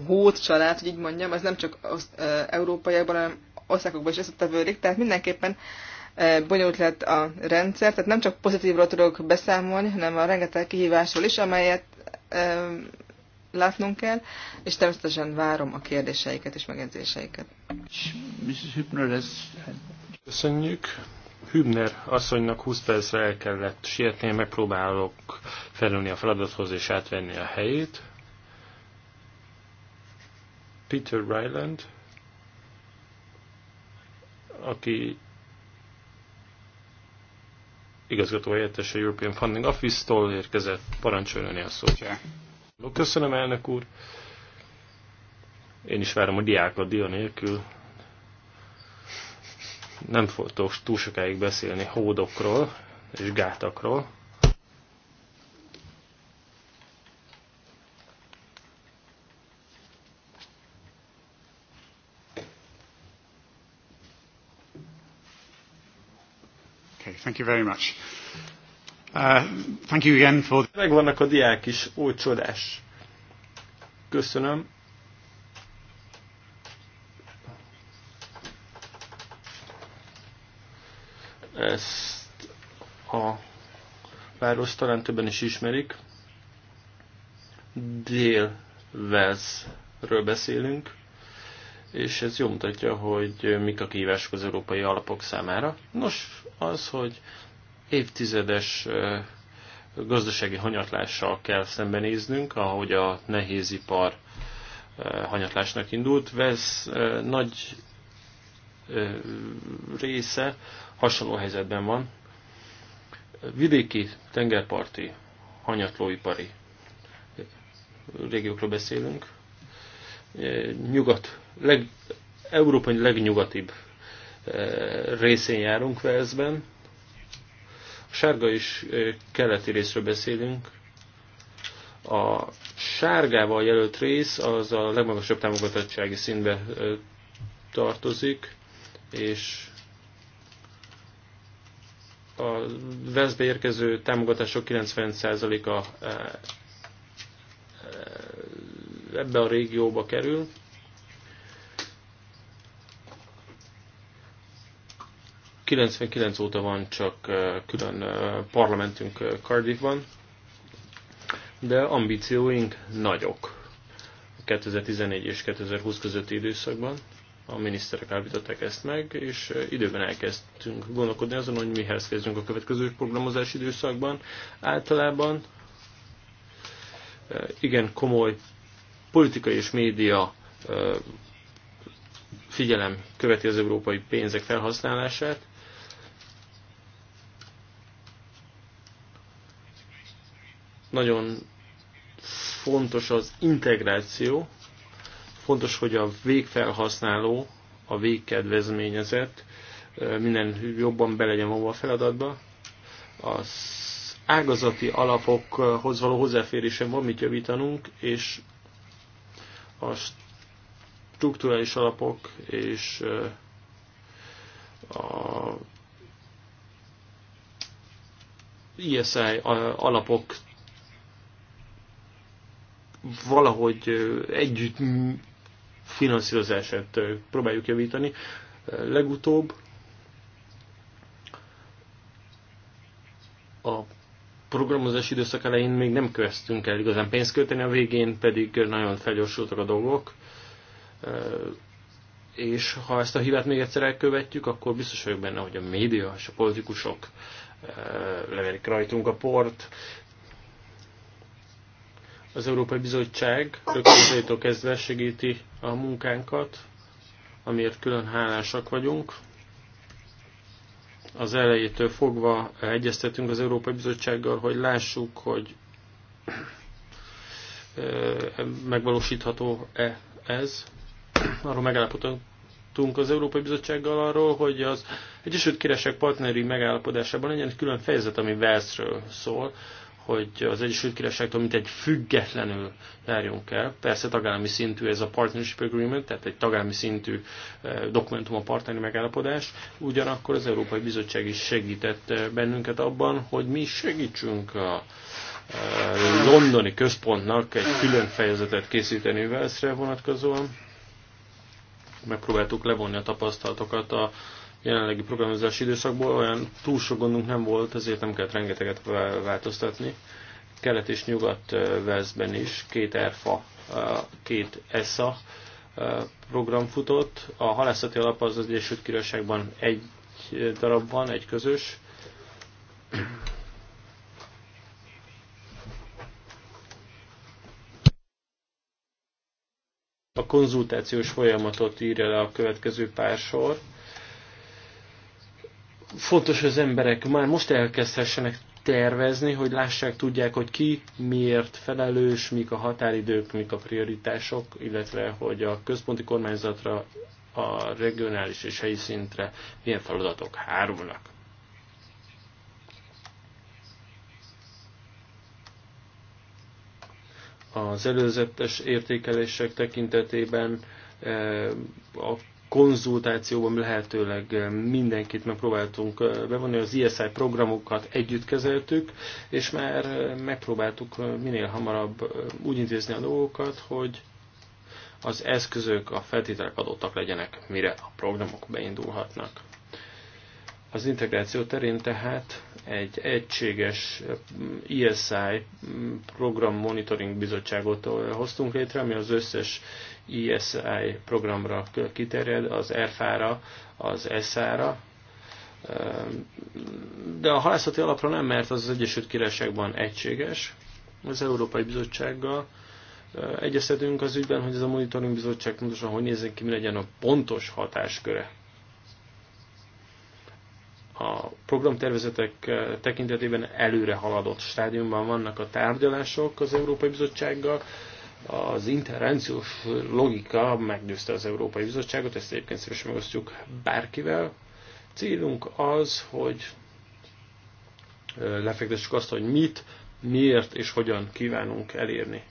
hót család, hogy így mondjam, az nem csak az, európaiakban, hanem országokban is összetevődik, tehát mindenképpen bonyolult lett a rendszer, tehát nem csak pozitívról tudok beszámolni, hanem a rengeteg kihívásról is, amelyet látnunk kell, és természetesen várom a kérdéseiket és megjegyzéseiket. Köszönjük. Hübner asszonynak 20 percre el kellett sietnie, megpróbálok felülni a feladathoz és átvenni a helyét. Peter Ryland, aki igazgató helyettes a European Funding Office-tól érkezett, parancsoljon a szót. Yeah. Köszönöm, elnök úr. Én is várom a diákat dia nélkül. Nem fogok túl sokáig beszélni hódokról és gátakról. Thank you very much. Uh, thank you again for... Megvannak a diák is, új csodás. Köszönöm. Ezt a város talán többen is ismerik. Dél Velszről beszélünk, és ez jól mutatja, hogy mik a kihívások az európai alapok számára. Nos, az, hogy évtizedes gazdasági hanyatlással kell szembenéznünk, ahogy a nehézipar hanyatlásnak indult. Vesz nagy része hasonló helyzetben van. Vidéki, tengerparti, hanyatlóipari régiókról beszélünk. Nyugat, leg, európai legnyugatibb részén járunk veszben sárga is keleti részről beszélünk. A sárgával jelölt rész az a legmagasabb támogatottsági színbe tartozik, és a veszbe érkező támogatások 90%-a ebbe a régióba kerül. 99 óta van csak külön parlamentünk Cardiffban, de ambícióink nagyok. 2014 és 2020 közötti időszakban a miniszterek állították ezt meg, és időben elkezdtünk gondolkodni azon, hogy mihez kezdjünk a következő programozási időszakban. Általában igen komoly politikai és média figyelem követi az európai pénzek felhasználását, Nagyon fontos az integráció, fontos, hogy a végfelhasználó, a végkedvezményezett minden jobban be legyen a feladatba. Az ágazati alapokhoz való hozzáférésen van mit javítanunk, és a strukturális alapok és a ISI alapok valahogy együtt finanszírozását próbáljuk javítani. Legutóbb a programozás időszak elején még nem kezdtünk el igazán pénzt költeni, a végén pedig nagyon felgyorsultak a dolgok. És ha ezt a hibát még egyszer elkövetjük, akkor biztos vagyok benne, hogy a média és a politikusok leverik rajtunk a port, az Európai Bizottság rögtönzőjétől kezdve segíti a munkánkat, amiért külön hálásak vagyunk. Az elejétől fogva egyeztetünk az Európai Bizottsággal, hogy lássuk, hogy megvalósítható-e ez. Arról megállapodtunk az Európai Bizottsággal arról, hogy az Egyesült Királyság partneri megállapodásában legyen egy külön fejezet, ami Velszről szól, hogy az Egyesült Királyságtól mint egy függetlenül járjunk el. Persze tagállami szintű ez a Partnership Agreement, tehát egy tagállami szintű eh, dokumentum a partneri megállapodás. Ugyanakkor az Európai Bizottság is segített eh, bennünket abban, hogy mi segítsünk a eh, londoni központnak egy külön fejezetet készíteni Velszre vonatkozóan. Megpróbáltuk levonni a tapasztalatokat a jelenlegi programozási időszakból olyan túl sok gondunk nem volt, ezért nem kellett rengeteget változtatni. Kelet és nyugat Veszben is két ERFA, két ESA program futott. A halászati alap az az Egyesült Királyságban egy darab van, egy közös. A konzultációs folyamatot írja le a következő pár sor. Fontos, hogy az emberek már most elkezdhessenek tervezni, hogy lássák, tudják, hogy ki miért felelős, mik a határidők, mik a prioritások, illetve hogy a központi kormányzatra, a regionális és helyi szintre milyen feladatok hárulnak. Az előzetes értékelések tekintetében eh, a konzultációban lehetőleg eh, mindenkit megpróbáltunk eh, bevonni, az ISI programokat együtt kezeltük, és már eh, megpróbáltuk minél hamarabb úgy intézni a dolgokat, hogy az eszközök, a feltételek adottak legyenek, mire a programok beindulhatnak. Az integráció terén tehát egy egységes ESI program monitoring bizottságot hoztunk létre, ami az összes ISI e programra kiterjed, az ERFA-ra, az ESA-ra, de a halászati alapra nem, mert az az Egyesült Királyságban egységes, az Európai Bizottsággal egyeztetünk az ügyben, hogy ez a monitoring bizottság pontosan hogy nézzen ki, mi legyen a pontos hatásköre. A programtervezetek tekintetében előre haladott stádiumban vannak a tárgyalások az Európai Bizottsággal, az intervenciós logika meggyőzte az Európai Bizottságot, ezt egyébként szívesen megosztjuk bárkivel. Célunk az, hogy lefektessük azt, hogy mit, miért és hogyan kívánunk elérni.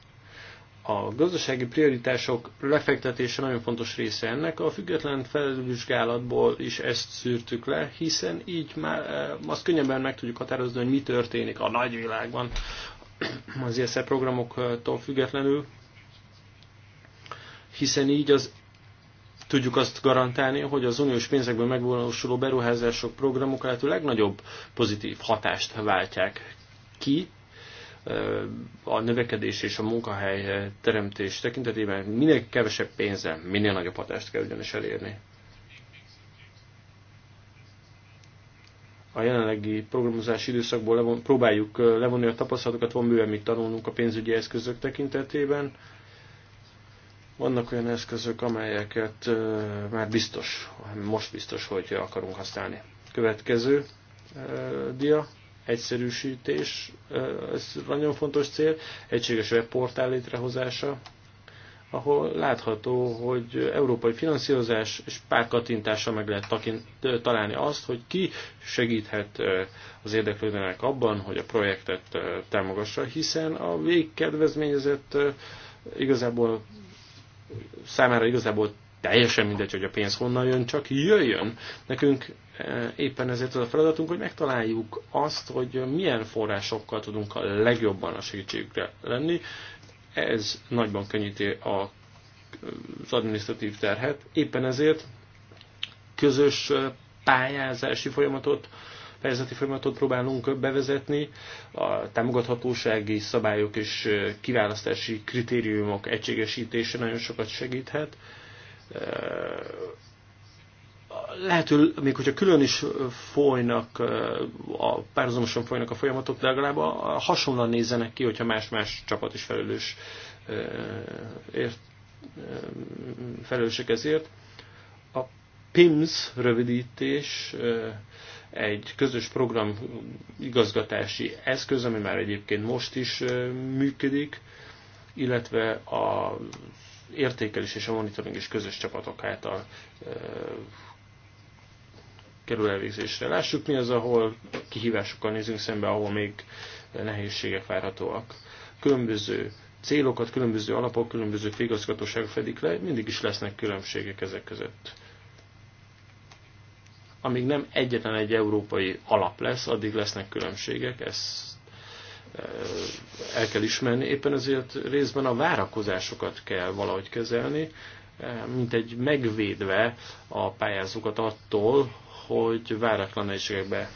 A gazdasági prioritások lefektetése nagyon fontos része ennek, a független felvizsgálatból is ezt szűrtük le, hiszen így már azt könnyebben meg tudjuk határozni, hogy mi történik a nagyvilágban az ISZ e programoktól függetlenül, hiszen így az tudjuk azt garantálni, hogy az uniós pénzekből megvalósuló beruházások, programok a lehető legnagyobb pozitív hatást váltják ki a növekedés és a munkahely teremtés tekintetében minél kevesebb pénzzel, minél nagyobb hatást kell ugyanis elérni. A jelenlegi programozási időszakból levon, próbáljuk levonni a tapasztalatokat, van bőven mit tanulnunk a pénzügyi eszközök tekintetében vannak olyan eszközök, amelyeket már biztos, most biztos, hogy akarunk használni. Következő dia, egyszerűsítés, ez nagyon fontos cél, egységes webportál létrehozása, ahol látható, hogy európai finanszírozás és pár kattintással meg lehet takint, találni azt, hogy ki segíthet az érdeklődőnek abban, hogy a projektet támogassa, hiszen a végkedvezményezett igazából számára igazából teljesen mindegy, hogy a pénz honnan jön, csak jöjjön. Nekünk eh, éppen ezért az a feladatunk, hogy megtaláljuk azt, hogy milyen forrásokkal tudunk a legjobban a segítségükre lenni. Ez nagyban könnyíti a, az administratív terhet. Éppen ezért közös eh, pályázási folyamatot pályázati folyamatot próbálunk bevezetni, a támogathatósági szabályok és kiválasztási kritériumok egységesítése nagyon sokat segíthet. Lehető, még hogyha külön is folynak, a, párhuzamosan folynak a folyamatok, de legalább a, hasonlóan nézzenek ki, hogyha más-más csapat is felelős ért, felelősek ezért. A PIMS rövidítés egy közös program igazgatási eszköz, ami már egyébként most is működik, illetve a értékelés és a monitoring is közös csapatok által kerül elvégzésre. Lássuk mi az, ahol kihívásokkal nézünk szembe, ahol még nehézségek várhatóak. Különböző célokat, különböző alapok, különböző főigazgatóságok fedik le, mindig is lesznek különbségek ezek között amíg nem egyetlen egy európai alap lesz, addig lesznek különbségek, ezt e, el kell ismerni. Éppen ezért részben a várakozásokat kell valahogy kezelni, e, mint egy megvédve a pályázókat attól, hogy váratlan egységekbe e,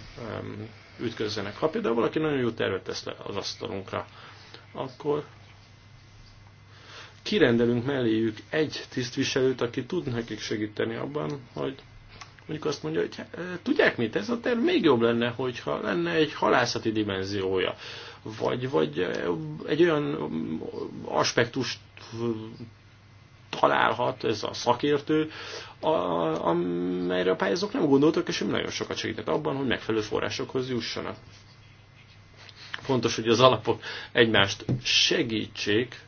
ütközzenek. Ha például valaki nagyon jó tervet tesz le az asztalunkra, akkor kirendelünk melléjük egy tisztviselőt, aki tud nekik segíteni abban, hogy mondjuk azt mondja, hogy tudják mit, ez a terv még jobb lenne, hogyha lenne egy halászati dimenziója, vagy, vagy egy olyan aspektust találhat ez a szakértő, a, amelyre a pályázók nem gondoltak, és ő nagyon sokat segített abban, hogy megfelelő forrásokhoz jussanak. Fontos, hogy az alapok egymást segítsék,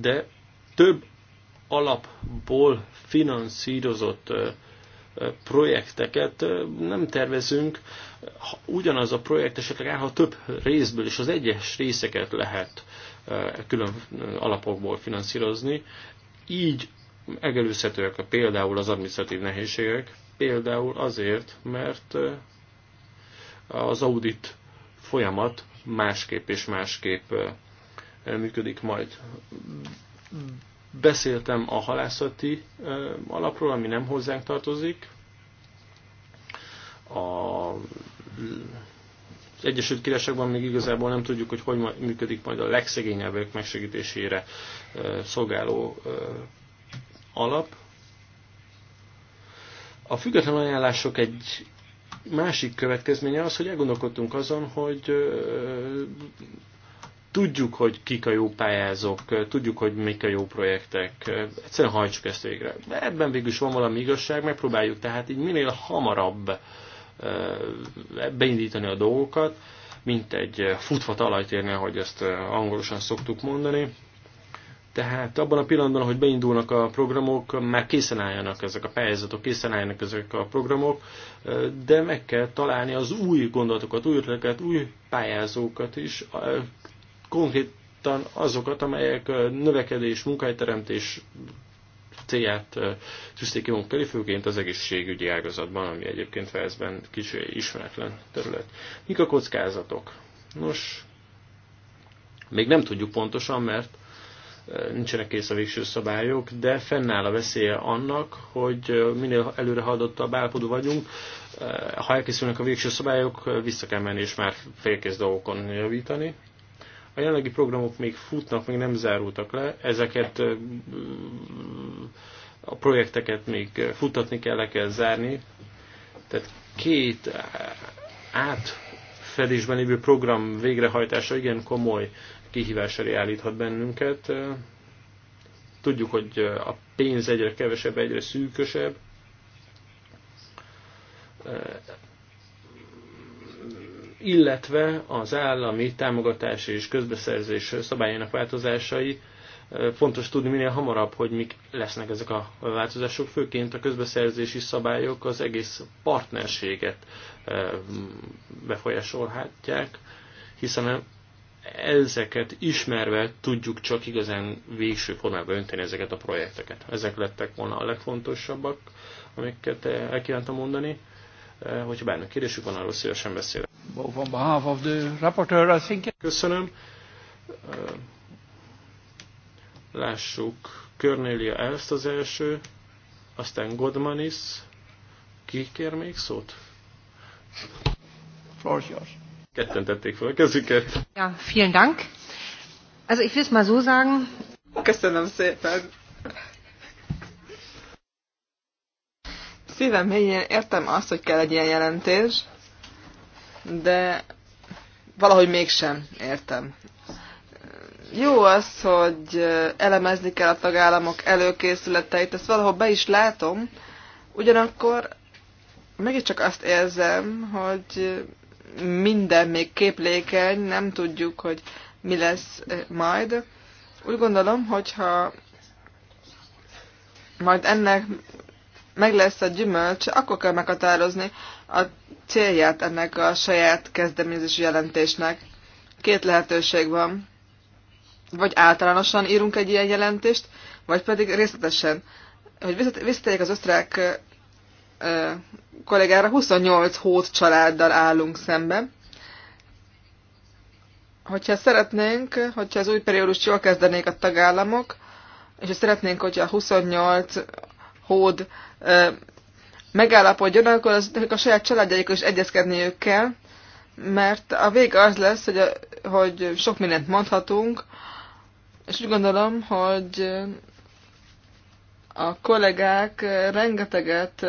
de több alapból finanszírozott projekteket nem tervezünk. Ugyanaz a projekt esetleg állhat több részből, és az egyes részeket lehet külön alapokból finanszírozni. Így megelőzhetőek például az administratív nehézségek, például azért, mert az audit folyamat másképp és másképp működik majd. Beszéltem a halászati alapról, ami nem hozzánk tartozik. A az Egyesült Királyságban még igazából nem tudjuk, hogy hogy működik majd a legszegényebbek megsegítésére szolgáló alap. A független ajánlások egy másik következménye az, hogy elgondolkodtunk azon, hogy Tudjuk, hogy kik a jó pályázók, tudjuk, hogy mik a jó projektek, egyszerűen hajtsuk ezt végre. De ebben végül is van valami igazság, megpróbáljuk tehát így minél hamarabb beindítani a dolgokat, mint egy futva talajt érni, ahogy ezt angolosan szoktuk mondani. Tehát abban a pillanatban, hogy beindulnak a programok, már készen álljanak ezek a pályázatok, készen álljanak ezek a programok, de meg kell találni az új gondolatokat, új ötleteket, új pályázókat is, konkrétan azokat, amelyek növekedés, munkahelyteremtés célját tűzték ki magunk főként az egészségügyi ágazatban, ami egyébként Velszben kicsi ismeretlen terület. Mik a kockázatok? Nos, még nem tudjuk pontosan, mert nincsenek kész a végső szabályok, de fennáll a veszélye annak, hogy minél előre haladottabb állapodó vagyunk, ha elkészülnek a végső szabályok, vissza kell menni és már félkész dolgokon javítani. A jelenlegi programok még futnak, még nem zárultak le, ezeket a projekteket még futatni kell, le kell zárni. Tehát két átfedésben lévő program végrehajtása igen komoly kihívásra állíthat bennünket. Tudjuk, hogy a pénz egyre kevesebb, egyre szűkösebb illetve az állami támogatás és közbeszerzés szabályának változásai. Fontos tudni minél hamarabb, hogy mik lesznek ezek a változások, főként a közbeszerzési szabályok az egész partnerséget befolyásolhatják, hiszen ezeket ismerve tudjuk csak igazán végső formában önteni ezeket a projekteket. Ezek lettek volna a legfontosabbak, amiket el kívántam mondani. Hogyha bármi kérdésük van, arról szívesen beszélek both on behalf of the rapporteur, I think. Köszönöm. Lássuk, Cornelia Elst az első, aztán Godmanis. Ki kér még szót? Florsias. Ketten tették fel a kezüket. Ja, vielen Dank. Also ich will es mal so sagen. Köszönöm szépen. Szívem mélyén értem azt, hogy kell egy ilyen jelentés, de valahogy mégsem értem. Jó az, hogy elemezni kell a tagállamok előkészületeit, ezt valahol be is látom, ugyanakkor csak azt érzem, hogy minden még képlékeny, nem tudjuk, hogy mi lesz majd. Úgy gondolom, hogyha majd ennek meg lesz a gyümölcs, akkor kell meghatározni, a célját ennek a saját kezdeményezési jelentésnek. Két lehetőség van. Vagy általánosan írunk egy ilyen jelentést, vagy pedig részletesen. Hogy visszatérjek az osztrák ö, kollégára, 28 hót családdal állunk szembe. Hogyha szeretnénk, hogyha az új periódust jól kezdenék a tagállamok, és ha szeretnénk, hogyha 28 hód megállapodjon, akkor az, a saját családjaikkal is egyezkedniük kell, mert a vége az lesz, hogy, a, hogy sok mindent mondhatunk, és úgy gondolom, hogy a kollégák rengeteget,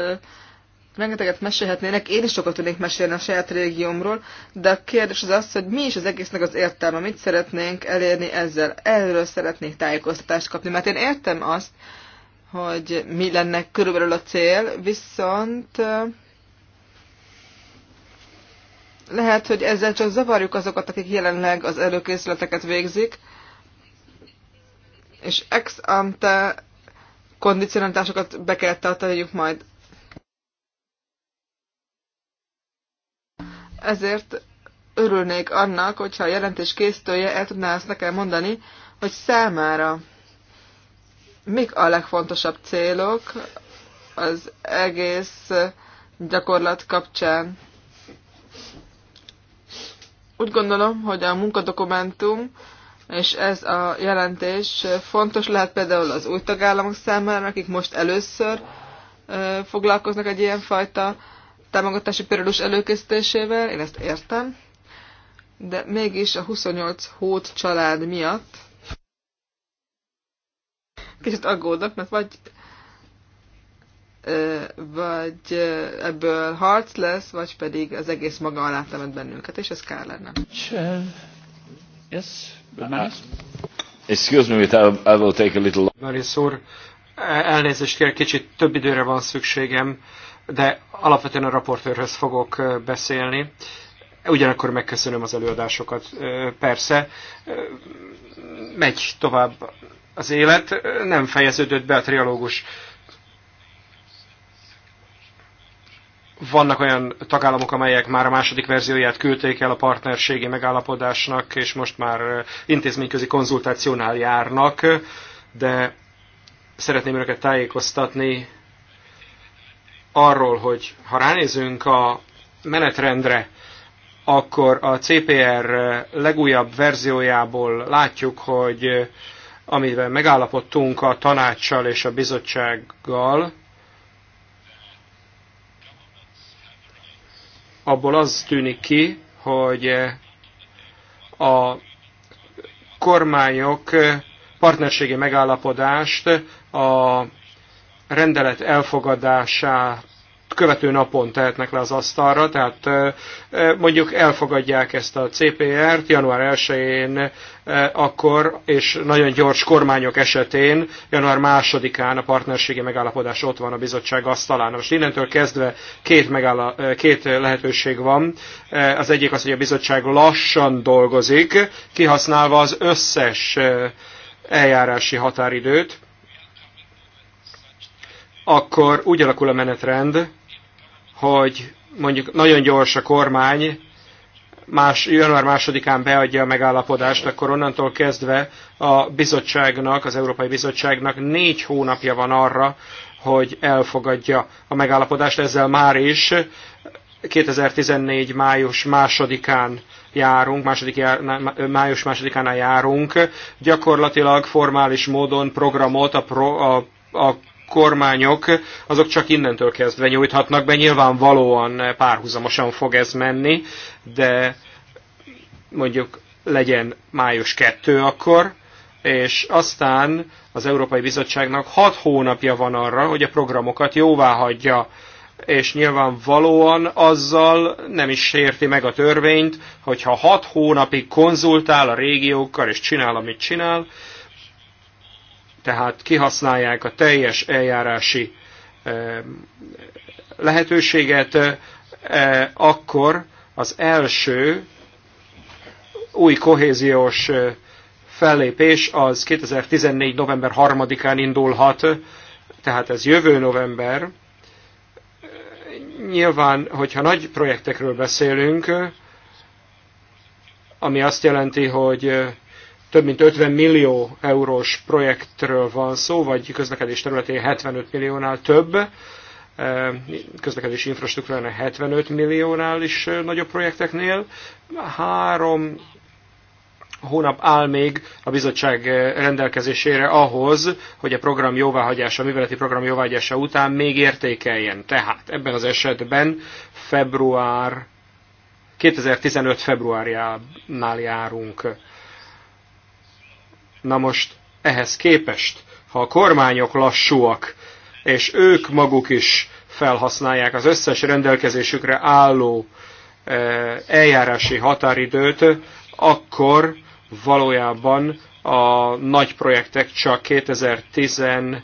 rengeteget mesélhetnének, én is sokat tudnék mesélni a saját régiómról, de a kérdés az az, hogy mi is az egésznek az értelme, mit szeretnénk elérni ezzel. Erről szeretnék tájékoztatást kapni, mert én értem azt, hogy mi lenne körülbelül a cél, viszont lehet, hogy ezzel csak zavarjuk azokat, akik jelenleg az előkészületeket végzik, és ex ante kondicionálatásokat be kell tartaniuk majd. Ezért örülnék annak, hogyha a jelentés készítője el tudná ezt nekem mondani, hogy számára mik a legfontosabb célok az egész gyakorlat kapcsán? Úgy gondolom, hogy a munkadokumentum és ez a jelentés fontos lehet például az új tagállamok számára, akik most először foglalkoznak egy ilyen fajta támogatási periódus előkészítésével, én ezt értem, de mégis a 28 hót család miatt Kicsit aggódok, mert vagy vagy ebből harc lesz, vagy pedig az egész maga alá temet bennünket, és ez kár lenne. Yes, Excuse me, I will take a little... Marius úr, elnézést kér, kicsit több időre van szükségem, de alapvetően a raportőrhöz fogok beszélni. Ugyanakkor megköszönöm az előadásokat, persze. Megy tovább az élet nem fejeződött be a trialógus. Vannak olyan tagállamok, amelyek már a második verzióját küldték el a partnerségi megállapodásnak, és most már intézményközi konzultációnál járnak, de szeretném önöket tájékoztatni arról, hogy ha ránézünk a menetrendre, akkor a CPR legújabb verziójából látjuk, hogy amivel megállapodtunk a tanácssal és a bizottsággal, abból az tűnik ki, hogy a kormányok partnerségi megállapodást a rendelet elfogadását követő napon tehetnek le az asztalra, tehát mondjuk elfogadják ezt a CPR-t január 1-én, akkor, és nagyon gyors kormányok esetén, január 2-án a partnerségi megállapodás ott van a bizottság asztalán. Most innentől kezdve két, megáll- két lehetőség van. Az egyik az, hogy a bizottság lassan dolgozik, kihasználva az összes eljárási határidőt, akkor úgy alakul a menetrend, hogy mondjuk nagyon gyors a kormány, más, január másodikán beadja a megállapodást, akkor onnantól kezdve a bizottságnak, az Európai Bizottságnak négy hónapja van arra, hogy elfogadja a megállapodást, ezzel már is 2014. május másodikán járunk, második jár, május másodikán járunk, gyakorlatilag formális módon programot a, pro, a, a kormányok, azok csak innentől kezdve nyújthatnak be, nyilvánvalóan párhuzamosan fog ez menni, de mondjuk legyen május 2 akkor, és aztán az Európai Bizottságnak 6 hónapja van arra, hogy a programokat jóvá hagyja, és nyilvánvalóan azzal nem is sérti meg a törvényt, hogyha 6 hónapig konzultál a régiókkal, és csinál, amit csinál, tehát kihasználják a teljes eljárási eh, lehetőséget, eh, akkor az első új kohéziós eh, fellépés az 2014. november 3-án indulhat, tehát ez jövő november. Nyilván, hogyha nagy projektekről beszélünk, ami azt jelenti, hogy több mint 50 millió eurós projektről van szó, vagy közlekedés területén 75 milliónál több, e, közlekedési infrastruktúrán 75 milliónál is e, nagyobb projekteknél. Három hónap áll még a bizottság e, rendelkezésére ahhoz, hogy a program jóváhagyása, a műveleti program jóváhagyása után még értékeljen. Tehát ebben az esetben február 2015 februárjánál járunk Na most ehhez képest, ha a kormányok lassúak, és ők maguk is felhasználják az összes rendelkezésükre álló e, eljárási határidőt, akkor valójában a nagy projektek csak 2015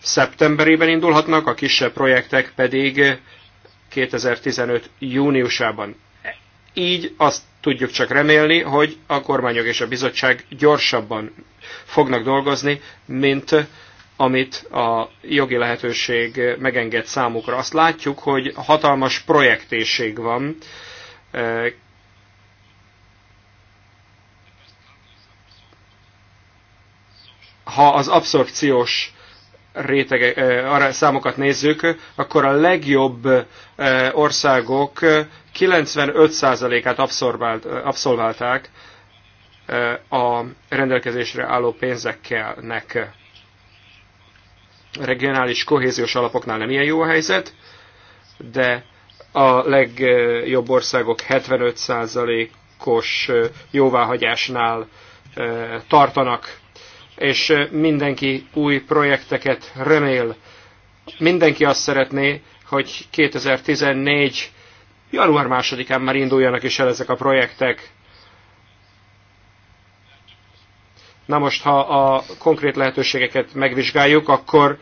szeptemberében indulhatnak, a kisebb projektek pedig 2015 júniusában. Így azt Tudjuk csak remélni, hogy a kormányok és a bizottság gyorsabban fognak dolgozni, mint amit a jogi lehetőség megenged számukra. Azt látjuk, hogy hatalmas projektészség van. Ha az abszorpciós rétege, arra számokat nézzük, akkor a legjobb országok 95%-át abszolválták a rendelkezésre álló pénzekkelnek. Regionális kohéziós alapoknál nem ilyen jó a helyzet, de a legjobb országok 75%-os jóváhagyásnál tartanak, és mindenki új projekteket remél. Mindenki azt szeretné, hogy 2014 január másodikán már induljanak is el ezek a projektek. Na most, ha a konkrét lehetőségeket megvizsgáljuk, akkor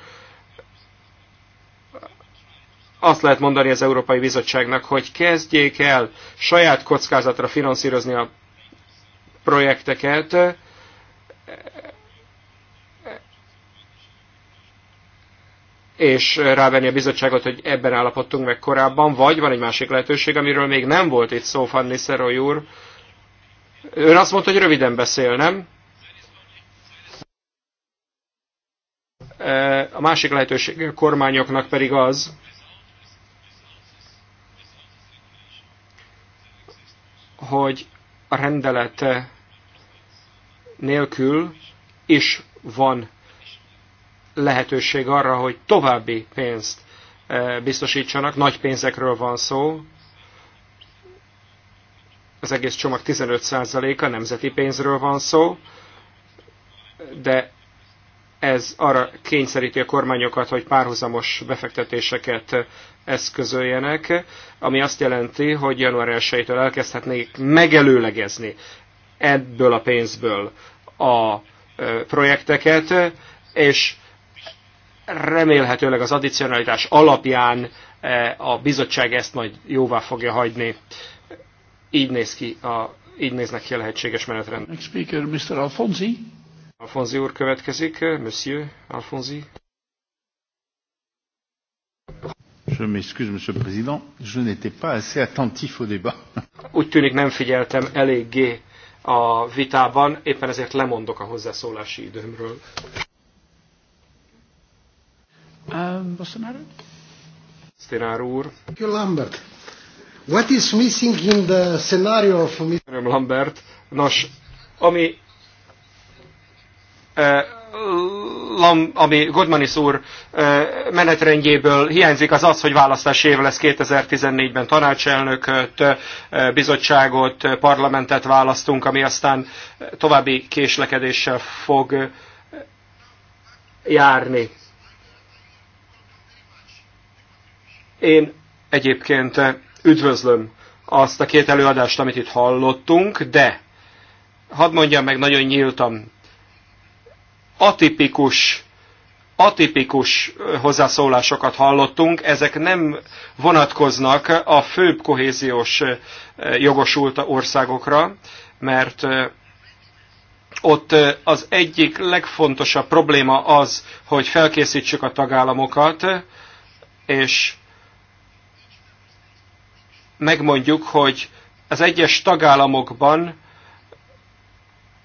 azt lehet mondani az Európai Bizottságnak, hogy kezdjék el saját kockázatra finanszírozni a projekteket, és rávenni a bizottságot, hogy ebben állapodtunk meg korábban, vagy van egy másik lehetőség, amiről még nem volt itt szó, Fanny Szeroly úr. Ön azt mondta, hogy röviden beszél, nem? Eh, a másik lehetőség a kormányoknak pedig az, hogy a rendelete nélkül is van lehetőség arra, hogy további pénzt eh, biztosítsanak. Nagy pénzekről van szó. Az egész csomag 15%-a nemzeti pénzről van szó, de ez arra kényszeríti a kormányokat, hogy párhuzamos befektetéseket eszközöljenek, ami azt jelenti, hogy január 1-től elkezdhetnék megelőlegezni ebből a pénzből a eh, projekteket, és remélhetőleg az addicionalitás alapján eh, a bizottság ezt majd jóvá fogja hagyni. Így, néz ki a, így néznek ki a lehetséges menetrend. Next speaker, Mr. Alfonsi. Alfonsi úr következik, Monsieur Alfonsi. Je m'excuse, Monsieur le Président, je n'étais pas assez attentif au débat. Úgy tűnik nem figyeltem eléggé a vitában, éppen ezért lemondok a hozzászólási időmről. Um, Bolsonaro? úr. Lambert. What is missing in the scenario of Mr. Lambert? Nos, ami eh, Lam, ami Godmanis úr eh, menetrendjéből hiányzik, az az, hogy választási év lesz 2014-ben tanácselnököt, eh, bizottságot, eh, parlamentet választunk, ami aztán további késlekedéssel fog járni. Én egyébként üdvözlöm azt a két előadást, amit itt hallottunk, de hadd mondjam meg nagyon nyíltan, atipikus atipikus hozzászólásokat hallottunk, ezek nem vonatkoznak a főbb kohéziós eh, jogosult országokra, mert eh, ott eh, az egyik legfontosabb probléma az, hogy felkészítsük a tagállamokat, és megmondjuk, hogy az egyes tagállamokban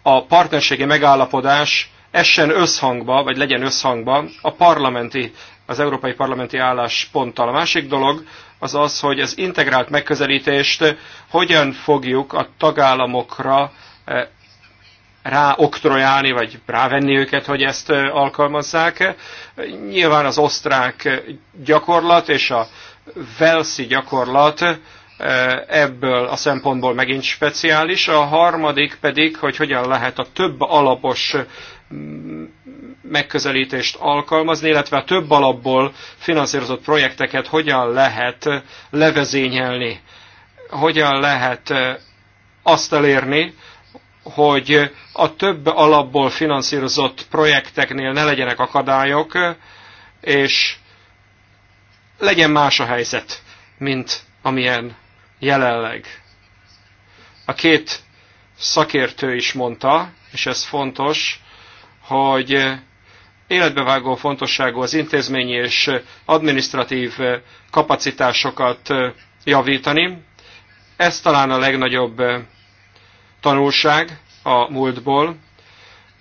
a partnerségi megállapodás essen összhangba, vagy legyen összhangba a parlamenti, az európai parlamenti állásponttal. A másik dolog az az, hogy az integrált megközelítést hogyan fogjuk a tagállamokra eh, ráoktrojálni, vagy rávenni őket, hogy ezt eh, alkalmazzák. Nyilván az osztrák gyakorlat és a velszi gyakorlat Eh, ebből a szempontból megint speciális. A harmadik pedig, hogy hogyan lehet a több alapos mm, megközelítést alkalmazni, illetve a több alapból finanszírozott projekteket hogyan lehet eh, levezényelni, hogyan lehet eh, azt elérni, hogy a több alapból finanszírozott projekteknél ne legyenek akadályok, és legyen más a helyzet, mint amilyen jelenleg. A két szakértő is mondta, és ez fontos, hogy életbevágó fontosságú az intézményi és administratív kapacitásokat javítani. Ez talán a legnagyobb tanulság a múltból.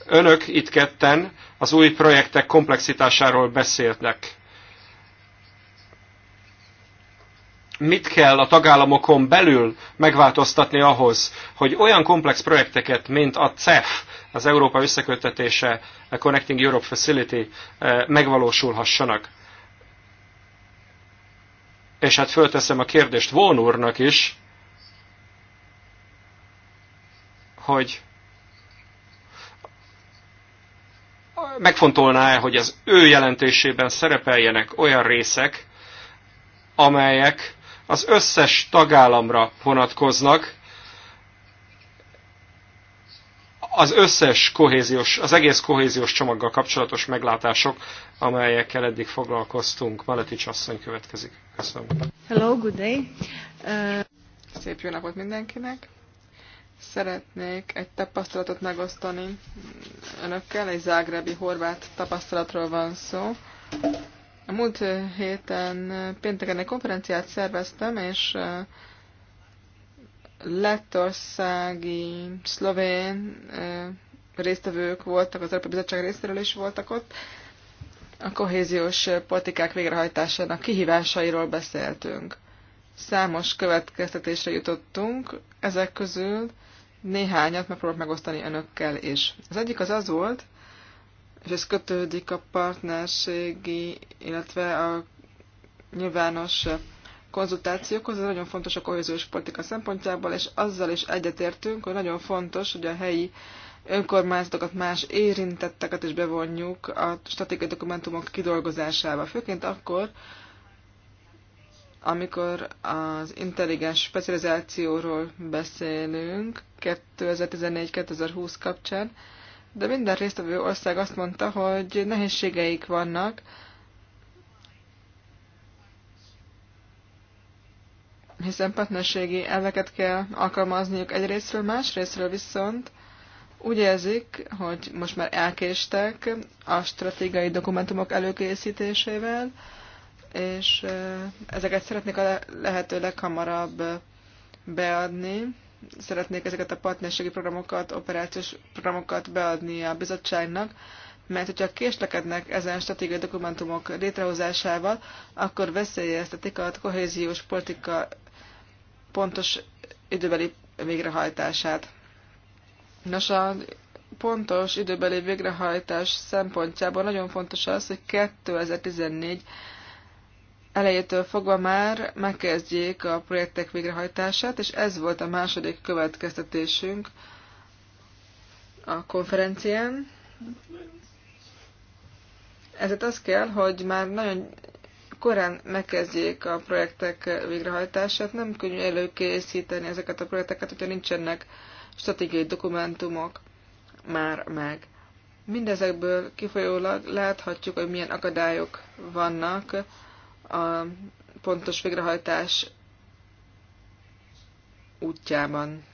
Önök itt ketten az új projektek komplexitásáról beszéltek. mit kell a tagállamokon belül megváltoztatni ahhoz, hogy olyan komplex projekteket, mint a CEF, az Európa összeköttetése, a Connecting Europe Facility eh, megvalósulhassanak. És hát fölteszem a kérdést Von úrnak is, hogy megfontolná-e, hogy az ő jelentésében szerepeljenek olyan részek, amelyek az összes tagállamra vonatkoznak, az összes kohéziós, az egész kohéziós csomaggal kapcsolatos meglátások, amelyekkel eddig foglalkoztunk. Maletics asszony következik. Köszönöm. Hello, good day. Uh... Szép jó napot mindenkinek. Szeretnék egy tapasztalatot megosztani önökkel, egy zágrebi horvát tapasztalatról van szó. A múlt héten pénteken egy konferenciát szerveztem, és lettországi, szlovén résztvevők voltak, az Európai Bizottság részéről is voltak ott. A kohéziós politikák végrehajtásának kihívásairól beszéltünk. Számos következtetésre jutottunk, ezek közül néhányat megpróbálok megosztani önökkel is. Az egyik az az volt, és ez kötődik a partnerségi, illetve a nyilvános konzultációkhoz, ez nagyon fontos a kohéziós politika szempontjából, és azzal is egyetértünk, hogy nagyon fontos, hogy a helyi önkormányzatokat, más érintetteket is bevonjuk a stratégiai dokumentumok kidolgozásába, főként akkor, amikor az intelligens specializációról beszélünk 2014-2020 kapcsán, de minden résztvevő ország azt mondta, hogy nehézségeik vannak, hiszen partnerségi elveket kell alkalmazniuk egyrésztről, másrésztről viszont úgy érzik, hogy most már elkéstek a stratégiai dokumentumok előkészítésével, és eh, ezeket szeretnék a lehető leghamarabb eh, beadni szeretnék ezeket a partnerségi programokat, operációs programokat beadni a bizottságnak, mert hogyha késlekednek ezen stratégiai dokumentumok létrehozásával, akkor veszélyeztetik a kohéziós politika pontos időbeli végrehajtását. Nos, a pontos időbeli végrehajtás szempontjából nagyon fontos az, hogy 2014 elejétől fogva már megkezdjék a projektek végrehajtását, és ez volt a második következtetésünk a konferencián. Ezért az kell, hogy már nagyon korán megkezdjék a projektek végrehajtását. Nem könnyű előkészíteni ezeket a projekteket, hogyha nincsenek stratégiai dokumentumok már meg. Mindezekből kifolyólag láthatjuk, hogy milyen akadályok vannak, a pontos végrehajtás útjában.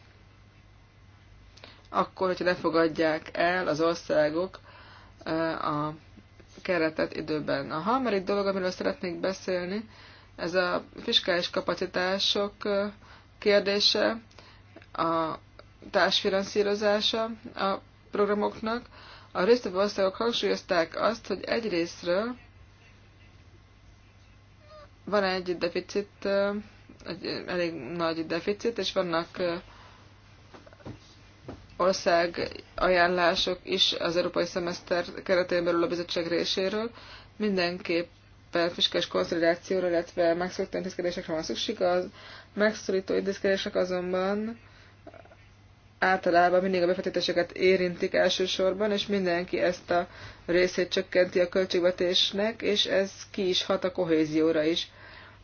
Akkor, hogyha ne fogadják el az országok a keretet időben. A harmadik dolog, amiről szeretnék beszélni, ez a fiskális kapacitások kérdése, a társfinanszírozása a programoknak. A résztvevő országok hangsúlyozták azt, hogy egyrésztről van egy deficit, egy elég nagy deficit, és vannak ország ajánlások is az európai szemeszter keretében belül a bizottság részéről. Mindenképpen fiskális konszolidációra, illetve megszorító intézkedésekre van szükség. A megszorító intézkedések azonban általában mindig a befektetéseket érintik elsősorban, és mindenki ezt a részét csökkenti a költségvetésnek, és ez ki is hat a kohézióra is.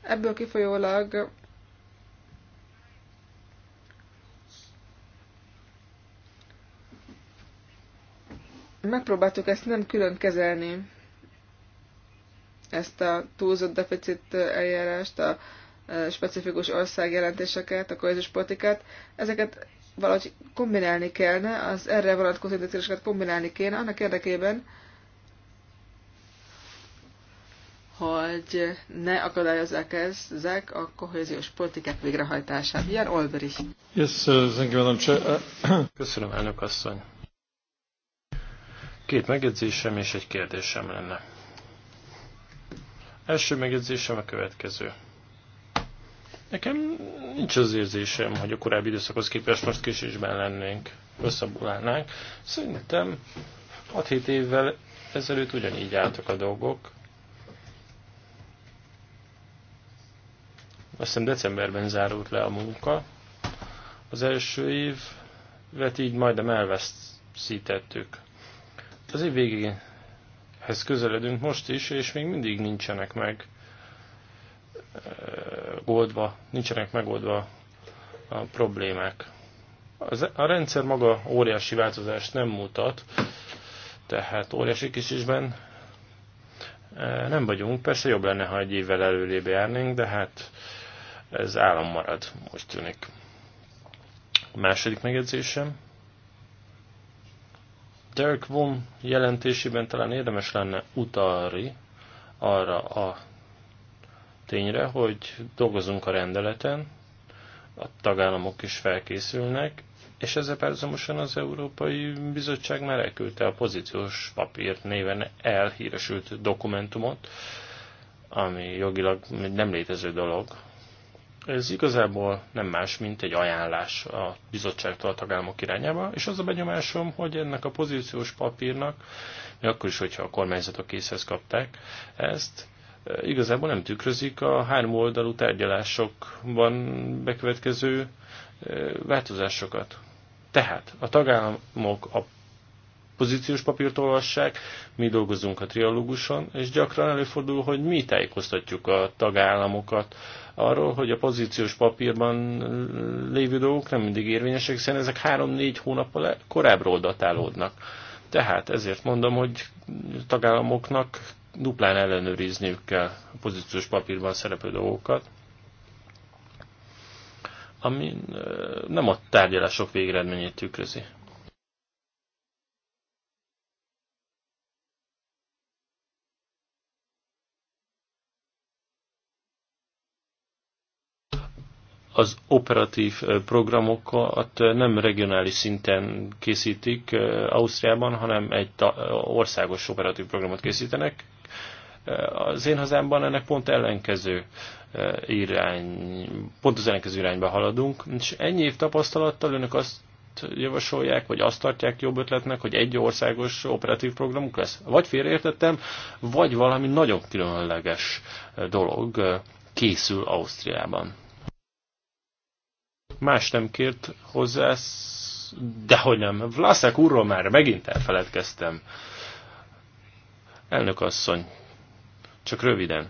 Ebből kifolyólag megpróbáltuk ezt nem külön kezelni, ezt a túlzott deficit eljárást, a e, specifikus jelentéseket, a kohéziós politikát, ezeket valahogy kombinálni kellene, az erre vonatkozó intézkedéseket kombinálni kéne, annak érdekében, hogy ne akadályozzák ezek a kohéziós politikák végrehajtását. Jan Olbrich. Uh, uh, Köszönöm, elnök asszony. Két megjegyzésem és egy kérdésem lenne. Első megjegyzésem a következő. Nekem nincs az érzésem, hogy a korábbi időszakhoz képest most késésben lennénk, összabulálnánk. Szerintem 6-7 évvel ezelőtt ugyanígy álltak a dolgok, Azt hiszem decemberben zárult le a munka. Az első év vet így majdnem elveszítettük. Az év végéhez közeledünk most is, és még mindig nincsenek meg eh, oldva, nincsenek megoldva a problémák. a rendszer maga óriási változást nem mutat, tehát óriási kisisben eh, nem vagyunk. Persze jobb lenne, ha egy évvel előrébb járnénk, de hát ez állam marad, most tűnik. A második megjegyzésem. Derek Wong jelentésében talán érdemes lenne utalni arra a tényre, hogy dolgozunk a rendeleten, a tagállamok is felkészülnek, és ezzel párhuzamosan az Európai Bizottság már elküldte a pozíciós papír néven elhíresült dokumentumot, ami jogilag nem létező dolog, ez igazából nem más, mint egy ajánlás a bizottságtól a tagállamok irányába, és az a benyomásom, hogy ennek a pozíciós papírnak, még akkor is, hogyha a kormányzatok készhez kapták ezt, eh, igazából nem tükrözik a három oldalú tárgyalásokban bekövetkező eh, változásokat. Tehát a tagállamok a pozíciós papírt olvassák, mi dolgozunk a trialóguson, és gyakran előfordul, hogy mi tájékoztatjuk a tagállamokat arról, hogy a pozíciós papírban lévő dolgok nem mindig érvényesek, hiszen ezek 3-4 hónappal korábbról datálódnak. Tehát ezért mondom, hogy tagállamoknak duplán ellenőrizniük kell a pozíciós papírban szereplő dolgokat, ami nem a tárgyalások végeredményét tükrözi. az operatív programokat nem regionális szinten készítik Ausztriában, hanem egy országos operatív programot készítenek. Az én hazámban ennek pont ellenkező irány, pont az ellenkező irányba haladunk, és ennyi év tapasztalattal önök azt javasolják, vagy azt tartják jobb ötletnek, hogy egy országos operatív programuk lesz? Vagy félreértettem, vagy valami nagyon különleges dolog készül Ausztriában. Más nem kért hozzá, dehogy nem. Vlaszek úrról már megint elfeledkeztem. Elnök asszony, csak röviden.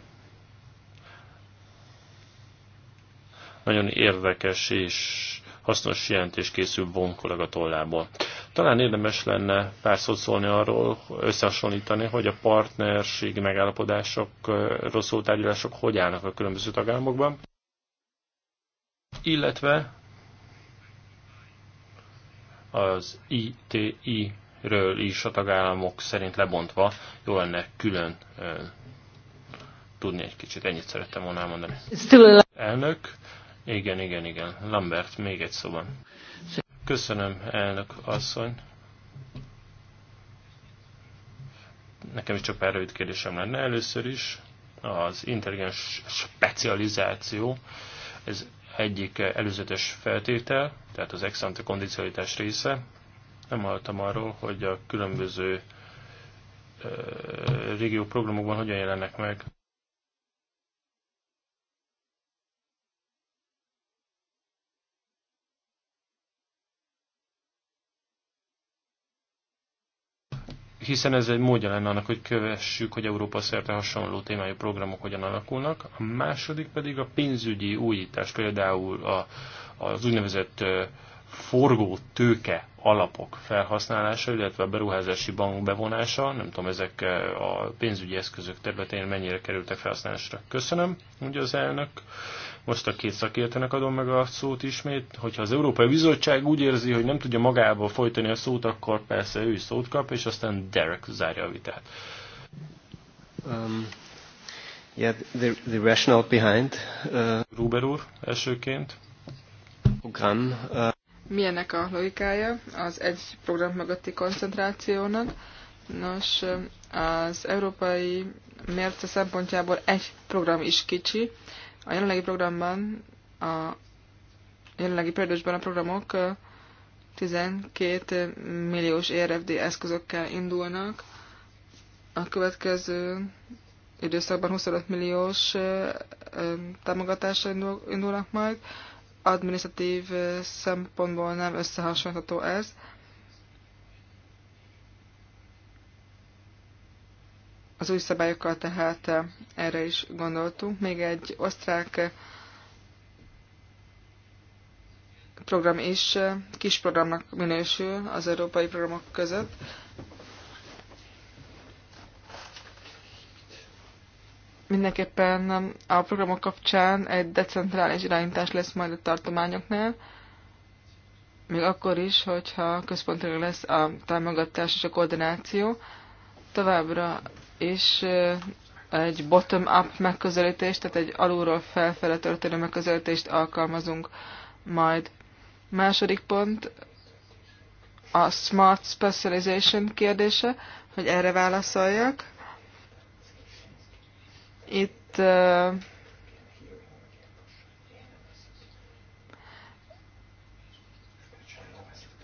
Nagyon érdekes és hasznos jelentés készül von kollega tollából. Talán érdemes lenne pár szót szólni arról, összehasonlítani, hogy a partnerségi megállapodások, rosszul tárgyalások hogy állnak a különböző tagállamokban illetve az ITI-ről is a tagállamok szerint lebontva jó lenne külön tudni egy kicsit. Ennyit szerettem volna elmondani. Elnök, igen, igen, igen. Lambert, még egy szóban. Köszönöm, elnök asszony. Nekem is csak pár rövid kérdésem lenne. Először is az intelligens specializáció, ez egyik előzetes feltétel, tehát az ex ante kondicionalitás része. Nem hallottam arról, hogy a különböző régió programokban hogyan jelennek meg hiszen ez egy módja lenne annak, hogy kövessük, hogy Európa szerte hasonló témájú programok hogyan alakulnak. A második pedig a pénzügyi újítás, például a, az úgynevezett forgó tőke alapok felhasználása, illetve a beruházási bank bevonása. Nem tudom, ezek a pénzügyi eszközök területén mennyire kerültek felhasználásra. Köszönöm, ugye az elnök. Most a két szakértőnek adom meg a szót ismét, hogyha az Európai Bizottság úgy érzi, hogy nem tudja magába folytani a szót, akkor persze ő is szót kap, és aztán Derek zárja a vitát. Um, yeah, the, the rationale behind. Uh, Ruber úr elsőként. Program. Uh, Mi ennek a logikája az egy program mögötti koncentrációnak? Nos, az európai mérce szempontjából egy program is kicsi, a jelenlegi programban, a jelenlegi periódusban a programok 12 milliós ERFD eszközökkel indulnak, a következő időszakban 25 milliós támogatásra indulnak majd. Administratív szempontból nem összehasonlítható ez. Az új szabályokkal tehát eh, erre is gondoltunk. Még egy osztrák eh, program is eh, kis programnak minősül az európai programok között. Mindenképpen a programok kapcsán egy decentrális irányítás lesz majd a tartományoknál, még akkor is, hogyha központilag lesz a támogatás és a koordináció. Továbbra és egy bottom-up megközelítést, tehát egy alulról felfele történő megközelítést alkalmazunk majd. Második pont a Smart Specialization kérdése, hogy erre válaszoljak. Itt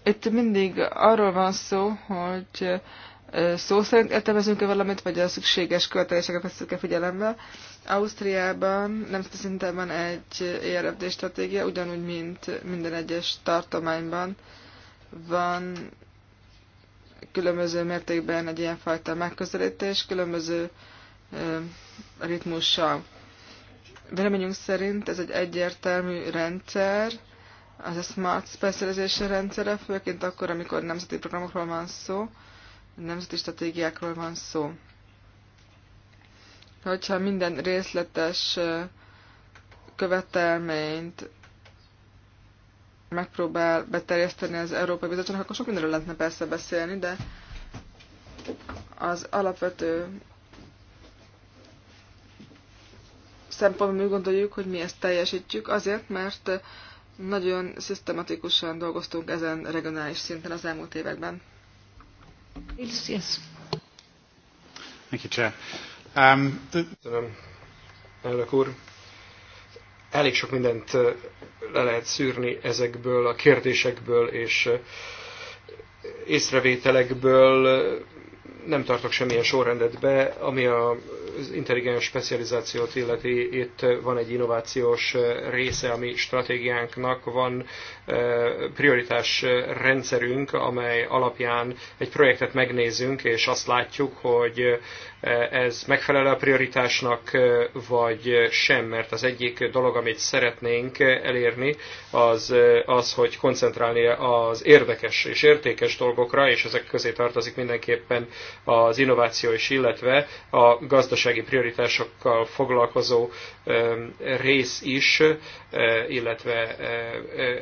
itt mindig arról van szó, hogy szó szerint értelmezünk-e valamit, vagy a szükséges követeléseket veszük-e figyelembe. Ausztriában nemzeti szinten van egy ERFD stratégia, ugyanúgy, mint minden egyes tartományban van különböző mértékben egy ilyenfajta megközelítés, különböző ritmussal. Véleményünk szerint ez egy egyértelmű rendszer, az a Smart Specialization rendszere, főként akkor, amikor nemzeti programokról van szó, nemzeti stratégiákról van szó. Hogyha minden részletes követelményt megpróbál beterjeszteni az Európai Bizottságnak, akkor sok mindenről lehetne persze beszélni, de az alapvető szempontból úgy gondoljuk, hogy mi ezt teljesítjük, azért, mert nagyon szisztematikusan dolgoztunk ezen regionális szinten az elmúlt években. Yes, yes. Thank you, Chair. Um, the... Elnök úr, elég sok mindent uh, le lehet szűrni ezekből a kérdésekből és uh, észrevételekből. Uh, nem tartok semmilyen sorrendet be, ami a az intelligens specializációt illeti, itt van egy innovációs része a mi stratégiánknak, van prioritás rendszerünk, amely alapján egy projektet megnézünk, és azt látjuk, hogy ez megfelel a prioritásnak, vagy sem, mert az egyik dolog, amit szeretnénk elérni, az, az hogy koncentrálni az érdekes és értékes dolgokra, és ezek közé tartozik mindenképpen az innováció is, illetve a gazdaság biztonsági prioritásokkal foglalkozó rész is, illetve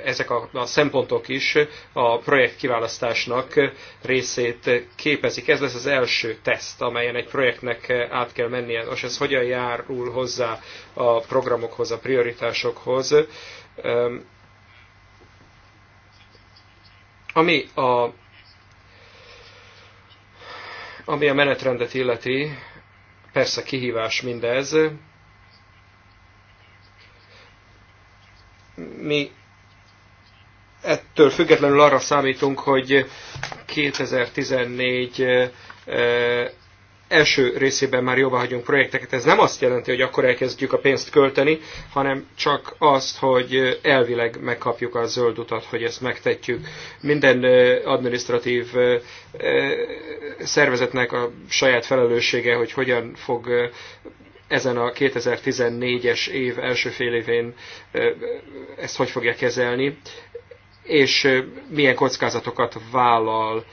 ezek a szempontok is a projekt kiválasztásnak részét képezik. Ez lesz az első teszt, amelyen egy projektnek át kell mennie. Most ez hogyan járul hozzá a programokhoz, a prioritásokhoz? Ami a ami a menetrendet illeti, Persze kihívás mindez. Mi ettől függetlenül arra számítunk, hogy 2014 első részében már jóvá hagyunk projekteket. Ez nem azt jelenti, hogy akkor elkezdjük a pénzt költeni, hanem csak azt, hogy elvileg megkapjuk a zöld utat, hogy ezt megtetjük. Minden administratív szervezetnek a saját felelőssége, hogy hogyan fog ezen a 2014-es év első fél évén ezt hogy fogja kezelni, és milyen kockázatokat vállal.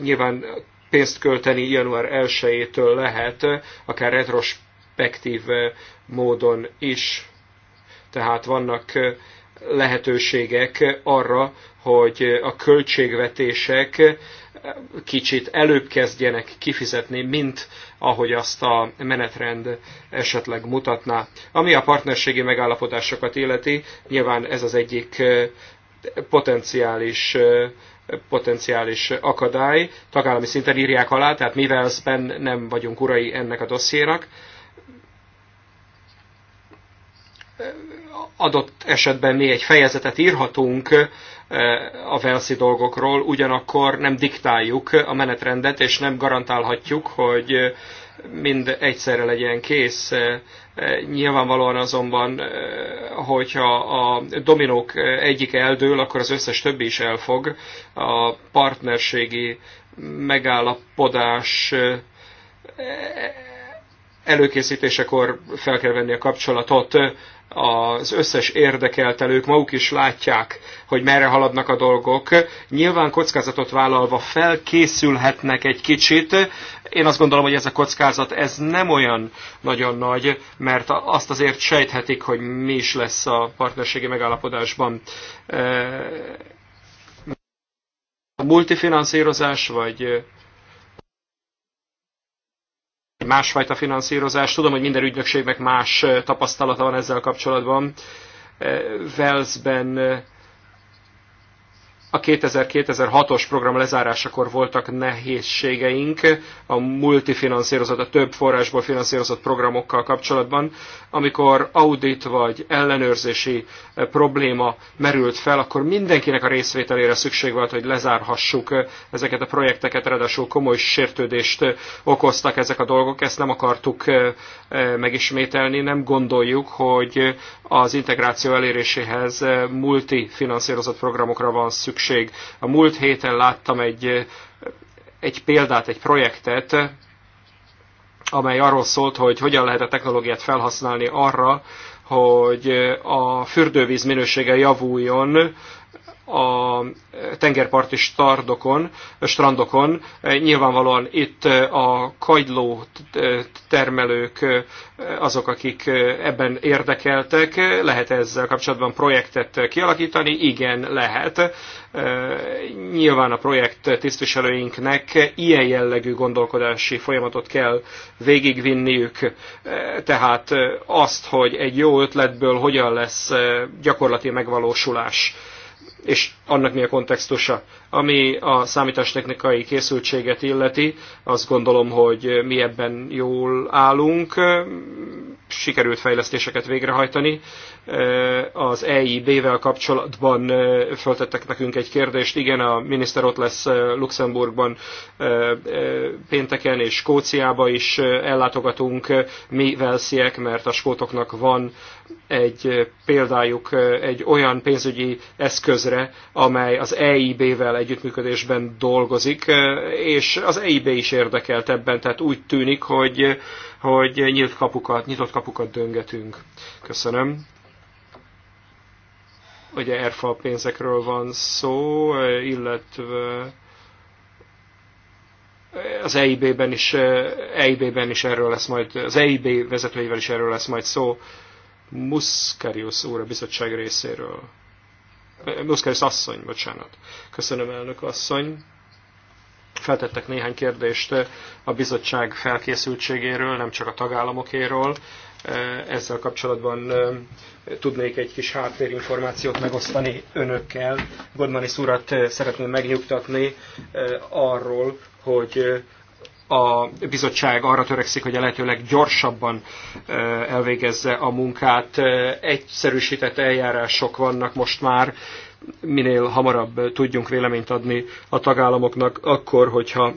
Nyilván pénzt költeni január 1-től lehet, akár retrospektív eh, módon is. Tehát vannak eh, lehetőségek arra, hogy eh, a költségvetések kicsit előbb kezdjenek kifizetni, mint ahogy azt a menetrend esetleg mutatná. Ami a partnerségi megállapodásokat illeti, nyilván ez az egyik potenciális potenciális akadály. Tagállami szinten írják alá, tehát mivel ezben nem vagyunk urai ennek a dossziénak, adott esetben mi egy fejezetet írhatunk eh, a Velszi dolgokról, ugyanakkor nem diktáljuk a menetrendet, és nem garantálhatjuk, hogy mind egyszerre legyen kész. E, e, nyilvánvalóan azonban, e, hogyha a dominók egyik eldől, akkor az összes többi is elfog. A partnerségi megállapodás előkészítésekor fel kell venni a kapcsolatot az összes érdekeltelők maguk is látják, hogy merre haladnak a dolgok. Nyilván kockázatot vállalva felkészülhetnek egy kicsit. Én azt gondolom, hogy ez a kockázat ez nem olyan nagyon nagy, mert azt azért sejthetik, hogy mi is lesz a partnerségi megállapodásban. A multifinanszírozás, vagy másfajta finanszírozás. Tudom, hogy minden ügynökségnek más tapasztalata van ezzel kapcsolatban. Eh, Velszben eh, a 2000-2006-os program lezárásakor voltak nehézségeink a multifinanszírozott, a több forrásból finanszírozott programokkal kapcsolatban. Amikor audit vagy ellenőrzési eh, probléma merült fel, akkor mindenkinek a részvételére szükség volt, hogy lezárhassuk eh, ezeket a projekteket, ráadásul komoly sértődést eh, okoztak ezek a dolgok, ezt nem akartuk megismételni, nem gondoljuk, hogy az integráció eléréséhez multifinanszírozott programokra van szükség szükség. A múlt héten láttam egy, egy példát, egy projektet, amely arról szólt, hogy hogyan lehet a technológiát felhasználni arra, hogy a fürdővíz minősége javuljon a tengerparti stardokon, strandokon. Nyilvánvalóan itt a kagyló termelők azok, akik ebben érdekeltek. Lehet ezzel kapcsolatban projektet kialakítani? Igen, lehet. Nyilván a projekt tisztviselőinknek ilyen jellegű gondolkodási folyamatot kell végigvinniük. Tehát azt, hogy egy jó ötletből hogyan lesz gyakorlati megvalósulás és annak mi a kontextusa. Ami a számítástechnikai készültséget illeti, azt gondolom, hogy mi ebben jól állunk. Sikerült fejlesztéseket végrehajtani. Az EIB-vel kapcsolatban föltettek nekünk egy kérdést. Igen, a miniszter ott lesz Luxemburgban pénteken, és Skóciába is ellátogatunk mi velsziek, mert a skótoknak van egy példájuk egy olyan pénzügyi eszközre, amely az EIB-vel egy együttműködésben dolgozik, eh, és az EIB is érdekelt ebben, tehát úgy tűnik, hogy, hogy nyílt kapukat, nyitott kapukat döngetünk. Köszönöm. Ugye ERFA pénzekről van szó, eh, illetve az EIB-ben is, eh, EIB-ben is erről lesz majd, az EIB vezetőivel is erről lesz majd szó, Muscarius úr a bizottság részéről. Noszkeres asszony, bocsánat. Köszönöm, elnök asszony. Feltettek néhány kérdést a bizottság felkészültségéről, nem csak a tagállamokéről. Ezzel kapcsolatban tudnék egy kis háttérinformációt megosztani önökkel. Godmanis urat szeretném megnyugtatni arról, hogy a bizottság arra törekszik, hogy a lehetőleg gyorsabban elvégezze a munkát. Egyszerűsített eljárások vannak most már, minél hamarabb tudjunk véleményt adni a tagállamoknak, akkor, hogyha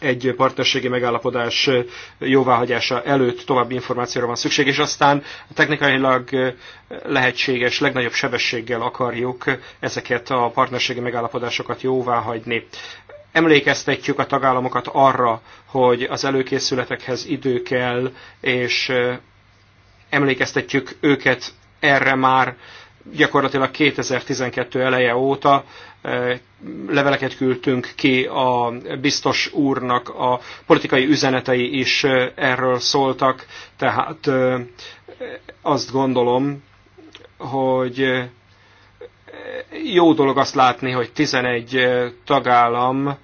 egy partnerségi megállapodás jóváhagyása előtt további információra van szükség, és aztán technikailag lehetséges, legnagyobb sebességgel akarjuk ezeket a partnerségi megállapodásokat jóváhagyni emlékeztetjük a tagállamokat arra, hogy az előkészületekhez idő kell, és emlékeztetjük őket erre már gyakorlatilag 2012 eleje óta leveleket küldtünk ki a biztos úrnak, a politikai üzenetei is erről szóltak, tehát azt gondolom, hogy jó dolog azt látni, hogy 11 tagállam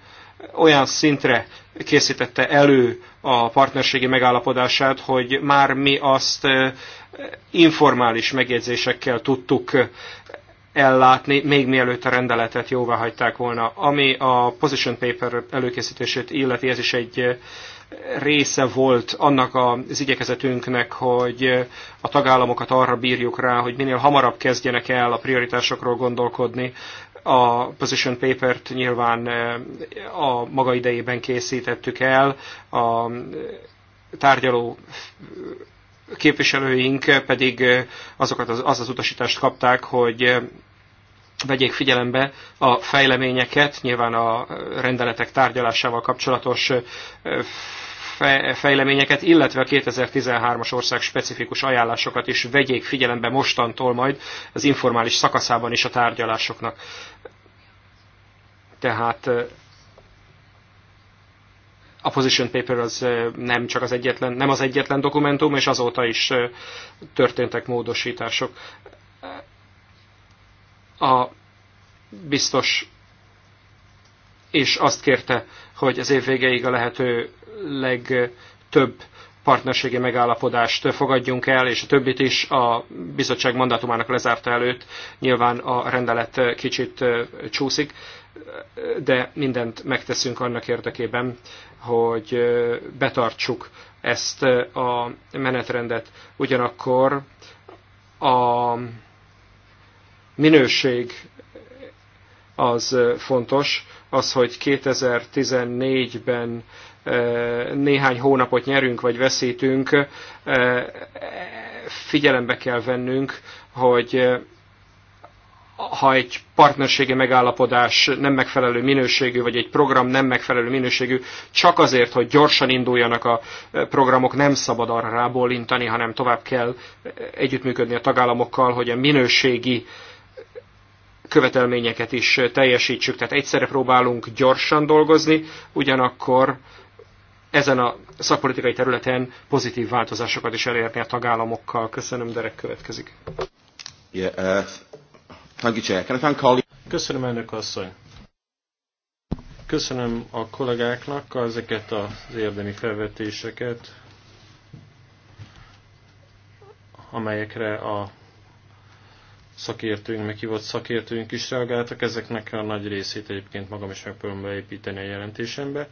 olyan szintre készítette elő a partnerségi megállapodását, hogy már mi azt informális megjegyzésekkel tudtuk ellátni, még mielőtt a rendeletet jóvá hagyták volna. Ami a position paper előkészítését illeti, ez is egy része volt annak az igyekezetünknek, hogy a tagállamokat arra bírjuk rá, hogy minél hamarabb kezdjenek el a prioritásokról gondolkodni. A position paper-t nyilván eh, a maga idejében készítettük el, a tárgyaló képviselőink pedig eh, azokat az, az, az utasítást kapták, hogy eh, vegyék figyelembe a fejleményeket, nyilván a rendeletek tárgyalásával kapcsolatos fejleményeket, illetve a 2013-as ország specifikus ajánlásokat is vegyék figyelembe mostantól majd az informális szakaszában is a tárgyalásoknak. Tehát a position paper az nem csak az egyetlen, nem az egyetlen dokumentum, és azóta is történtek módosítások a biztos, és azt kérte, hogy az év végéig a lehető legtöbb partnerségi megállapodást fogadjunk el, és a többit is a bizottság mandátumának lezárta előtt. Nyilván a rendelet kicsit csúszik, de mindent megteszünk annak érdekében, hogy betartsuk ezt a menetrendet. Ugyanakkor a minőség az fontos, az, hogy 2014-ben néhány hónapot nyerünk vagy veszítünk, figyelembe kell vennünk, hogy ha egy partnerségi megállapodás nem megfelelő minőségű, vagy egy program nem megfelelő minőségű, csak azért, hogy gyorsan induljanak a programok, nem szabad arra rábólintani, hanem tovább kell együttműködni a tagállamokkal, hogy a minőségi követelményeket is teljesítsük. Tehát egyszerre próbálunk gyorsan dolgozni, ugyanakkor ezen a szakpolitikai területen pozitív változásokat is elérni a tagállamokkal. Köszönöm, Derek következik. Uh, Köszönöm, elnök asszony. Köszönöm a kollégáknak ezeket az érdemi felvetéseket, amelyekre a szakértőink, meg hívott szakértőink is reagáltak, ezeknek a nagy részét egyébként magam is megpróbálom beépíteni a jelentésembe.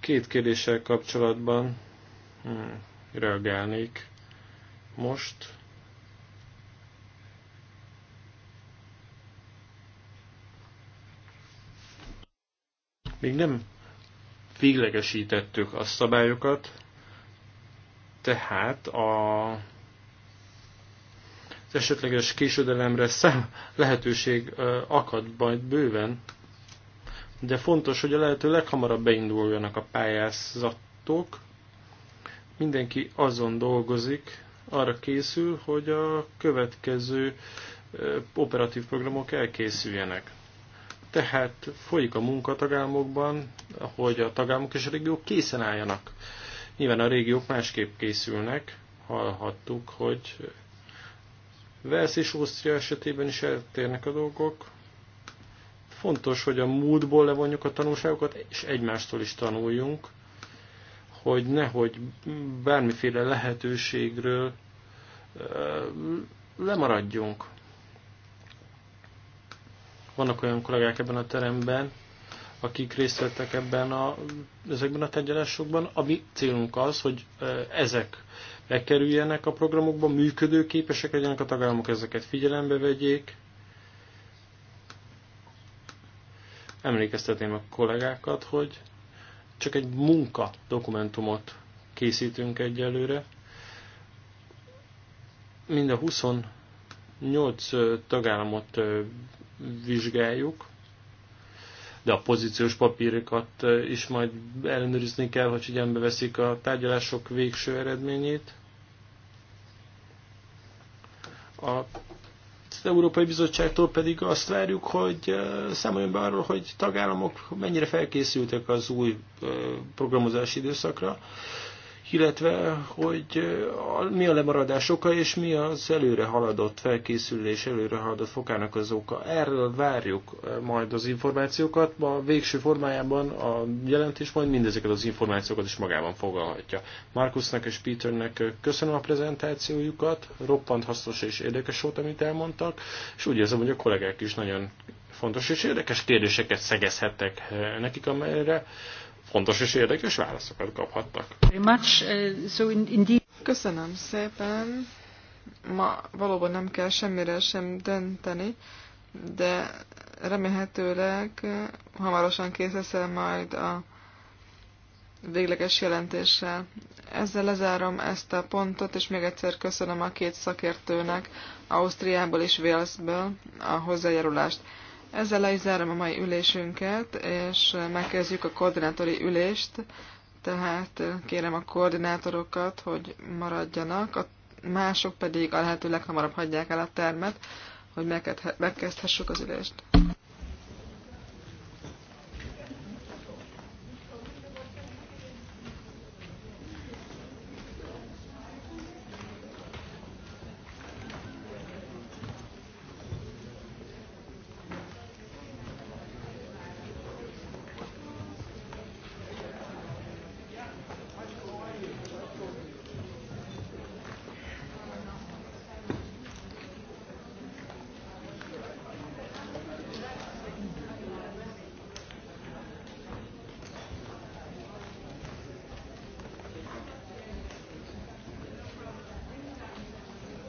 Két kérdéssel kapcsolatban hmm, reagálnék most. Még nem véglegesítettük a szabályokat, tehát a az esetleges késődelemre szem lehetőség akad majd bőven, de fontos, hogy a lehető leghamarabb beinduljanak a pályázatok. Mindenki azon dolgozik, arra készül, hogy a következő operatív programok elkészüljenek. Tehát folyik a munka a tagállamokban, hogy a tagállamok és a régiók készen álljanak. Nyilván a régiók másképp készülnek, hallhattuk, hogy Velsz és Ausztria esetében is eltérnek a dolgok. Fontos, hogy a múltból levonjuk a tanulságokat, és egymástól is tanuljunk, hogy nehogy bármiféle lehetőségről lemaradjunk. Vannak olyan kollégák ebben a teremben, akik részt vettek ebben a, ezekben a tegyelásokban. A mi célunk az, hogy ezek bekerüljenek a programokba, működőképesek legyenek a tagállamok, ezeket figyelembe vegyék. Emlékeztetném a kollégákat, hogy csak egy munka dokumentumot készítünk egyelőre. Mind a 28 tagállamot vizsgáljuk, de a pozíciós papírokat is majd ellenőrizni kell, hogy figyelembe veszik a tárgyalások végső eredményét. A az Európai Bizottságtól pedig azt várjuk, hogy számoljon be arról, hogy tagállamok mennyire felkészültek az új programozási időszakra illetve hogy eh, mi a lemaradás oka, és mi az előre haladott felkészülés, előre haladott fokának az oka. Erről várjuk eh, majd az információkat, a végső formájában a jelentés majd mindezeket az információkat is magában fogalhatja. Markusnak és Peternek eh, köszönöm a prezentációjukat, roppant hasznos és érdekes volt, amit elmondtak, és úgy érzem, hogy a kollégák is nagyon fontos és érdekes kérdéseket szegezhettek nekik, amelyre fontos és érdekes válaszokat kaphattak. Uh, köszönöm szépen. Ma valóban nem kell semmire sem dönteni, de remélhetőleg uh, hamarosan kész leszel majd a végleges jelentéssel. Ezzel lezárom ezt a pontot, és még egyszer köszönöm a két szakértőnek Ausztriából és Walesből a hozzájárulást. Ezzel le is zárom a mai ülésünket, és megkezdjük a koordinátori ülést, tehát eh, kérem a koordinátorokat, hogy maradjanak, a mások pedig a lehető leghamarabb hagyják el a termet, hogy megkezdhessük az ülést.